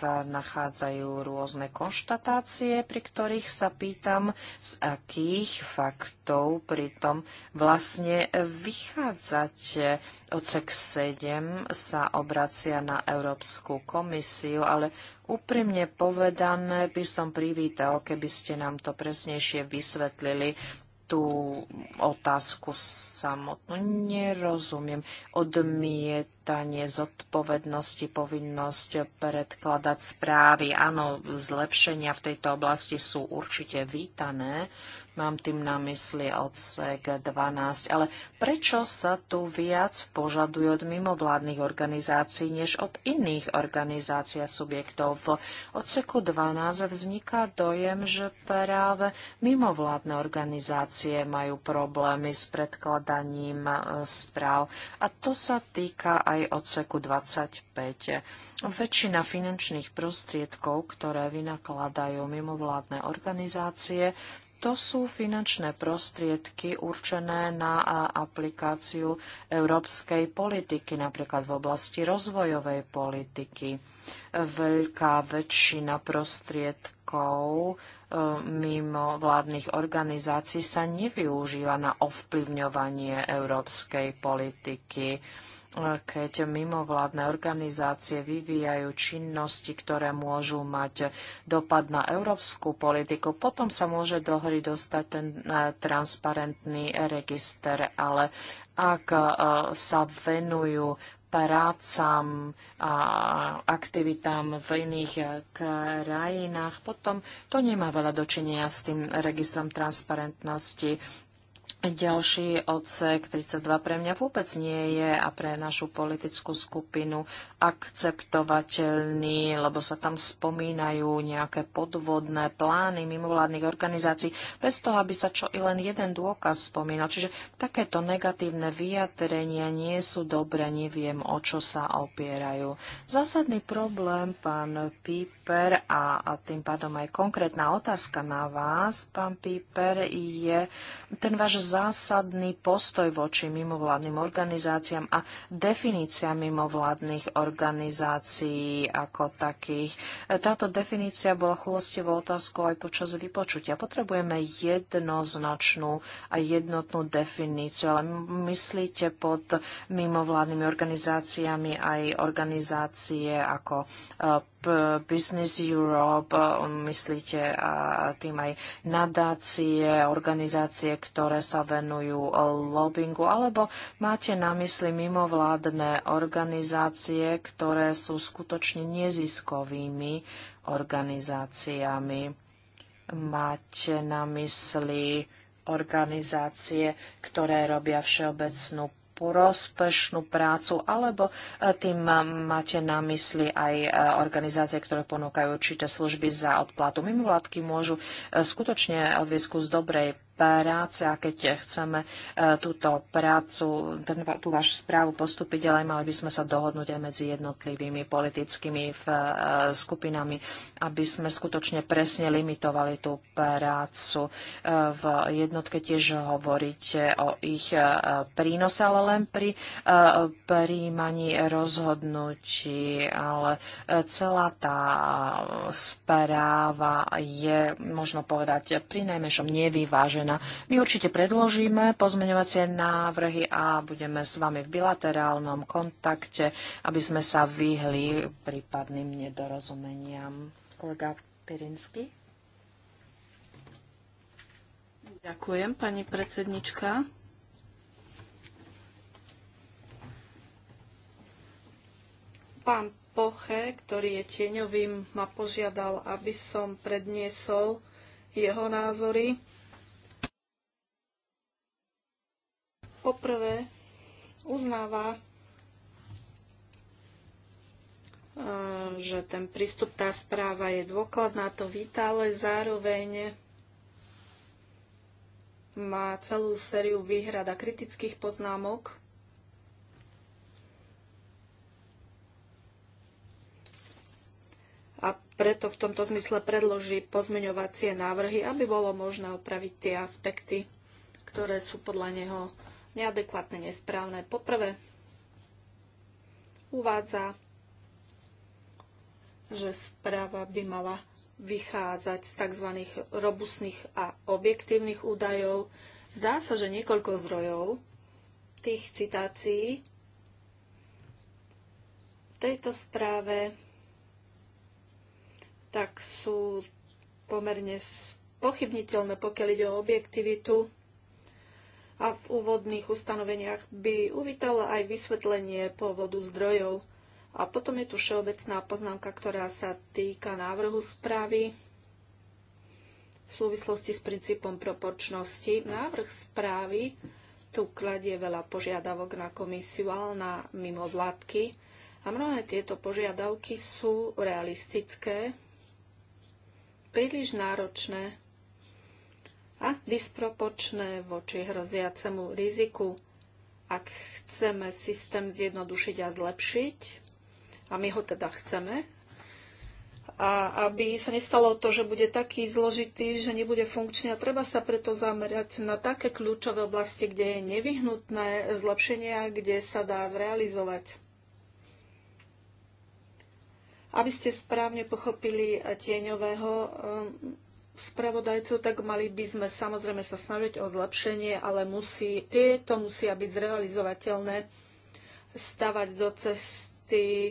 sa nachádzajú rôzne konštatácie, pri ktorých sa pýtam, z akých faktov pritom vlastne vychádzate. Ocek 7 sa obracia na Európsku komisiu, ale úprimne povedané by som privítal, keby ste nám to presnejšie vysvetlili, tú otázku samotnú. Nerozumiem. Odmietanie zodpovednosti, povinnosť predkladať správy. Áno, zlepšenia v tejto oblasti sú určite vítané. Mám tým na mysli odsek 12. Ale prečo sa tu viac požaduje od mimovládnych organizácií, než od iných organizácií a subjektov? V odseku 12 vzniká dojem, že práve mimovládne organizácie majú problémy s predkladaním e, správ. A to sa týka aj odseku 25. Väčšina finančných prostriedkov, ktoré vynakladajú mimovládne organizácie, to sú finančné prostriedky určené na aplikáciu európskej politiky, napríklad v oblasti rozvojovej politiky. Veľká väčšina prostriedkov rokov e, mimo vládnych organizácií sa nevyužíva na ovplyvňovanie európskej politiky e, keď mimovládne organizácie vyvíjajú činnosti, ktoré môžu mať dopad na európsku politiku, potom sa môže do hry dostať ten e, transparentný register, ale ak sa venujú prácam a aktivitám v iných eh, krajinách, potom to nemá veľa dočinenia s tým registrom transparentnosti. Ďalší odsek 32 pre mňa vôbec nie je a pre našu politickú skupinu akceptovateľný, lebo sa tam spomínajú nejaké podvodné plány mimovládnych organizácií, bez toho, aby sa čo i len jeden dôkaz spomínal. Čiže takéto negatívne vyjadrenia nie sú dobré, neviem, o čo sa opierajú. Zásadný problém, pán Píper, a, a tým pádom aj konkrétna otázka na vás, pán Píper, je ten váš zásadný postoj voči mimovládnym organizáciám a definícia mimovládnych organizácií ako takých. Táto definícia bola chulostivou otázkou aj počas vypočutia. Potrebujeme jednoznačnú a jednotnú definíciu, ale myslíte pod mimovládnymi organizáciami aj organizácie ako eh, Business Europe, um, myslíte a tým aj nadácie, organizácie, ktoré sa venujú lobbingu, alebo máte na mysli mimovládne organizácie, ktoré sú skutočne neziskovými organizáciami? Máte na mysli organizácie, ktoré robia všeobecnú rozpešnú prácu, alebo e, tým máte na mysli aj e, organizácie, ktoré ponúkajú určité služby za odplatu. Mimovládky môžu e, skutočne odviesť kus dobrej práce a keď chceme e, túto prácu, ten, tú vašu správu postúpiť ďalej, mali by sme sa dohodnúť aj medzi jednotlivými politickými e, skupinami, aby sme skutočne presne limitovali tú prácu. E, v jednotke tiež hovoríte o ich prínose, ale len pri príjmaní rozhodnutí, ale celá tá správa je, možno povedať, pri najmenšom nevyvážená zmena. My určite predložíme pozmeňovacie návrhy a budeme s vami v bilaterálnom kontakte, aby sme sa vyhli prípadným nedorozumeniam. Kolega Pirinsky. Ďakujem, pani predsednička. Pán Poche, ktorý je tieňovým, ma požiadal, aby som predniesol jeho názory. Poprvé uznáva, e, že ten prístup, tá správa je dôkladná, to víta, ale zároveň má celú sériu výhrad a kritických poznámok. A preto v tomto zmysle predloží pozmeňovacie návrhy, aby bolo možné opraviť tie aspekty, ktoré sú podľa neho neadekvátne, nesprávne. Poprvé uvádza, že správa by mala vychádzať z tzv. robustných a objektívnych údajov. Zdá sa, že niekoľko zdrojov tých citácií v tejto správe tak sú pomerne pochybniteľné, pokiaľ ide o objektivitu a v úvodných ustanoveniach by uvítala aj vysvetlenie pôvodu zdrojov. A potom je tu všeobecná poznámka, ktorá sa týka návrhu správy v súvislosti s princípom proporčnosti. Návrh správy tu kladie veľa požiadavok na komisiu, ale na mimovládky. A mnohé tieto požiadavky sú realistické, príliš náročné a disproporčné voči hroziacemu riziku. Ak chceme systém zjednodušiť a zlepšiť, a my ho teda chceme, a aby sa nestalo to, že bude taký zložitý, že nebude funkčný a treba sa preto zamerať na také kľúčové oblasti, kde je nevyhnutné zlepšenie a kde sa dá zrealizovať. Aby ste správne pochopili tieňového, spravodajcu, tak mali by sme samozrejme sa snažiť o zlepšenie, ale musí, tieto musia byť zrealizovateľné, stavať do cesty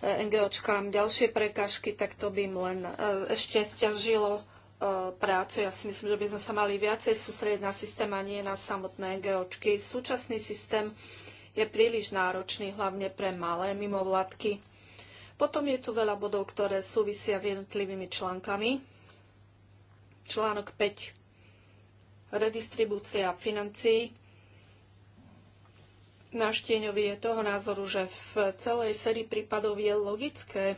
e, NGOčkám ďalšie prekážky, tak to by im len e, ešte stiažilo e, prácu. Ja si myslím, že by sme sa mali viacej sústrediť na systém a nie na samotné NGOčky. Súčasný systém je príliš náročný, hlavne pre malé mimovládky. Potom je tu veľa bodov, ktoré súvisia s jednotlivými článkami Článok 5. Redistribúcia financií. Náš tieňový je toho názoru, že v celej sérii prípadov je logické,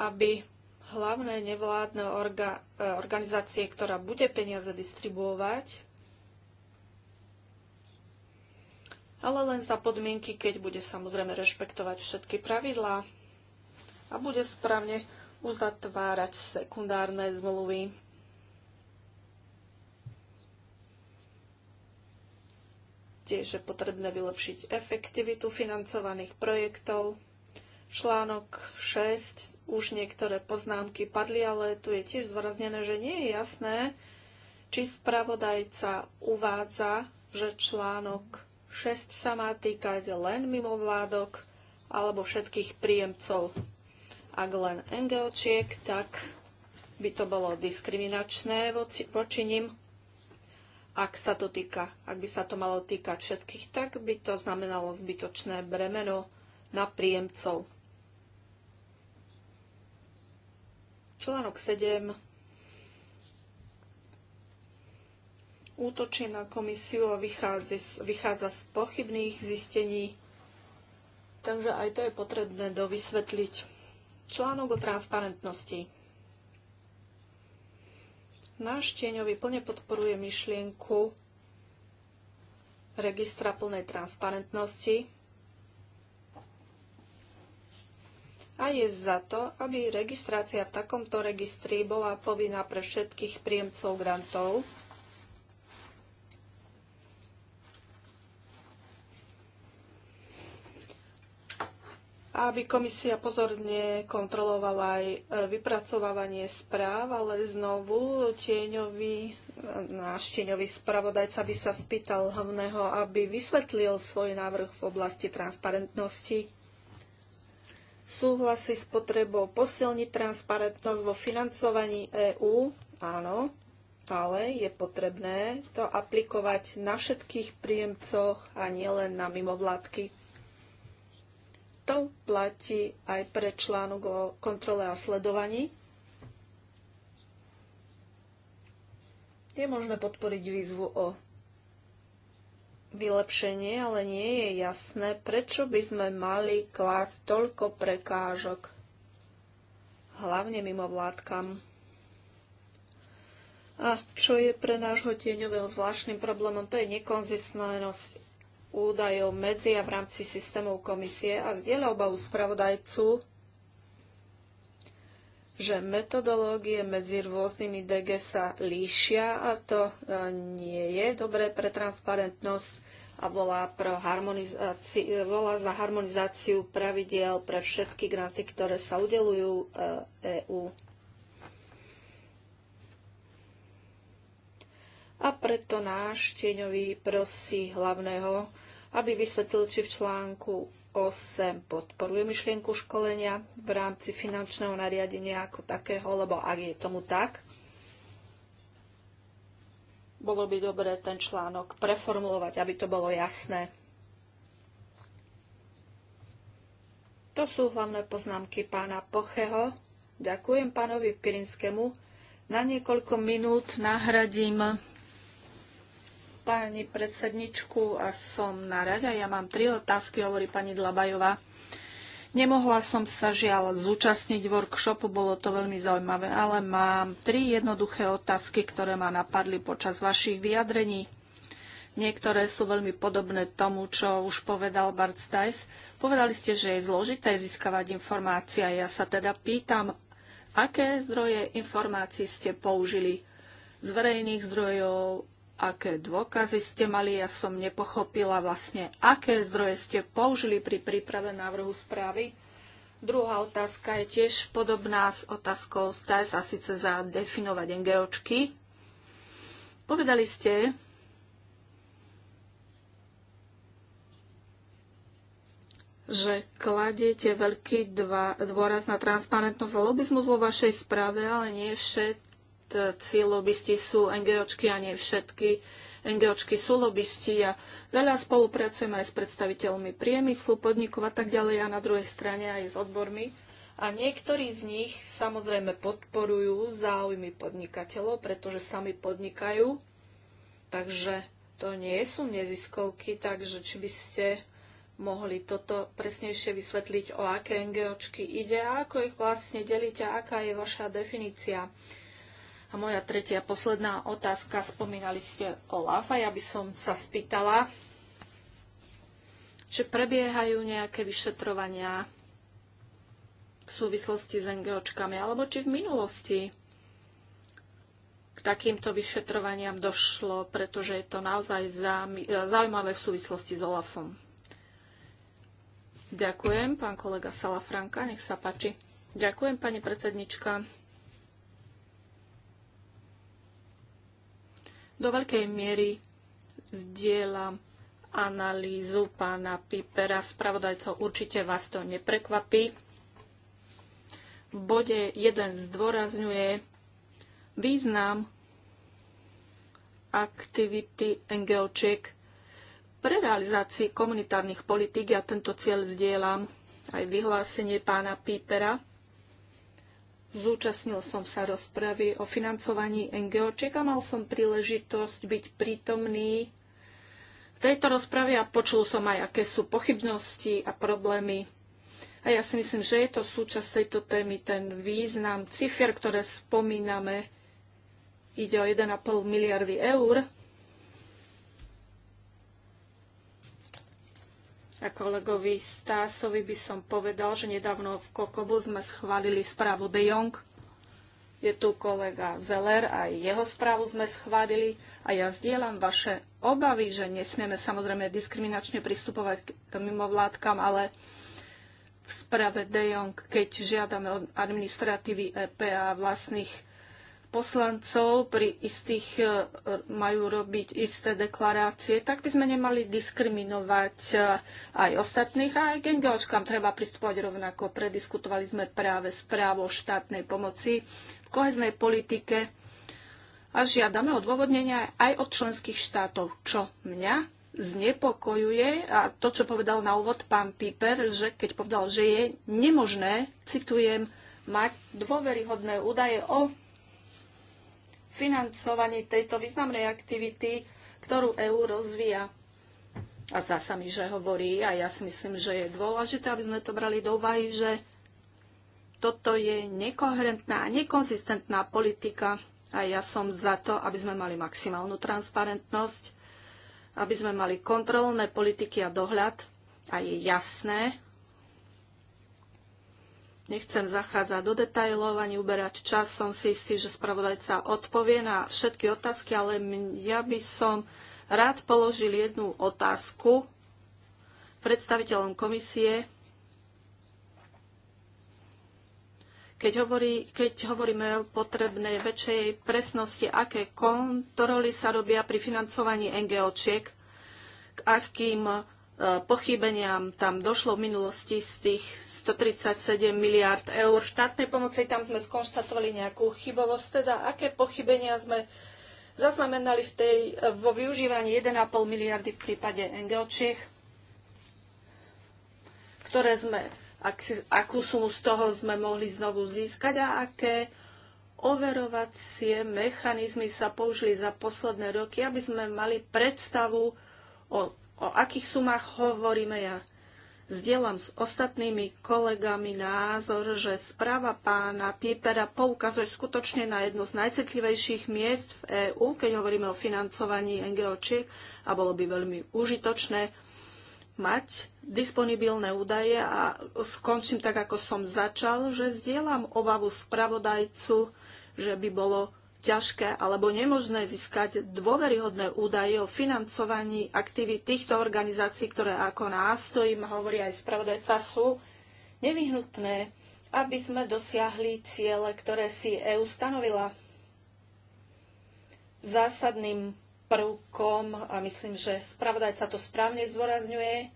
aby hlavné nevládne orga, e, organizácie, ktorá bude peniaze distribuovať, ale len za podmienky, keď bude samozrejme rešpektovať všetky pravidlá a bude správne uzatvárať sekundárne zmluvy. Tiež je potrebné vylepšiť efektivitu financovaných projektov. Článok 6, už niektoré poznámky padli, ale tu je tiež zdôraznené, že nie je jasné, či spravodajca uvádza, že článok 6 sa má týkať len mimovládok alebo všetkých príjemcov ak len NGOčiek, tak by to bolo diskriminačné voči, voči nim. Ak sa to týka, ak by sa to malo týkať všetkých, tak by to znamenalo zbytočné bremeno na príjemcov. Článok 7 útočí na komisiu a vychádza, vychádza z pochybných zistení, takže aj to je potrebné dovysvetliť. Článok o transparentnosti. Náš tieňový plne podporuje myšlienku registra plnej transparentnosti a je za to, aby registrácia v takomto registri bola povinná pre všetkých príjemcov grantov aby komisia pozorne kontrolovala aj e, vypracovávanie správ, ale znovu tieňový, e, náš tieňový spravodajca by sa spýtal hlavného, aby vysvetlil svoj návrh v oblasti transparentnosti. Súhlasí s potrebou posilniť transparentnosť vo financovaní EÚ, áno, ale je potrebné to aplikovať na všetkých príjemcoch a nielen na mimovládky. To platí aj pre článok o kontrole a sledovaní. Je možné podporiť výzvu o vylepšenie, ale nie je jasné, prečo by sme mali klásť toľko prekážok, hlavne mimo vládkam. A čo je pre nášho tieňového zvláštnym problémom, to je nekonzistnosť údajov medzi a v rámci systémov komisie a zdieľa obavu spravodajcu, že metodológie medzi rôznymi DG sa líšia a to e, nie je dobré pre transparentnosť a volá, pro e, volá za harmonizáciu pravidiel pre všetky granty, ktoré sa udelujú EÚ. E a preto náš tieňový prosí hlavného aby vysvetlil, či v článku 8 podporuje myšlienku školenia v rámci finančného nariadenia ako takého, lebo ak je tomu tak, bolo by dobre ten článok preformulovať, aby to bolo jasné. To sú hlavné poznámky pána Pocheho. Ďakujem pánovi Pirinskému. Na niekoľko minút nahradím pani predsedničku a som na rade. Ja mám tri otázky, hovorí pani Dlabajová. Nemohla som sa žiaľ zúčastniť workshopu, bolo to veľmi zaujímavé, ale mám tri jednoduché otázky, ktoré ma napadli počas vašich vyjadrení. Niektoré sú veľmi podobné tomu, čo už povedal Bart Stajs. Povedali ste, že je zložité získavať informácia. Ja sa teda pýtam, aké zdroje informácií ste použili? Z verejných zdrojov, aké dôkazy ste mali. Ja som nepochopila vlastne, aké zdroje ste použili pri príprave návrhu správy. Druhá otázka je tiež podobná s otázkou STAS a síce definovať NGOčky. Povedali ste, že kladiete veľký dva, dôraz na transparentnosť a lobizmus vo vašej správe, ale nie všet, tí lobbysti sú NGOčky a nie všetky NGOčky sú lobbysti a veľa spolupracujeme aj s predstaviteľmi priemyslu, podnikov a tak ďalej a na druhej strane aj s odbormi. A niektorí z nich samozrejme podporujú záujmy podnikateľov, pretože sami podnikajú. Takže to nie sú neziskovky, takže či by ste mohli toto presnejšie vysvetliť, o aké NGOčky ide a ako ich vlastne delíte, aká je vaša definícia. A moja tretia posledná otázka, spomínali ste OLAF a ja by som sa spýtala, že prebiehajú nejaké vyšetrovania v súvislosti s NGOčkami, alebo či v minulosti k takýmto vyšetrovaniam došlo, pretože je to naozaj zaujímavé v súvislosti s OLAFom. Ďakujem, pán kolega Salafranka, nech sa páči. Ďakujem, pani predsednička. Do veľkej miery zdieľam analýzu pána Pipera, spravodajcov určite vás to neprekvapí. V bode 1 zdôrazňuje význam aktivity NGOčiek pre realizácii komunitárnych politík. Ja tento cieľ zdieľam aj vyhlásenie pána Pípera Zúčastnil som sa rozpravy o financovaní NGO, a mal som príležitosť byť prítomný v tejto rozprave a počul som aj, aké sú pochybnosti a problémy. A ja si myslím, že je to súčasť tejto témy, ten význam cifier, ktoré spomíname, ide o 1,5 miliardy eur, A kolegovi Stásovi by som povedal, že nedávno v Kokobu sme schválili správu De Jong. Je tu kolega Zeller, aj jeho správu sme schválili a ja zdieľam vaše obavy, že nesmieme samozrejme diskriminačne pristupovať k mimovládkam, ale v správe De Jong, keď žiadame od administratívy EP a vlastných poslancov pri istých e, majú robiť isté deklarácie, tak by sme nemali diskriminovať e, aj ostatných. A aj k NGOčkám treba pristúpať rovnako. Prediskutovali sme práve správu o štátnej pomoci v koheznej politike a žiadame odôvodnenia aj od členských štátov, čo mňa znepokojuje a to, čo povedal na úvod pán Piper, že keď povedal, že je nemožné, citujem, mať dôveryhodné údaje o financovaní tejto významnej aktivity, ktorú EÚ rozvíja. A zdá sa mi, že hovorí, a ja si myslím, že je dôležité, aby sme to brali do úvahy, že toto je nekoherentná a nekonzistentná politika a ja som za to, aby sme mali maximálnu transparentnosť, aby sme mali kontrolné politiky a dohľad a je jasné, Nechcem zachádzať do detajlov ani uberať čas. Som si istý, že spravodajca odpovie na všetky otázky, ale ja by som rád položil jednu otázku predstaviteľom komisie. Keď, hovorí, keď hovoríme o potrebnej väčšej presnosti, aké kontroly sa robia pri financovaní NGOčiek, k akým e, pochybeniam tam došlo v minulosti z tých 137 miliard eur štátnej pomoci. Tam sme skonštatovali nejakú chybovosť, teda aké pochybenia sme zaznamenali v tej, vo využívaní 1,5 miliardy v prípade NGOčiek, ktoré sme, ak, akú sumu z toho sme mohli znovu získať a aké overovacie mechanizmy sa použili za posledné roky, aby sme mali predstavu o, o akých sumách hovoríme ja Zdieľam s ostatnými kolegami názor, že správa pána Piepera poukazuje skutočne na jedno z najcitlivejších miest v EÚ, keď hovoríme o financovaní NGOčiek a bolo by veľmi užitočné mať disponibilné údaje a skončím tak, ako som začal, že zdieľam obavu spravodajcu, že by bolo ťažké alebo nemožné získať dôveryhodné údaje o financovaní aktivít týchto organizácií, ktoré ako nástojím, hovorí aj spravodajca, sú nevyhnutné, aby sme dosiahli ciele, ktoré si EÚ stanovila. Zásadným prvkom, a myslím, že spravodajca to správne zdôrazňuje,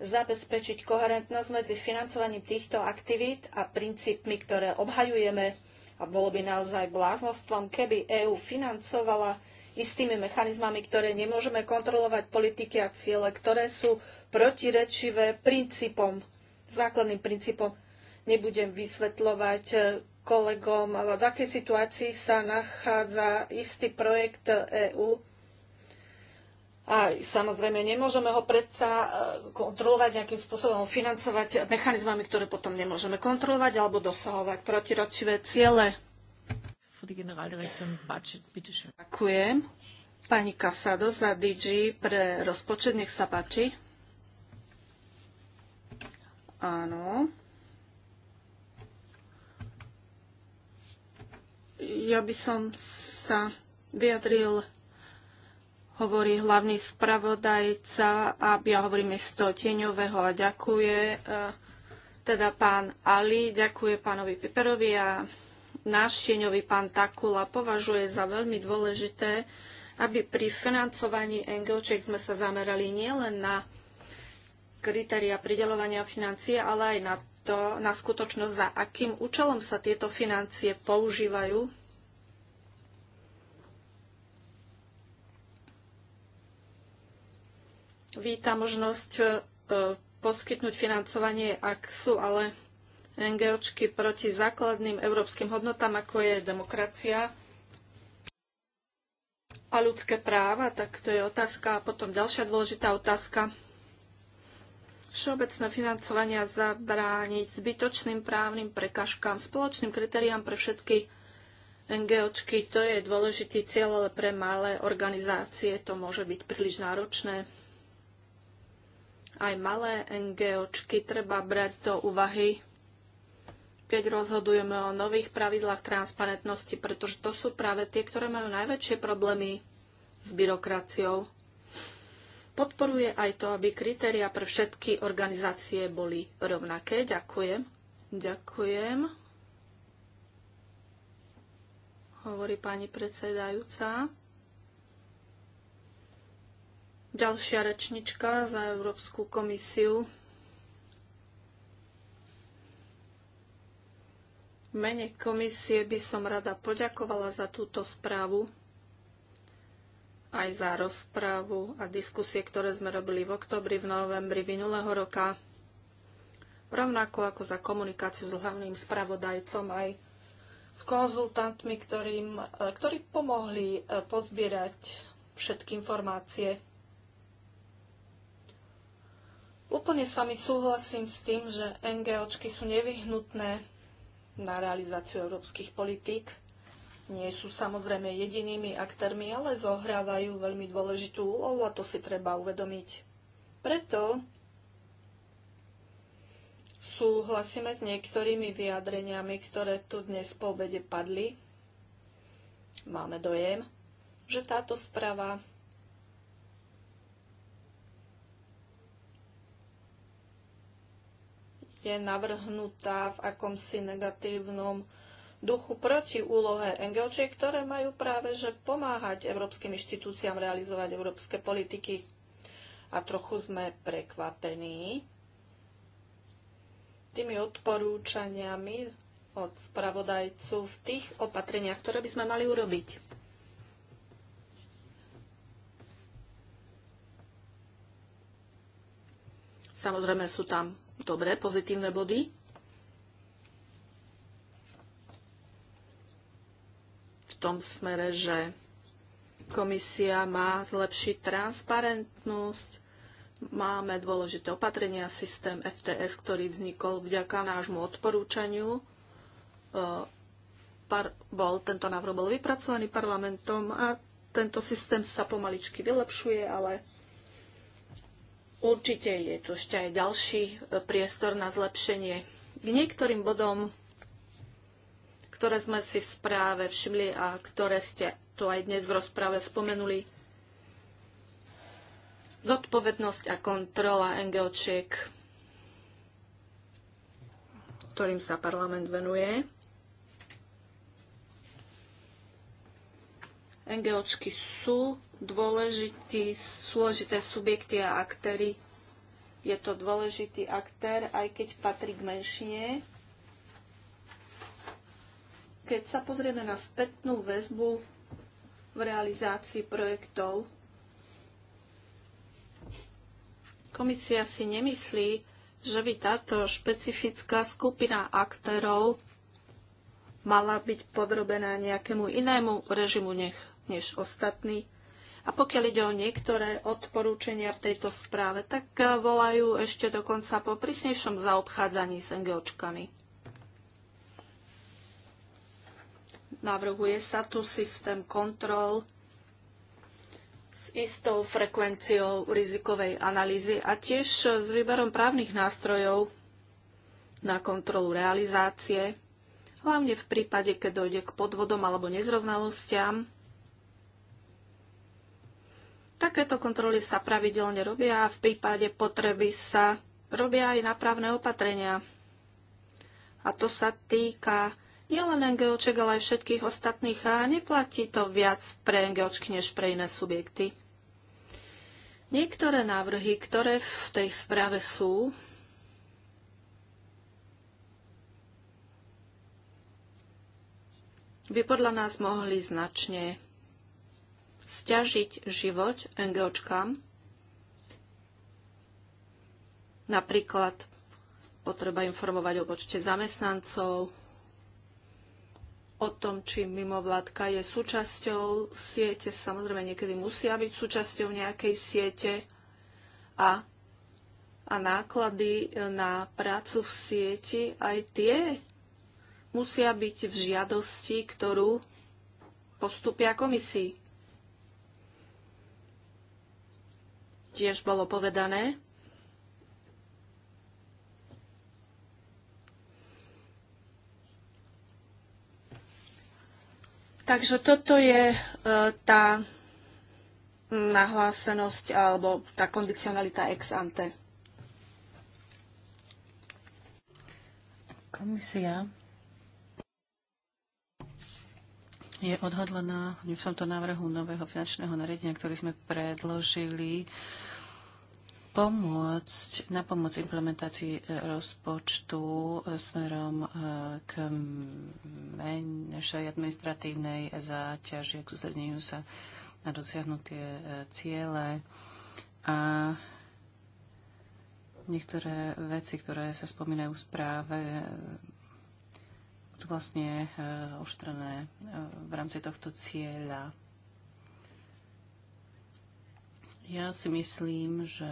zabezpečiť koherentnosť medzi financovaním týchto aktivít a princípmi, ktoré obhajujeme a bolo by naozaj bláznostvom, keby EÚ financovala istými mechanizmami, ktoré nemôžeme kontrolovať, politiky a ciele, ktoré sú protirečivé princípom, základným princípom. Nebudem vysvetľovať e, kolegom, v akej situácii sa nachádza istý projekt EÚ, a samozrejme, nemôžeme ho predsa e, kontrolovať nejakým spôsobom, financovať mechanizmami, ktoré potom nemôžeme kontrolovať alebo dosahovať protiročivé ciele. Ďakujem. Pani Kasado za DG pre rozpočet, nech sa páči. Áno. Ja by som sa vyjadril hovorí hlavný spravodajca, aby ja hovorím mesto Tieňového a ďakuje eh, teda pán Ali, ďakuje pánovi Piperovi a náš tieňový pán Takula považuje za veľmi dôležité, aby pri financovaní NGOček sme sa zamerali nielen na kritéria pridelovania financie, ale aj na to, na skutočnosť, za akým účelom sa tieto financie používajú víta možnosť e, poskytnúť financovanie, ak sú ale NGOčky proti základným európskym hodnotám, ako je demokracia a ľudské práva, tak to je otázka. A potom ďalšia dôležitá otázka. Všeobecné financovania zabrániť zbytočným právnym prekažkám, spoločným kritériám pre všetky NGOčky. To je dôležitý cieľ, ale pre malé organizácie to môže byť príliš náročné aj malé NGOčky treba brať do úvahy, keď rozhodujeme o nových pravidlách transparentnosti, pretože to sú práve tie, ktoré majú najväčšie problémy s byrokraciou. Podporuje aj to, aby kritéria pre všetky organizácie boli rovnaké. Ďakujem. Ďakujem. Hovorí pani predsedajúca. Ďalšia rečnička za Európsku komisiu. V mene komisie by som rada poďakovala za túto správu, aj za rozprávu a diskusie, ktoré sme robili v oktobri, v novembri minulého roka, rovnako ako za komunikáciu s hlavným spravodajcom aj s konzultantmi, ktorým, eh, ktorí pomohli eh, pozbierať všetky informácie Úplne s vami súhlasím s tým, že NGOčky sú nevyhnutné na realizáciu európskych politík. Nie sú samozrejme jedinými aktérmi, ale zohrávajú veľmi dôležitú úlohu a to si treba uvedomiť. Preto súhlasíme s niektorými vyjadreniami, ktoré tu dnes po obede padli. Máme dojem, že táto správa je navrhnutá v akomsi negatívnom duchu proti úlohe NGOčiek, ktoré majú práve že pomáhať európskym inštitúciám realizovať európske politiky. A trochu sme prekvapení tými odporúčaniami od spravodajcu v tých opatreniach, ktoré by sme mali urobiť. Samozrejme sú tam dobré, pozitívne body. V tom smere, že komisia má zlepšiť transparentnosť, máme dôležité opatrenia, systém FTS, ktorý vznikol vďaka nášmu odporúčaniu. E, par, bol, tento návrh bol vypracovaný parlamentom a tento systém sa pomaličky vylepšuje, ale Určite je tu ešte aj ďalší e, priestor na zlepšenie. K niektorým bodom, ktoré sme si v správe všimli a ktoré ste tu aj dnes v rozprave spomenuli, zodpovednosť a kontrola NGOčiek, ktorým sa parlament venuje. NGOčky sú dôležitý, dôležité subjekty a aktéry. Je to dôležitý aktér, aj keď patrí k menšine. Keď sa pozrieme na spätnú väzbu v realizácii projektov, komisia si nemyslí, že by táto špecifická skupina aktérov mala byť podrobená nejakému inému režimu, nech než ostatní. A pokiaľ ide o niektoré odporúčania v tejto správe, tak eh, volajú ešte dokonca po prísnejšom zaobchádzaní s NGOčkami. Navrhuje sa tu systém kontrol s istou frekvenciou rizikovej analýzy a tiež eh, s výberom právnych nástrojov na kontrolu realizácie, hlavne v prípade, keď dojde k podvodom alebo nezrovnalostiam Takéto kontroly sa pravidelne robia a v prípade potreby sa robia aj nápravné opatrenia. A to sa týka nielen NGOček, ale aj všetkých ostatných a neplatí to viac pre NGOčky než pre iné subjekty. Niektoré návrhy, ktoré v tej správe sú, by podľa nás mohli značne stiažiť život NGOčkám. Napríklad potreba informovať o počte zamestnancov, o tom, či mimovládka je súčasťou siete. Samozrejme, niekedy musia byť súčasťou nejakej siete a, a náklady na prácu v sieti aj tie musia byť v žiadosti, ktorú postupia komisii. tiež bolo povedané. Takže toto je e, tá nahlásenosť alebo tá kondicionalita ex ante. Komisia je odhodlená v tomto návrhu nového finančného nariadenia, ktorý sme predložili pomôcť, na pomoc implementácii e, rozpočtu e, smerom e, k menšej administratívnej záťaži, k sústredeniu sa na dosiahnutie ciele a niektoré veci, ktoré sa spomínajú v správe, sú vlastne ošetrené v rámci tohto cieľa. Ja si myslím, že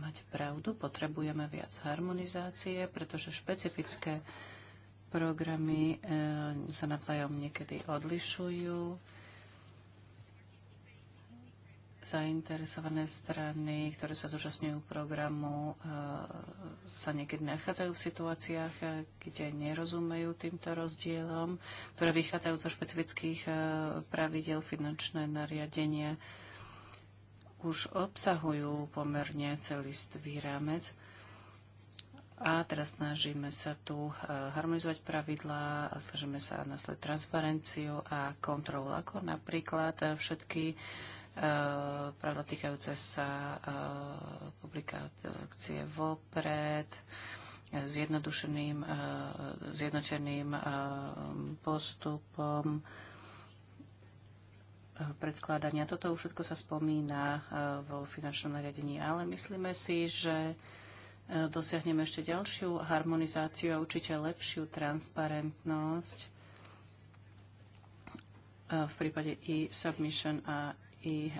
mať pravdu, potrebujeme viac harmonizácie, pretože špecifické programy eh, sa navzájom niekedy odlišujú zainteresované strany, ktoré sa zúčastňujú programu, e, sa niekedy nachádzajú v situáciách, e, kde nerozumejú týmto rozdielom, ktoré vychádzajú zo špecifických e, pravidel finančné nariadenia už obsahujú pomerne celistvý rámec. A teraz snažíme sa tu harmonizovať pravidlá, a snažíme sa nasledovať transparenciu a kontrolu, ako napríklad všetky Eh, pravda týkajúce sa eh, publikácie vopred, zjednodušeným, eh, zjednoteným postupom predkladania. Toto už všetko sa spomína vo finančnom nariadení, ale myslíme si, že dosiahneme ešte ďalšiu harmonizáciu a určite lepšiu transparentnosť v prípade e-submission a i eh,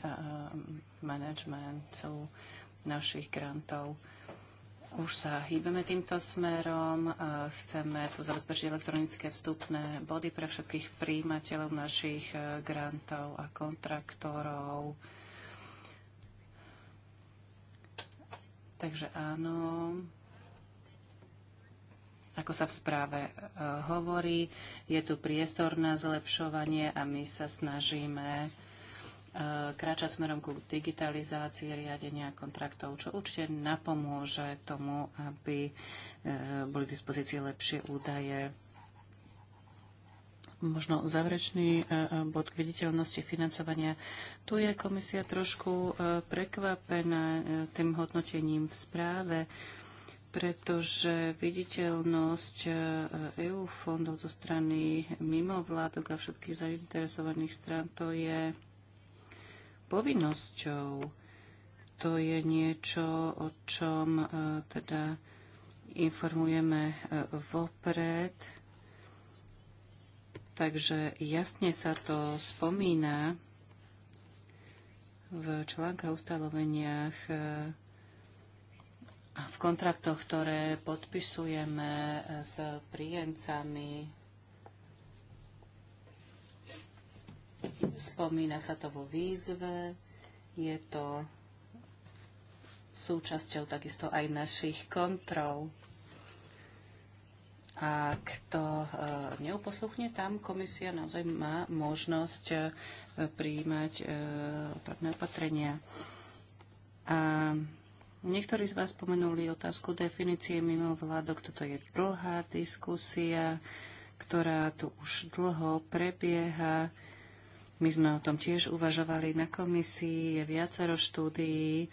manažmentu našich grantov. Už sa hýbeme týmto smerom. Eh, chceme tu zabezpečiť elektronické vstupné body pre všetkých príjimateľov našich eh, grantov a kontraktorov. Takže áno, ako sa v správe hovorí, je tu priestor na zlepšovanie a my sa snažíme E, kráča smerom ku digitalizácii riadenia kontraktov, čo určite napomôže tomu, aby e, boli k dispozícii lepšie údaje. Možno záverečný e, bod k viditeľnosti financovania. Tu je komisia trošku prekvapená tým hodnotením v správe, pretože viditeľnosť EU fondov zo strany mimovládok a všetkých zainteresovaných strán to je povinnosťou. To je niečo, o čom e, teda informujeme e, vopred. Takže jasne sa to spomína v článkach ustanoveniach e, a v kontraktoch, ktoré podpisujeme s príjemcami Spomína sa to vo výzve, je to súčasťou takisto aj našich kontrol. A kto e, neuposluchne, tam komisia naozaj má možnosť e, prijímať e, opravné opatrenia. A niektorí z vás spomenuli otázku definície mimo vládok. Toto je dlhá diskusia, ktorá tu už dlho prebieha. My sme o tom tiež uvažovali na komisii, je viacero štúdií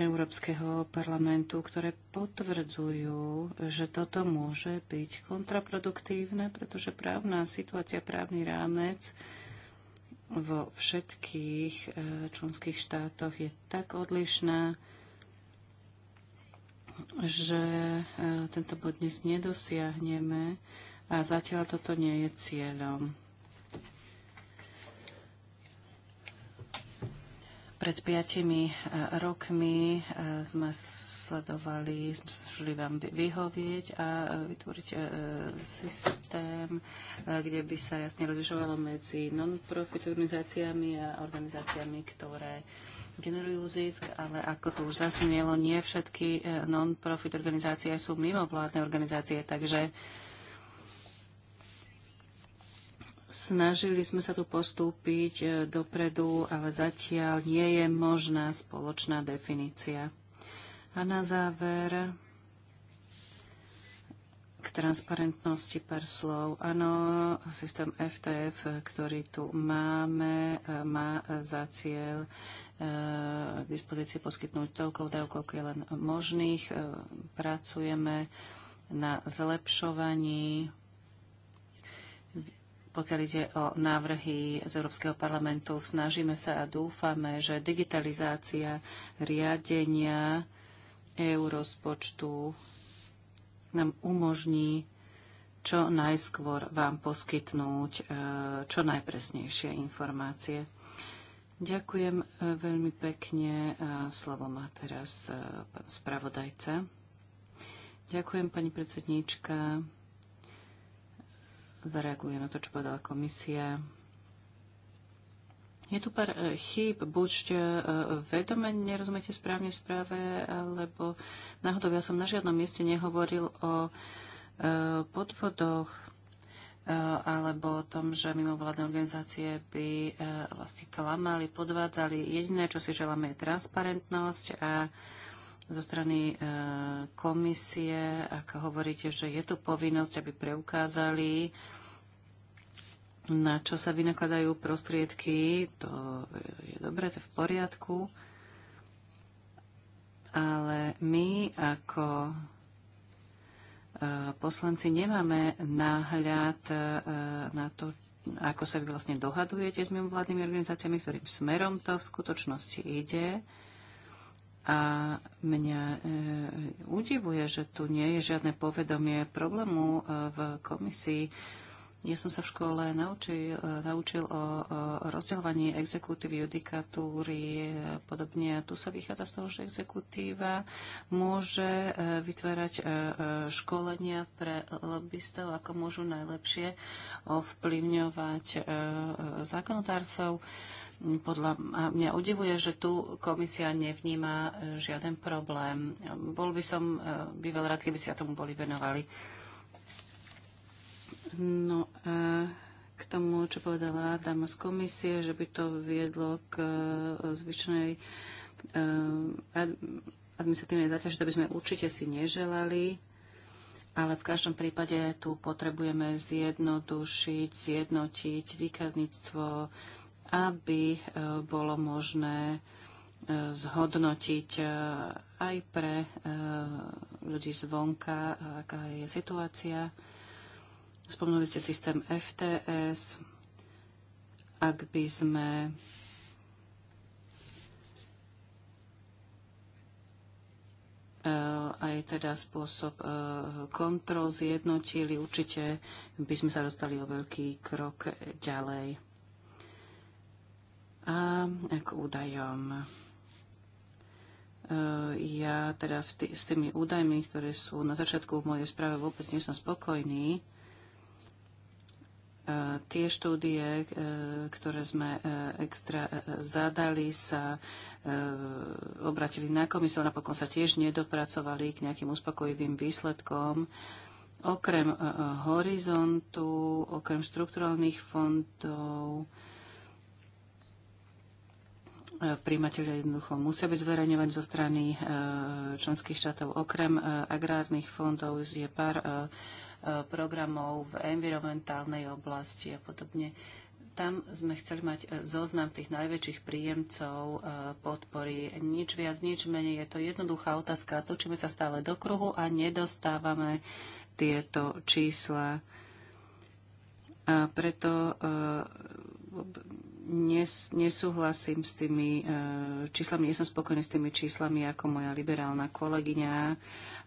Európskeho parlamentu, ktoré potvrdzujú, že toto môže byť kontraproduktívne, pretože právna situácia, právny rámec vo všetkých e, členských štátoch je tak odlišná, že e, tento bod dnes nedosiahneme a zatiaľ toto nie je cieľom. Pred piatimi e, rokmi e, sme sledovali, sme snažili vám vyhovieť a e, vytvoriť systém, kde by sa jasne rozlišovalo medzi non-profit organizáciami a organizáciami, ktoré generujú zisk, ale ako to už zaznelo, nie všetky non-profit organizácie sú mimovládne organizácie, takže Snažili sme sa tu postúpiť e, dopredu, ale zatiaľ nie je možná spoločná definícia. A na záver k transparentnosti pár slov. Áno, systém FTF, ktorý tu máme, e, má za cieľ e, k dispozícii poskytnúť toľko údajov, koľko je len možných. Pracujeme na zlepšovaní pokiaľ ide o návrhy z Európskeho parlamentu, snažíme sa a dúfame, že digitalizácia riadenia eurozpočtu nám umožní čo najskôr vám poskytnúť e, čo najpresnejšie informácie. Ďakujem e, veľmi pekne. Slovo má teraz e, pán spravodajca. Ďakujem, pani predsedníčka zareaguje na to, čo povedala komisia. Je tu pár e, chýb, buď e, e, vedome nerozumiete správne správe, alebo náhodou ja som na žiadnom mieste nehovoril o podvodoch alebo o tom, že mimovládne organizácie by vlastne klamali, podvádzali. Jediné, čo si želáme, je transparentnosť a zo strany e, komisie, ak hovoríte, že je tu povinnosť, aby preukázali, na čo sa vynakladajú prostriedky, to je dobré, to je v poriadku, ale my ako e, poslanci nemáme náhľad e, na to, ako sa vy vlastne dohadujete s mimovládnymi organizáciami, ktorým smerom to v skutočnosti ide. A mňa e, udivuje, že tu nie je žiadne povedomie problému e, v komisii. Ja som sa v škole naučil, e, naučil o, o rozdeľovaní exekutívy, judikatúry a podobne. Tu sa vychádza z toho, že exekutíva môže e, vytvárať e, e, školenia pre lobbystov, ako môžu najlepšie ovplyvňovať e, e, zákonodárcov. E, podľa mňa udivuje, že tu komisia nevníma žiaden problém. Bol by som e, býval rád, keby sa tomu boli venovali. No a e, k tomu, čo povedala dáma z komisie, že by to viedlo k e, zvyčnej administratívnej záťaži, to by sme určite si neželali, ale v každom prípade tu potrebujeme zjednodušiť, zjednotiť výkazníctvo, aby e, bolo možné e, zhodnotiť e, aj pre ľudí zvonka, aká je situácia. Spomnuli ste systém FTS. Ak by sme aj teda spôsob kontrol zjednotili, určite by sme sa dostali o veľký krok ďalej a k údajom. E, ja teda tý, s tými údajmi, ktoré sú na začiatku v mojej správe, vôbec nie som spokojný. E, tie štúdie, e, ktoré sme extra zadali, sa obratili na komisiu, napokon sa tiež nedopracovali k nejakým uspokojivým výsledkom. Okrem horizontu, okrem štrukturálnych fondov, E, príjmatelia jednoducho musia byť zverejňovať zo strany e, členských štátov. Okrem e, agrárnych fondov je pár programov v environmentálnej oblasti a podobne. Tam sme chceli mať zoznam tých najväčších príjemcov podpory. Nič viac, nič menej. Je to jednoduchá otázka. Točíme sa stále do kruhu a nedostávame tieto čísla. A preto Nes, nesúhlasím s tými e, číslami, nie som spokojný s tými číslami ako moja liberálna kolegyňa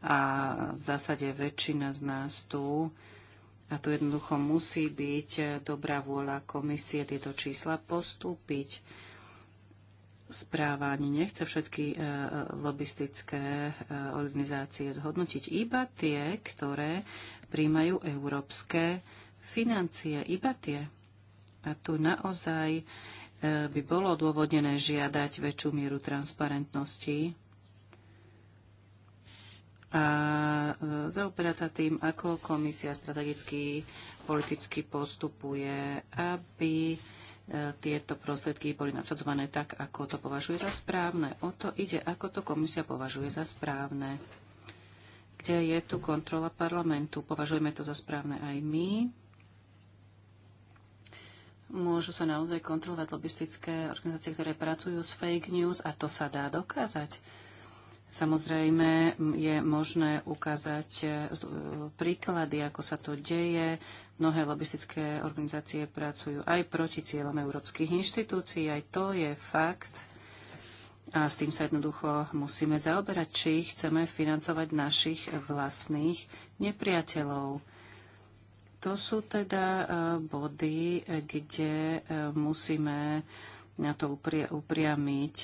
a v zásade väčšina z nás tu. A tu jednoducho musí byť eh, dobrá vôľa komisie tieto čísla postúpiť. Správa ani nechce všetky e, lobistické e, organizácie zhodnotiť, iba tie, ktoré príjmajú európske financie, iba tie. A tu naozaj e, by bolo dôvodnené žiadať väčšiu mieru transparentnosti a e, zaoberať sa tým, ako komisia strategicky politicky postupuje, aby e, tieto prostriedky boli nasadzované tak, ako to považuje za správne. O to ide, ako to komisia považuje za správne. Kde je tu kontrola parlamentu? Považujeme to za správne aj my. Môžu sa naozaj kontrolovať lobistické organizácie, ktoré pracujú s fake news a to sa dá dokázať. Samozrejme je možné ukázať e, e, príklady, ako sa to deje. Mnohé lobistické organizácie pracujú aj proti cieľom európskych inštitúcií, aj to je fakt. A s tým sa jednoducho musíme zaoberať, či chceme financovať našich vlastných nepriateľov. To sú teda e, body, e, kde e, musíme na to upriamiť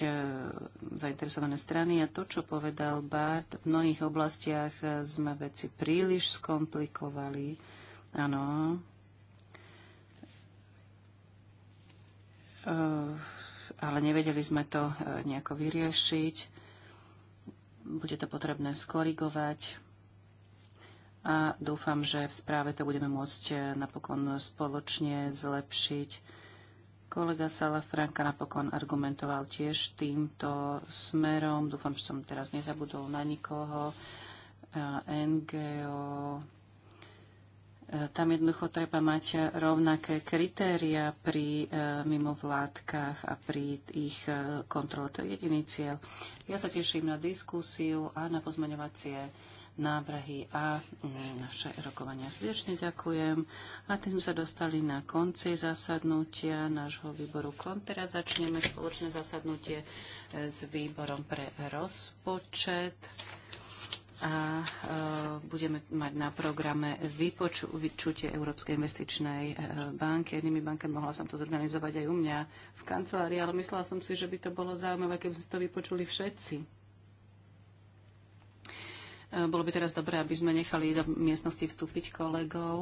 zainteresované strany. A to, čo povedal Bart, v mnohých oblastiach sme veci príliš skomplikovali. Áno. Ale nevedeli sme to nejako vyriešiť. Bude to potrebné skorigovať a dúfam, že v správe to budeme môcť e, napokon spoločne zlepšiť. Kolega Sala Franka napokon argumentoval tiež týmto smerom. Dúfam, že som teraz nezabudol na nikoho. E, NGO. E, tam jednoducho treba mať rovnaké kritéria pri mimovládkach a pri ich kontrole. To je jediný cieľ. Ja sa teším na diskusiu a na pozmeňovacie návrhy a mm, naše rokovania. Srdečne ďakujem. A tým sa dostali na konci zasadnutia nášho výboru KON. Teraz začneme spoločné zasadnutie e, s výborom pre rozpočet a e, budeme mať na programe vypočutie Európskej investičnej e, banky. Jednými bankami mohla som to zorganizovať aj u mňa v kancelárii, ale myslela som si, že by to bolo zaujímavé, keby sme to vypočuli všetci. Bolo by teraz dobré, aby sme nechali do miestnosti vstúpiť kolegov.